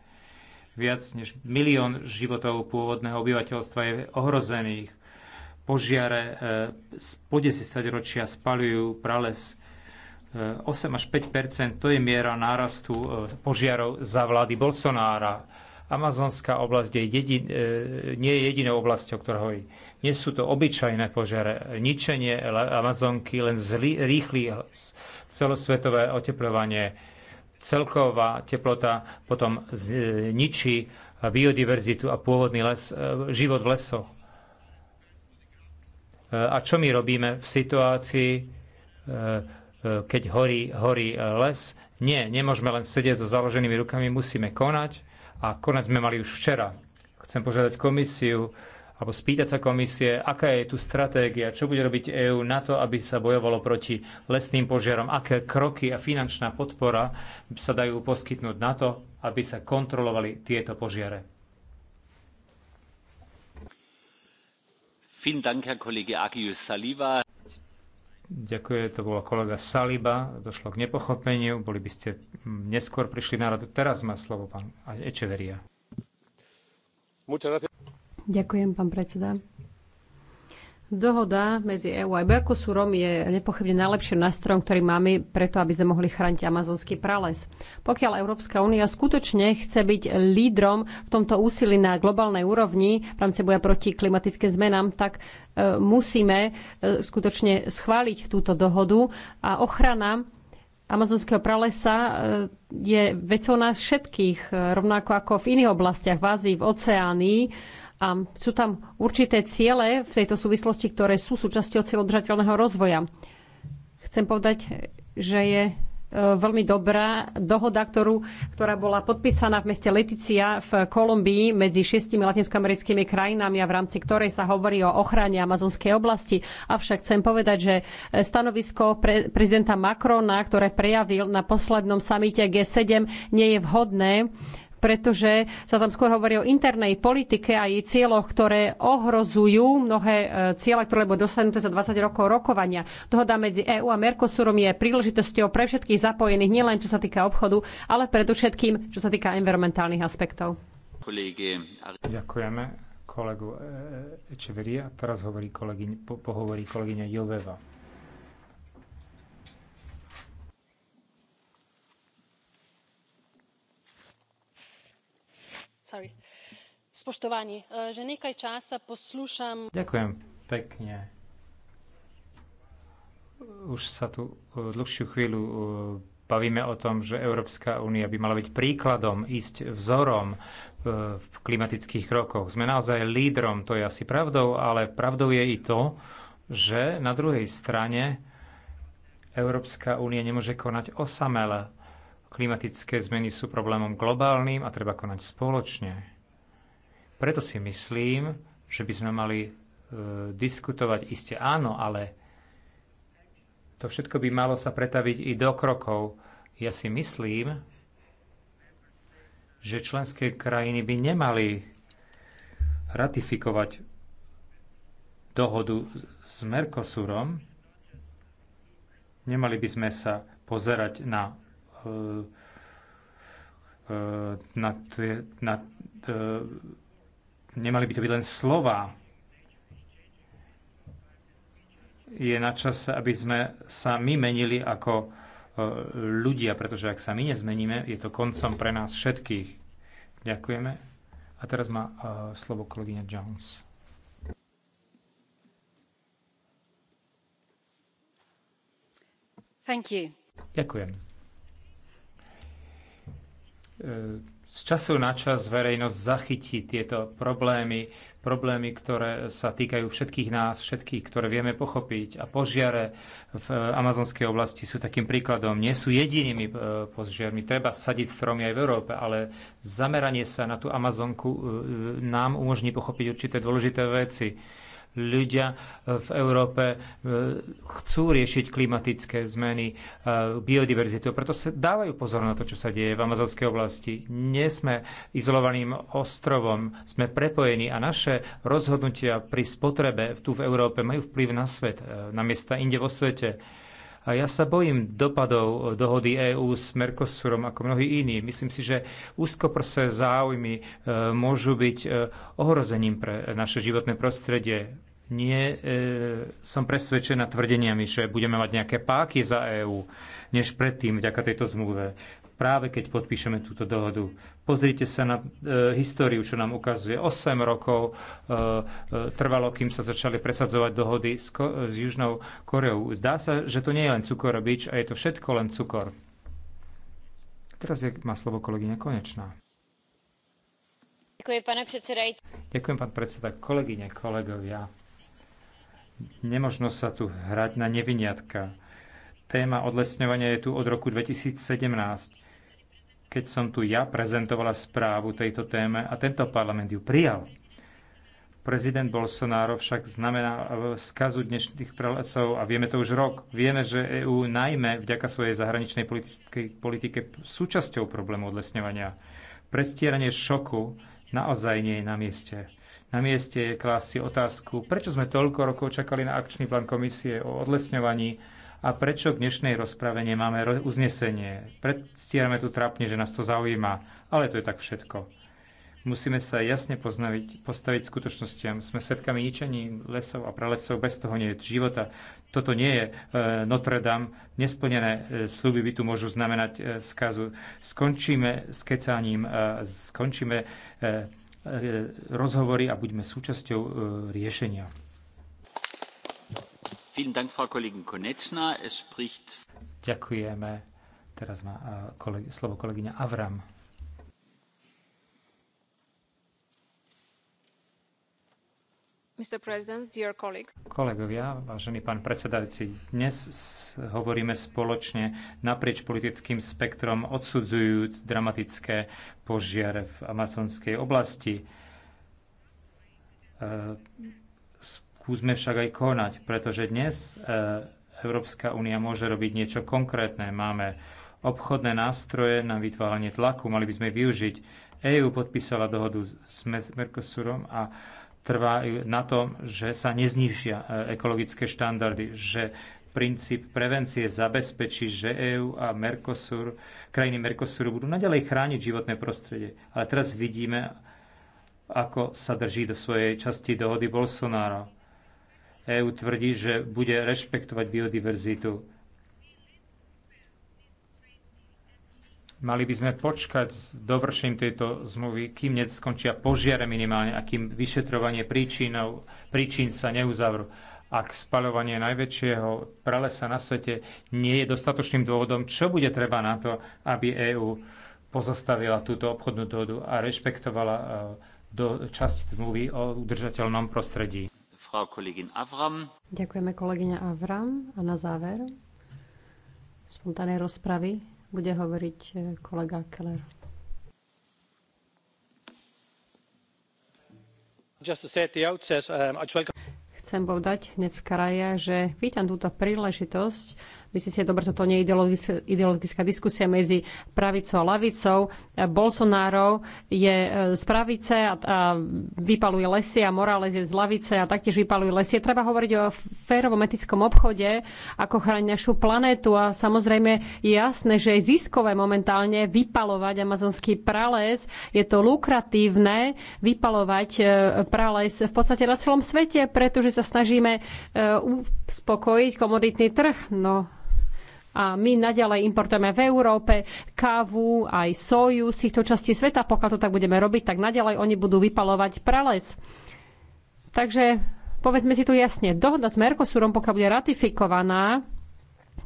Viac než milión životov pôvodného obyvateľstva je ohrozených. Požiare uh, po 10 ročia spalujú prales. 8 až 5 to je miera nárastu požiarov za vlády Bolsonára Amazonská oblasť je jedin, e, nie je jedinou oblasťou, ktorá hojí. Nie sú to obyčajné požiare. Ničenie Amazonky, len zlý, rýchly celosvetové oteplovanie, celková teplota potom e, ničí biodiverzitu a pôvodný les, e, život v lesoch. A čo my robíme v situácii, keď horí, horí les? Nie, nemôžeme len sedieť so založenými rukami, musíme konať a konec sme mali už včera. Chcem požiadať komisiu, alebo spýtať sa komisie, aká je tu stratégia, čo bude robiť EÚ na to, aby sa bojovalo proti lesným požiarom, aké kroky a finančná podpora sa dajú poskytnúť na to, aby sa kontrolovali tieto požiare. Vielen Dank, Herr Kollege Agius Ďakujem, to bola kolega Saliba, došlo k nepochopeniu, boli by ste neskôr prišli na radu. Teraz má slovo pán Ečeveria. Ďakujem, pán predseda. Dohoda medzi EU a Mercosurom je nepochybne najlepším nástrojom, ktorý máme preto, aby sme mohli chrániť amazonský prales. Pokiaľ Európska únia skutočne chce byť lídrom v tomto úsilí na globálnej úrovni v rámci boja proti klimatickým zmenám, tak e, musíme e, skutočne schváliť túto dohodu a ochrana amazonského pralesa e, je vecou nás všetkých, rovnako ako v iných oblastiach, v Ázii, v oceánii a sú tam určité ciele v tejto súvislosti, ktoré sú súčasťou cieľodržateľného rozvoja. Chcem povedať, že je e, veľmi dobrá dohoda, ktorú, ktorá bola podpísaná v meste Leticia v Kolumbii medzi šiestimi latinskoamerickými krajinami a v rámci ktorej sa hovorí o ochrane amazonskej oblasti. Avšak chcem povedať, že e, stanovisko pre, prezidenta Macrona, ktoré prejavil na poslednom samite G7, nie je vhodné pretože sa tam skôr hovorí o internej politike a jej cieľoch, ktoré ohrozujú mnohé e, ciele, ktoré boli dosiahnuté za 20 rokov rokovania. Dohoda medzi EÚ a Mercosurom je príležitosťou pre všetkých zapojených, nielen čo sa týka obchodu, ale predovšetkým čo sa týka environmentálnych aspektov. Ďakujeme kolegu Čeveria. E, e, Teraz hovorí kolegyň, po, pohovorí kolegyňa Joveva. E, Ďakujem pekne. Už sa tu e, dlhšiu chvíľu e, bavíme o tom, že Európska únia by mala byť príkladom, ísť vzorom v klimatických krokoch. Sme naozaj lídrom, to je asi pravdou, ale pravdou je i to, že na druhej strane Európska únia nemôže konať osamele. Klimatické zmeny sú problémom globálnym a treba konať spoločne. Preto si myslím, že by sme mali e, diskutovať iste áno, ale to všetko by malo sa pretaviť i do krokov. Ja si myslím, že členské krajiny by nemali ratifikovať dohodu s Mercosurom. Nemali by sme sa pozerať na E, e, na, na, e, nemali by to byť len slova. Je na čase, aby sme sa my menili ako ľudia, pretože ak sa my nezmeníme, je to koncom pre nás všetkých. Ďakujeme. A teraz má slovo kolegyňa Jones. Thank you. Ďakujem E, z času na čas verejnosť zachytí tieto problémy, problémy, ktoré sa týkajú všetkých nás, všetkých, ktoré vieme pochopiť. A požiare v amazonskej oblasti sú takým príkladom. Nie sú jedinými e, požiarmi. Treba sadiť stromy aj v Európe, ale zameranie sa na tú Amazonku e, nám umožní pochopiť určité dôležité veci ľudia e, v Európe e, chcú riešiť klimatické zmeny, e, biodiverzitu. Preto sa dávajú pozor na to, čo sa deje v amazonskej oblasti. Nie sme izolovaným ostrovom, sme prepojení a naše rozhodnutia pri spotrebe tu v Európe majú vplyv na svet, na miesta inde vo svete. A ja sa bojím dopadov dohody EÚ s Mercosurom ako mnohí iní. Myslím si, že úzkoprse záujmy môžu byť ohrozením pre naše životné prostredie nie e, som presvedčená tvrdeniami, že budeme mať nejaké páky za EÚ, než predtým vďaka tejto zmluve. Práve keď podpíšeme túto dohodu. Pozrite sa na e, históriu, čo nám ukazuje. 8 rokov e, e, trvalo, kým sa začali presadzovať dohody s, ko- e, s Južnou Koreou. Zdá sa, že to nie je len cukorobič a je to všetko len cukor. Teraz je, má slovo kolegyňa Konečná. Ďakujem, pane predsedajúci. Ďakujem, pán predseda. Kolegyne, kolegovia. Nemožno sa tu hrať na neviniatka. Téma odlesňovania je tu od roku 2017, keď som tu ja prezentovala správu tejto téme a tento parlament ju prijal. Prezident Bolsonaro však znamená skazu dnešných prelesov a vieme to už rok. Vieme, že EÚ najmä vďaka svojej zahraničnej politike, politike súčasťou problému odlesňovania. Predstieranie šoku naozaj nie je na mieste na mieste je klásť si otázku, prečo sme toľko rokov čakali na akčný plán komisie o odlesňovaní a prečo k dnešnej rozprave nemáme uznesenie. Predstierame tu trápne, že nás to zaujíma, ale to je tak všetko. Musíme sa jasne poznaviť, postaviť skutočnostiam. Sme svetkami ničení lesov a pralesov, bez toho nie je života. Toto nie je e, Notre Dame. Nesplnené e, sluby by tu môžu znamenať e, skazu. Skončíme s kecaním, e, skončíme e, E, rozhovory a buďme súčasťou e, riešenia. Ďakujeme. Teraz má e, slovo kolegyňa Avram. Kolegovia, vážený pán predsedajúci, dnes hovoríme spoločne naprieč politickým spektrom odsudzujúc dramatické požiare v amazonskej oblasti. E, skúsme však aj konať, pretože dnes e, Európska únia môže robiť niečo konkrétne. Máme obchodné nástroje na vytváranie tlaku, mali by sme využiť. EÚ podpísala dohodu s Mercosurom a trvajú na tom, že sa neznižia e, ekologické štandardy, že princíp prevencie zabezpečí, že EÚ a Mercosur, krajiny Mercosuru budú naďalej chrániť životné prostredie. Ale teraz vidíme, ako sa drží do svojej časti dohody Bolsonaro. EÚ tvrdí, že bude rešpektovať biodiverzitu Mali by sme počkať s dovršením tejto zmluvy, kým neskončia požiare minimálne a kým vyšetrovanie príčinov, príčin sa neuzavrú. Ak spaľovanie najväčšieho pralesa na svete nie je dostatočným dôvodom, čo bude treba na to, aby EÚ pozastavila túto obchodnú dohodu a rešpektovala e, do, časť zmluvy o udržateľnom prostredí. Ďakujeme kolegyňa Avram a na záver spontánnej rozpravy bude hovoriť e, kolega Keller. Um, Chcem povedať hneď z kraja, že vítam túto príležitosť Myslím si, že dobre, toto nie je ideologická diskusia medzi pravicou a lavicou. Bolsonaro je e, z pravice a, a vypaluje lesy a Morales je z lavice a taktiež vypaluje lesy. Treba hovoriť o férovom etickom obchode, ako chrániť našu planétu a samozrejme je jasné, že je ziskové momentálne vypalovať amazonský prales. Je to lukratívne vypalovať e, prales v podstate na celom svete, pretože sa snažíme e, uspokojiť komoditný trh. No a my naďalej importujeme v Európe kávu aj soju z týchto častí sveta. Pokiaľ to tak budeme robiť, tak naďalej oni budú vypalovať prales. Takže povedzme si tu jasne, dohoda s Mercosurom, pokiaľ bude ratifikovaná,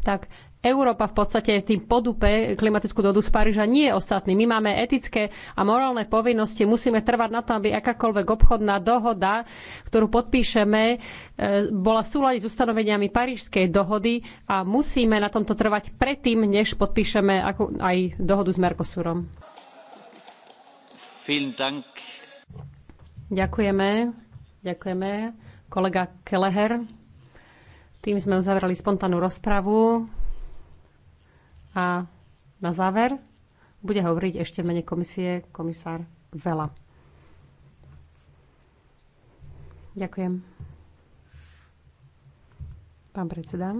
tak Európa v podstate tým podupe klimatickú dodu z Paríža, nie je ostatný. My máme etické a morálne povinnosti. Musíme trvať na tom, aby akákoľvek obchodná dohoda, ktorú podpíšeme, e, bola v s ustanoveniami Parížskej dohody a musíme na tomto trvať predtým, než podpíšeme aj dohodu s Mercosurom. Ďakujeme. Ďakujeme. Kolega Keleher. Tým sme uzavrali spontánnu rozpravu. A na záver bude hovoriť ešte mene komisie komisár Vela. Ďakujem. Pán predseda.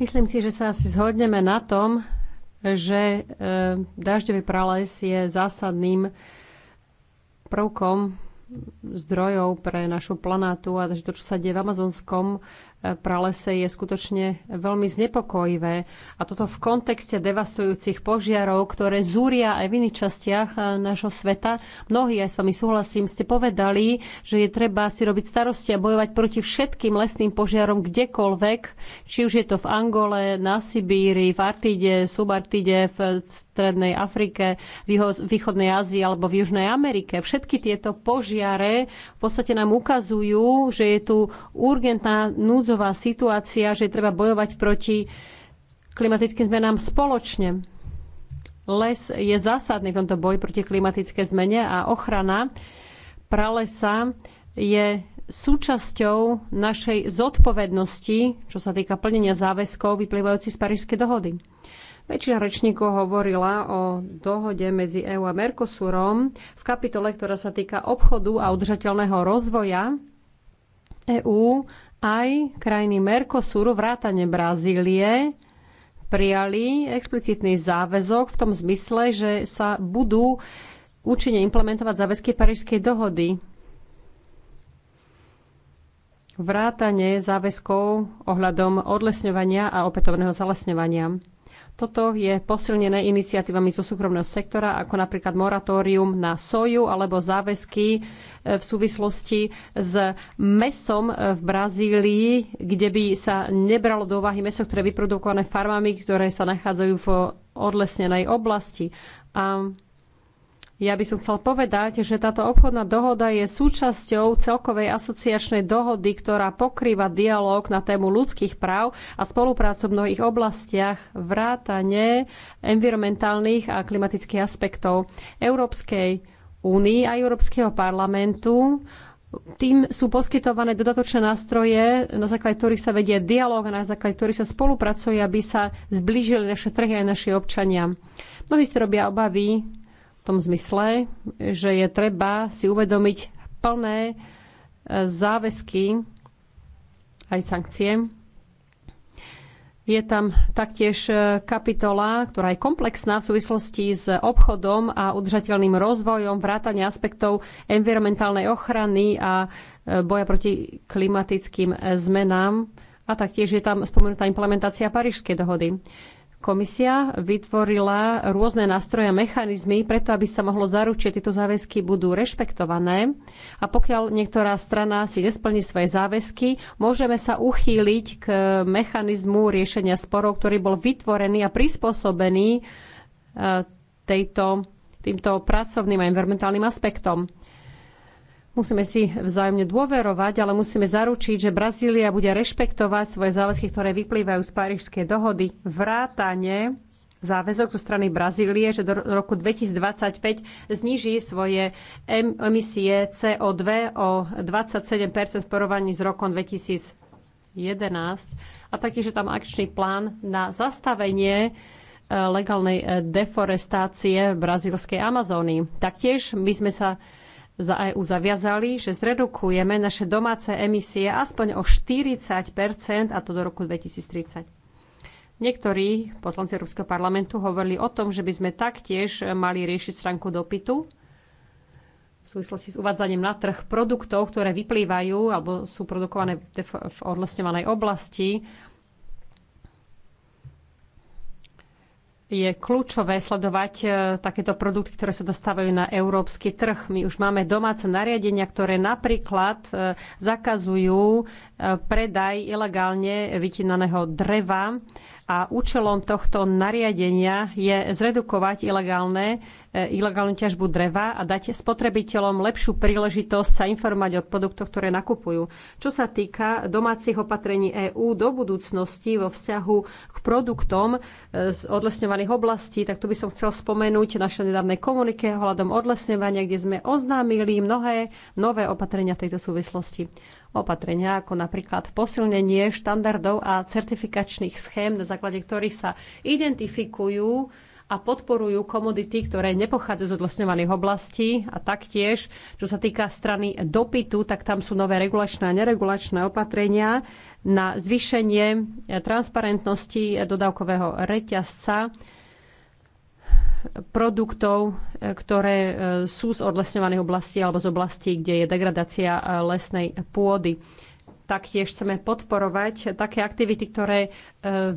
Myslím si, že sa asi zhodneme na tom, že e, dažďový prales je zásadným prvkom zdrojov pre našu planátu a že to, čo sa deje v amazonskom pralese je skutočne veľmi znepokojivé. A toto v kontexte devastujúcich požiarov, ktoré zúria aj v iných častiach eh, nášho sveta. Mnohí, aj s vami súhlasím, ste povedali, že je treba si robiť starosti a bojovať proti všetkým lesným požiarom kdekoľvek, či už je to v Angole, na Sibíri, v Artide, Subartide, v Strednej Afrike, v Východnej Ázii alebo v Južnej Amerike. Všetky tieto požiare v podstate nám ukazujú, že je tu urgentná núdza núdzová situácia, že treba bojovať proti klimatickým zmenám spoločne. Les je zásadný v tomto boj proti klimatické zmene a ochrana pralesa je súčasťou našej zodpovednosti, čo sa týka plnenia záväzkov vyplývajúcich z Parížskej dohody. Väčšina rečníkov hovorila o dohode medzi EÚ a Mercosurom v kapitole, ktorá sa týka obchodu a udržateľného rozvoja. EÚ aj krajiny Mercosuru, vrátane Brazílie, prijali explicitný záväzok v tom zmysle, že sa budú účinne implementovať záväzky Parížskej dohody. Vrátanie záväzkov ohľadom odlesňovania a opätovného zalesňovania. Toto je posilnené iniciatívami zo súkromného sektora, ako napríklad moratórium na soju alebo záväzky e, v súvislosti s mesom v Brazílii, kde by sa nebralo do úvahy meso, ktoré je vyprodukované farmami, ktoré sa nachádzajú v odlesnenej oblasti. A ja by som chcel povedať, že táto obchodná dohoda je súčasťou celkovej asociačnej dohody, ktorá pokrýva dialog na tému ľudských práv a spoluprácu v mnohých oblastiach vrátane environmentálnych a klimatických aspektov Európskej únii a Európskeho parlamentu. Tým sú poskytované dodatočné nástroje, na základe ktorých sa vedie dialog a na základe ktorých sa spolupracuje, aby sa zblížili naše trhy aj naši občania. Mnohí si robia obavy, tom zmysle, že je treba si uvedomiť plné e, záväzky aj sankcie. Je tam taktiež e, kapitola, ktorá je komplexná v súvislosti s obchodom a udržateľným rozvojom, vrátanie aspektov environmentálnej ochrany a e, boja proti klimatickým zmenám. A taktiež je tam spomenutá implementácia Parížskej dohody. Komisia vytvorila rôzne nástroje a mechanizmy preto, aby sa mohlo zaručiť, že tieto záväzky budú rešpektované. A pokiaľ niektorá strana si nesplní svoje záväzky, môžeme sa uchýliť k mechanizmu riešenia sporov, ktorý bol vytvorený a prispôsobený e, tejto, týmto pracovným a environmentálnym aspektom. Musíme si vzájomne dôverovať, ale musíme zaručiť, že Brazília bude rešpektovať svoje záväzky, ktoré vyplývajú z Parížskej dohody. Vrátane záväzok zo strany Brazílie, že do roku 2025 zniží svoje emisie CO2 o 27 v porovnaní s rokom 2011 a taký, že tam akčný plán na zastavenie e, legálnej e, deforestácie v brazílskej Amazónii. Taktiež by sme sa za EU zaviazali, že zredukujeme naše domáce emisie aspoň o 40 a to do roku 2030. Niektorí poslanci Európskeho parlamentu hovorili o tom, že by sme taktiež mali riešiť stránku dopytu v súvislosti s uvádzaním na trh produktov, ktoré vyplývajú alebo sú produkované v odlesňovanej oblasti. je kľúčové sledovať e, takéto produkty, ktoré sa dostávajú na európsky trh. My už máme domáce nariadenia, ktoré napríklad e, zakazujú e, predaj ilegálne vytinaného dreva a účelom tohto nariadenia je zredukovať ilegálne, e, ilegálnu ťažbu dreva a dať spotrebiteľom lepšiu príležitosť sa informovať o produktoch, ktoré nakupujú. Čo sa týka domácich opatrení EÚ do budúcnosti vo vzťahu k produktom e, z odlesňovaných oblastí, tak tu by som chcel spomenúť naše nedávne komunike ohľadom odlesňovania, kde sme oznámili mnohé nové opatrenia v tejto súvislosti opatrenia, ako napríklad posilnenie štandardov a certifikačných schém, na základe ktorých sa identifikujú a podporujú komodity, ktoré nepochádzajú z odlesňovaných oblastí. A taktiež, čo sa týka strany dopytu, tak tam sú nové regulačné a neregulačné opatrenia na zvýšenie transparentnosti dodávkového reťazca produktov, e, ktoré e, sú z odlesňovaných oblastí alebo z oblastí, kde je degradácia e, lesnej pôdy. Taktiež chceme podporovať také aktivity, ktoré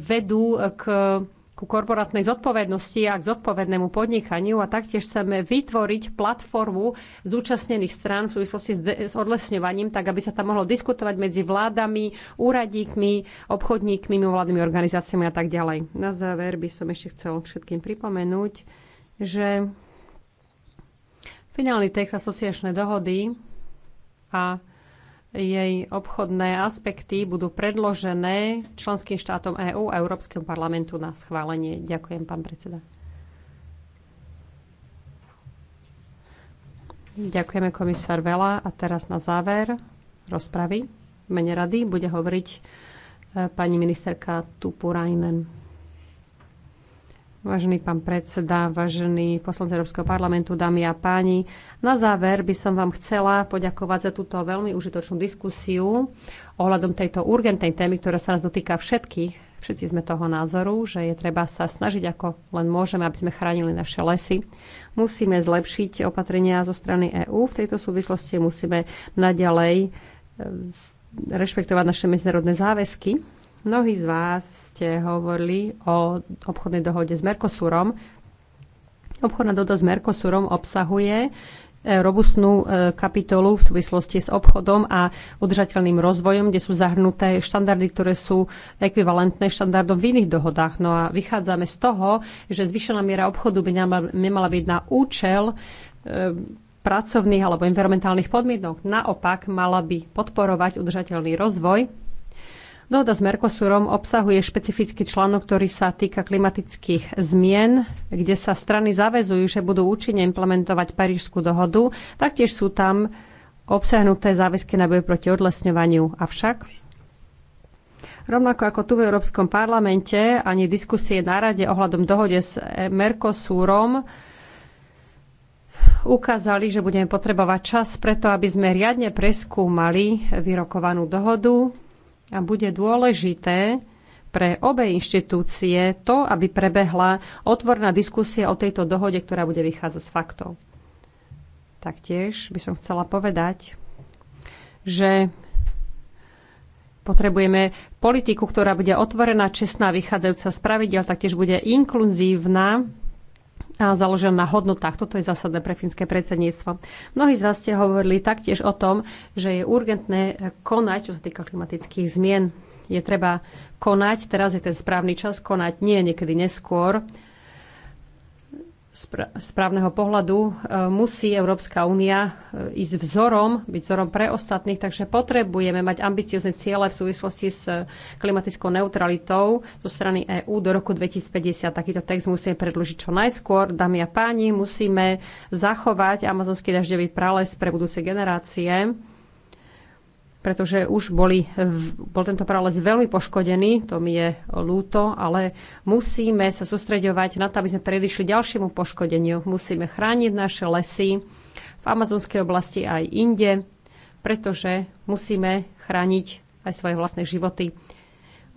vedú k ku korporátnej zodpovednosti a k zodpovednému podnikaniu a taktiež chceme vytvoriť platformu zúčastnených strán v súvislosti s, odlesňovaním, tak aby sa tam mohlo diskutovať medzi vládami, úradníkmi, obchodníkmi, mimovládnymi organizáciami a tak ďalej. Na záver by som ešte chcel všetkým pripomenúť, že finálny text asociačnej dohody a jej obchodné aspekty budú predložené členským štátom EÚ a Európskemu parlamentu na schválenie. Ďakujem, pán predseda. Ďakujeme komisár Vela a teraz na záver rozpravy mene rady bude hovoriť e, pani ministerka Tupurainen. Vážený pán predseda, vážení poslanci Európskeho parlamentu, dámy a páni, na záver by som vám chcela poďakovať za túto veľmi užitočnú diskusiu ohľadom tejto urgentnej témy, ktorá sa nás dotýka všetkých. Všetci sme toho názoru, že je treba sa snažiť ako len môžeme, aby sme chránili naše lesy. Musíme zlepšiť opatrenia zo strany EÚ. V tejto súvislosti musíme naďalej eh, rešpektovať naše medzinárodné záväzky Mnohí z vás ste hovorili o obchodnej dohode s Mercosurom. Obchodná dohoda s Mercosurom obsahuje e, robustnú e, kapitolu v súvislosti s obchodom a udržateľným rozvojom, kde sú zahrnuté štandardy, ktoré sú ekvivalentné štandardom v iných dohodách. No a vychádzame z toho, že zvyšená miera obchodu by nemala byť na účel e, pracovných alebo environmentálnych podmienok. Naopak mala by podporovať udržateľný rozvoj Dohoda s Mercosurom obsahuje špecifický článok, ktorý sa týka klimatických zmien, kde sa strany zavezujú, že budú účinne implementovať Parížskú dohodu. Taktiež sú tam obsahnuté záväzky na boj proti odlesňovaniu. Avšak Rovnako ako tu v Európskom parlamente, ani diskusie na rade ohľadom dohode s Mercosurom ukázali, že budeme potrebovať čas preto, aby sme riadne preskúmali vyrokovanú dohodu a bude dôležité pre obe inštitúcie to, aby prebehla otvorná diskusia o tejto dohode, ktorá bude vychádzať z faktov. Taktiež by som chcela povedať, že Potrebujeme politiku, ktorá bude otvorená, čestná, vychádzajúca z pravidel, taktiež bude inkluzívna založená na hodnotách. Toto je zásadné pre fínske predsedníctvo. Mnohí z vás ste hovorili taktiež o tom, že je urgentné konať, čo sa týka klimatických zmien. Je treba konať, teraz je ten správny čas konať, nie niekedy neskôr správneho pohľadu e, musí Európska únia e, ísť vzorom, byť vzorom pre ostatných, takže potrebujeme mať ambiciozne ciele v súvislosti s e, klimatickou neutralitou zo strany EÚ do roku 2050. Takýto text musíme predložiť čo najskôr. Dámy a páni, musíme zachovať amazonský dažďový prales pre budúce generácie pretože už boli, bol tento prales veľmi poškodený, to mi je lúto, ale musíme sa sústreďovať na to, aby sme predišli ďalšiemu poškodeniu. Musíme chrániť naše lesy v amazonskej oblasti aj inde, pretože musíme chrániť aj svoje vlastné životy.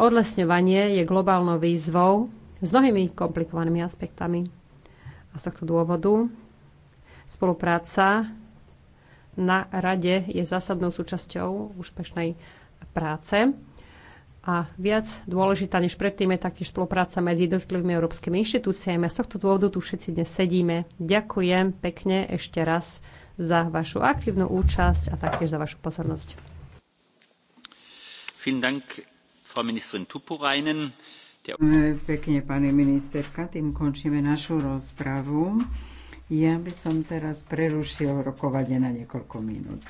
Odlesňovanie je globálnou výzvou s mnohými komplikovanými aspektami. A z tohto dôvodu spolupráca na rade je zásadnou súčasťou úspešnej práce. A viac dôležitá než predtým je taktiež spolupráca medzi jednotlivými európskymi inštitúciami. A z tohto dôvodu tu všetci dnes sedíme. Ďakujem pekne ešte raz za vašu aktívnu účasť a taktiež za vašu pozornosť. Pekne, pani ministerka, tým končíme našu rozpravu. Ja by som teraz prerušil rokovanie na niekoľko minút.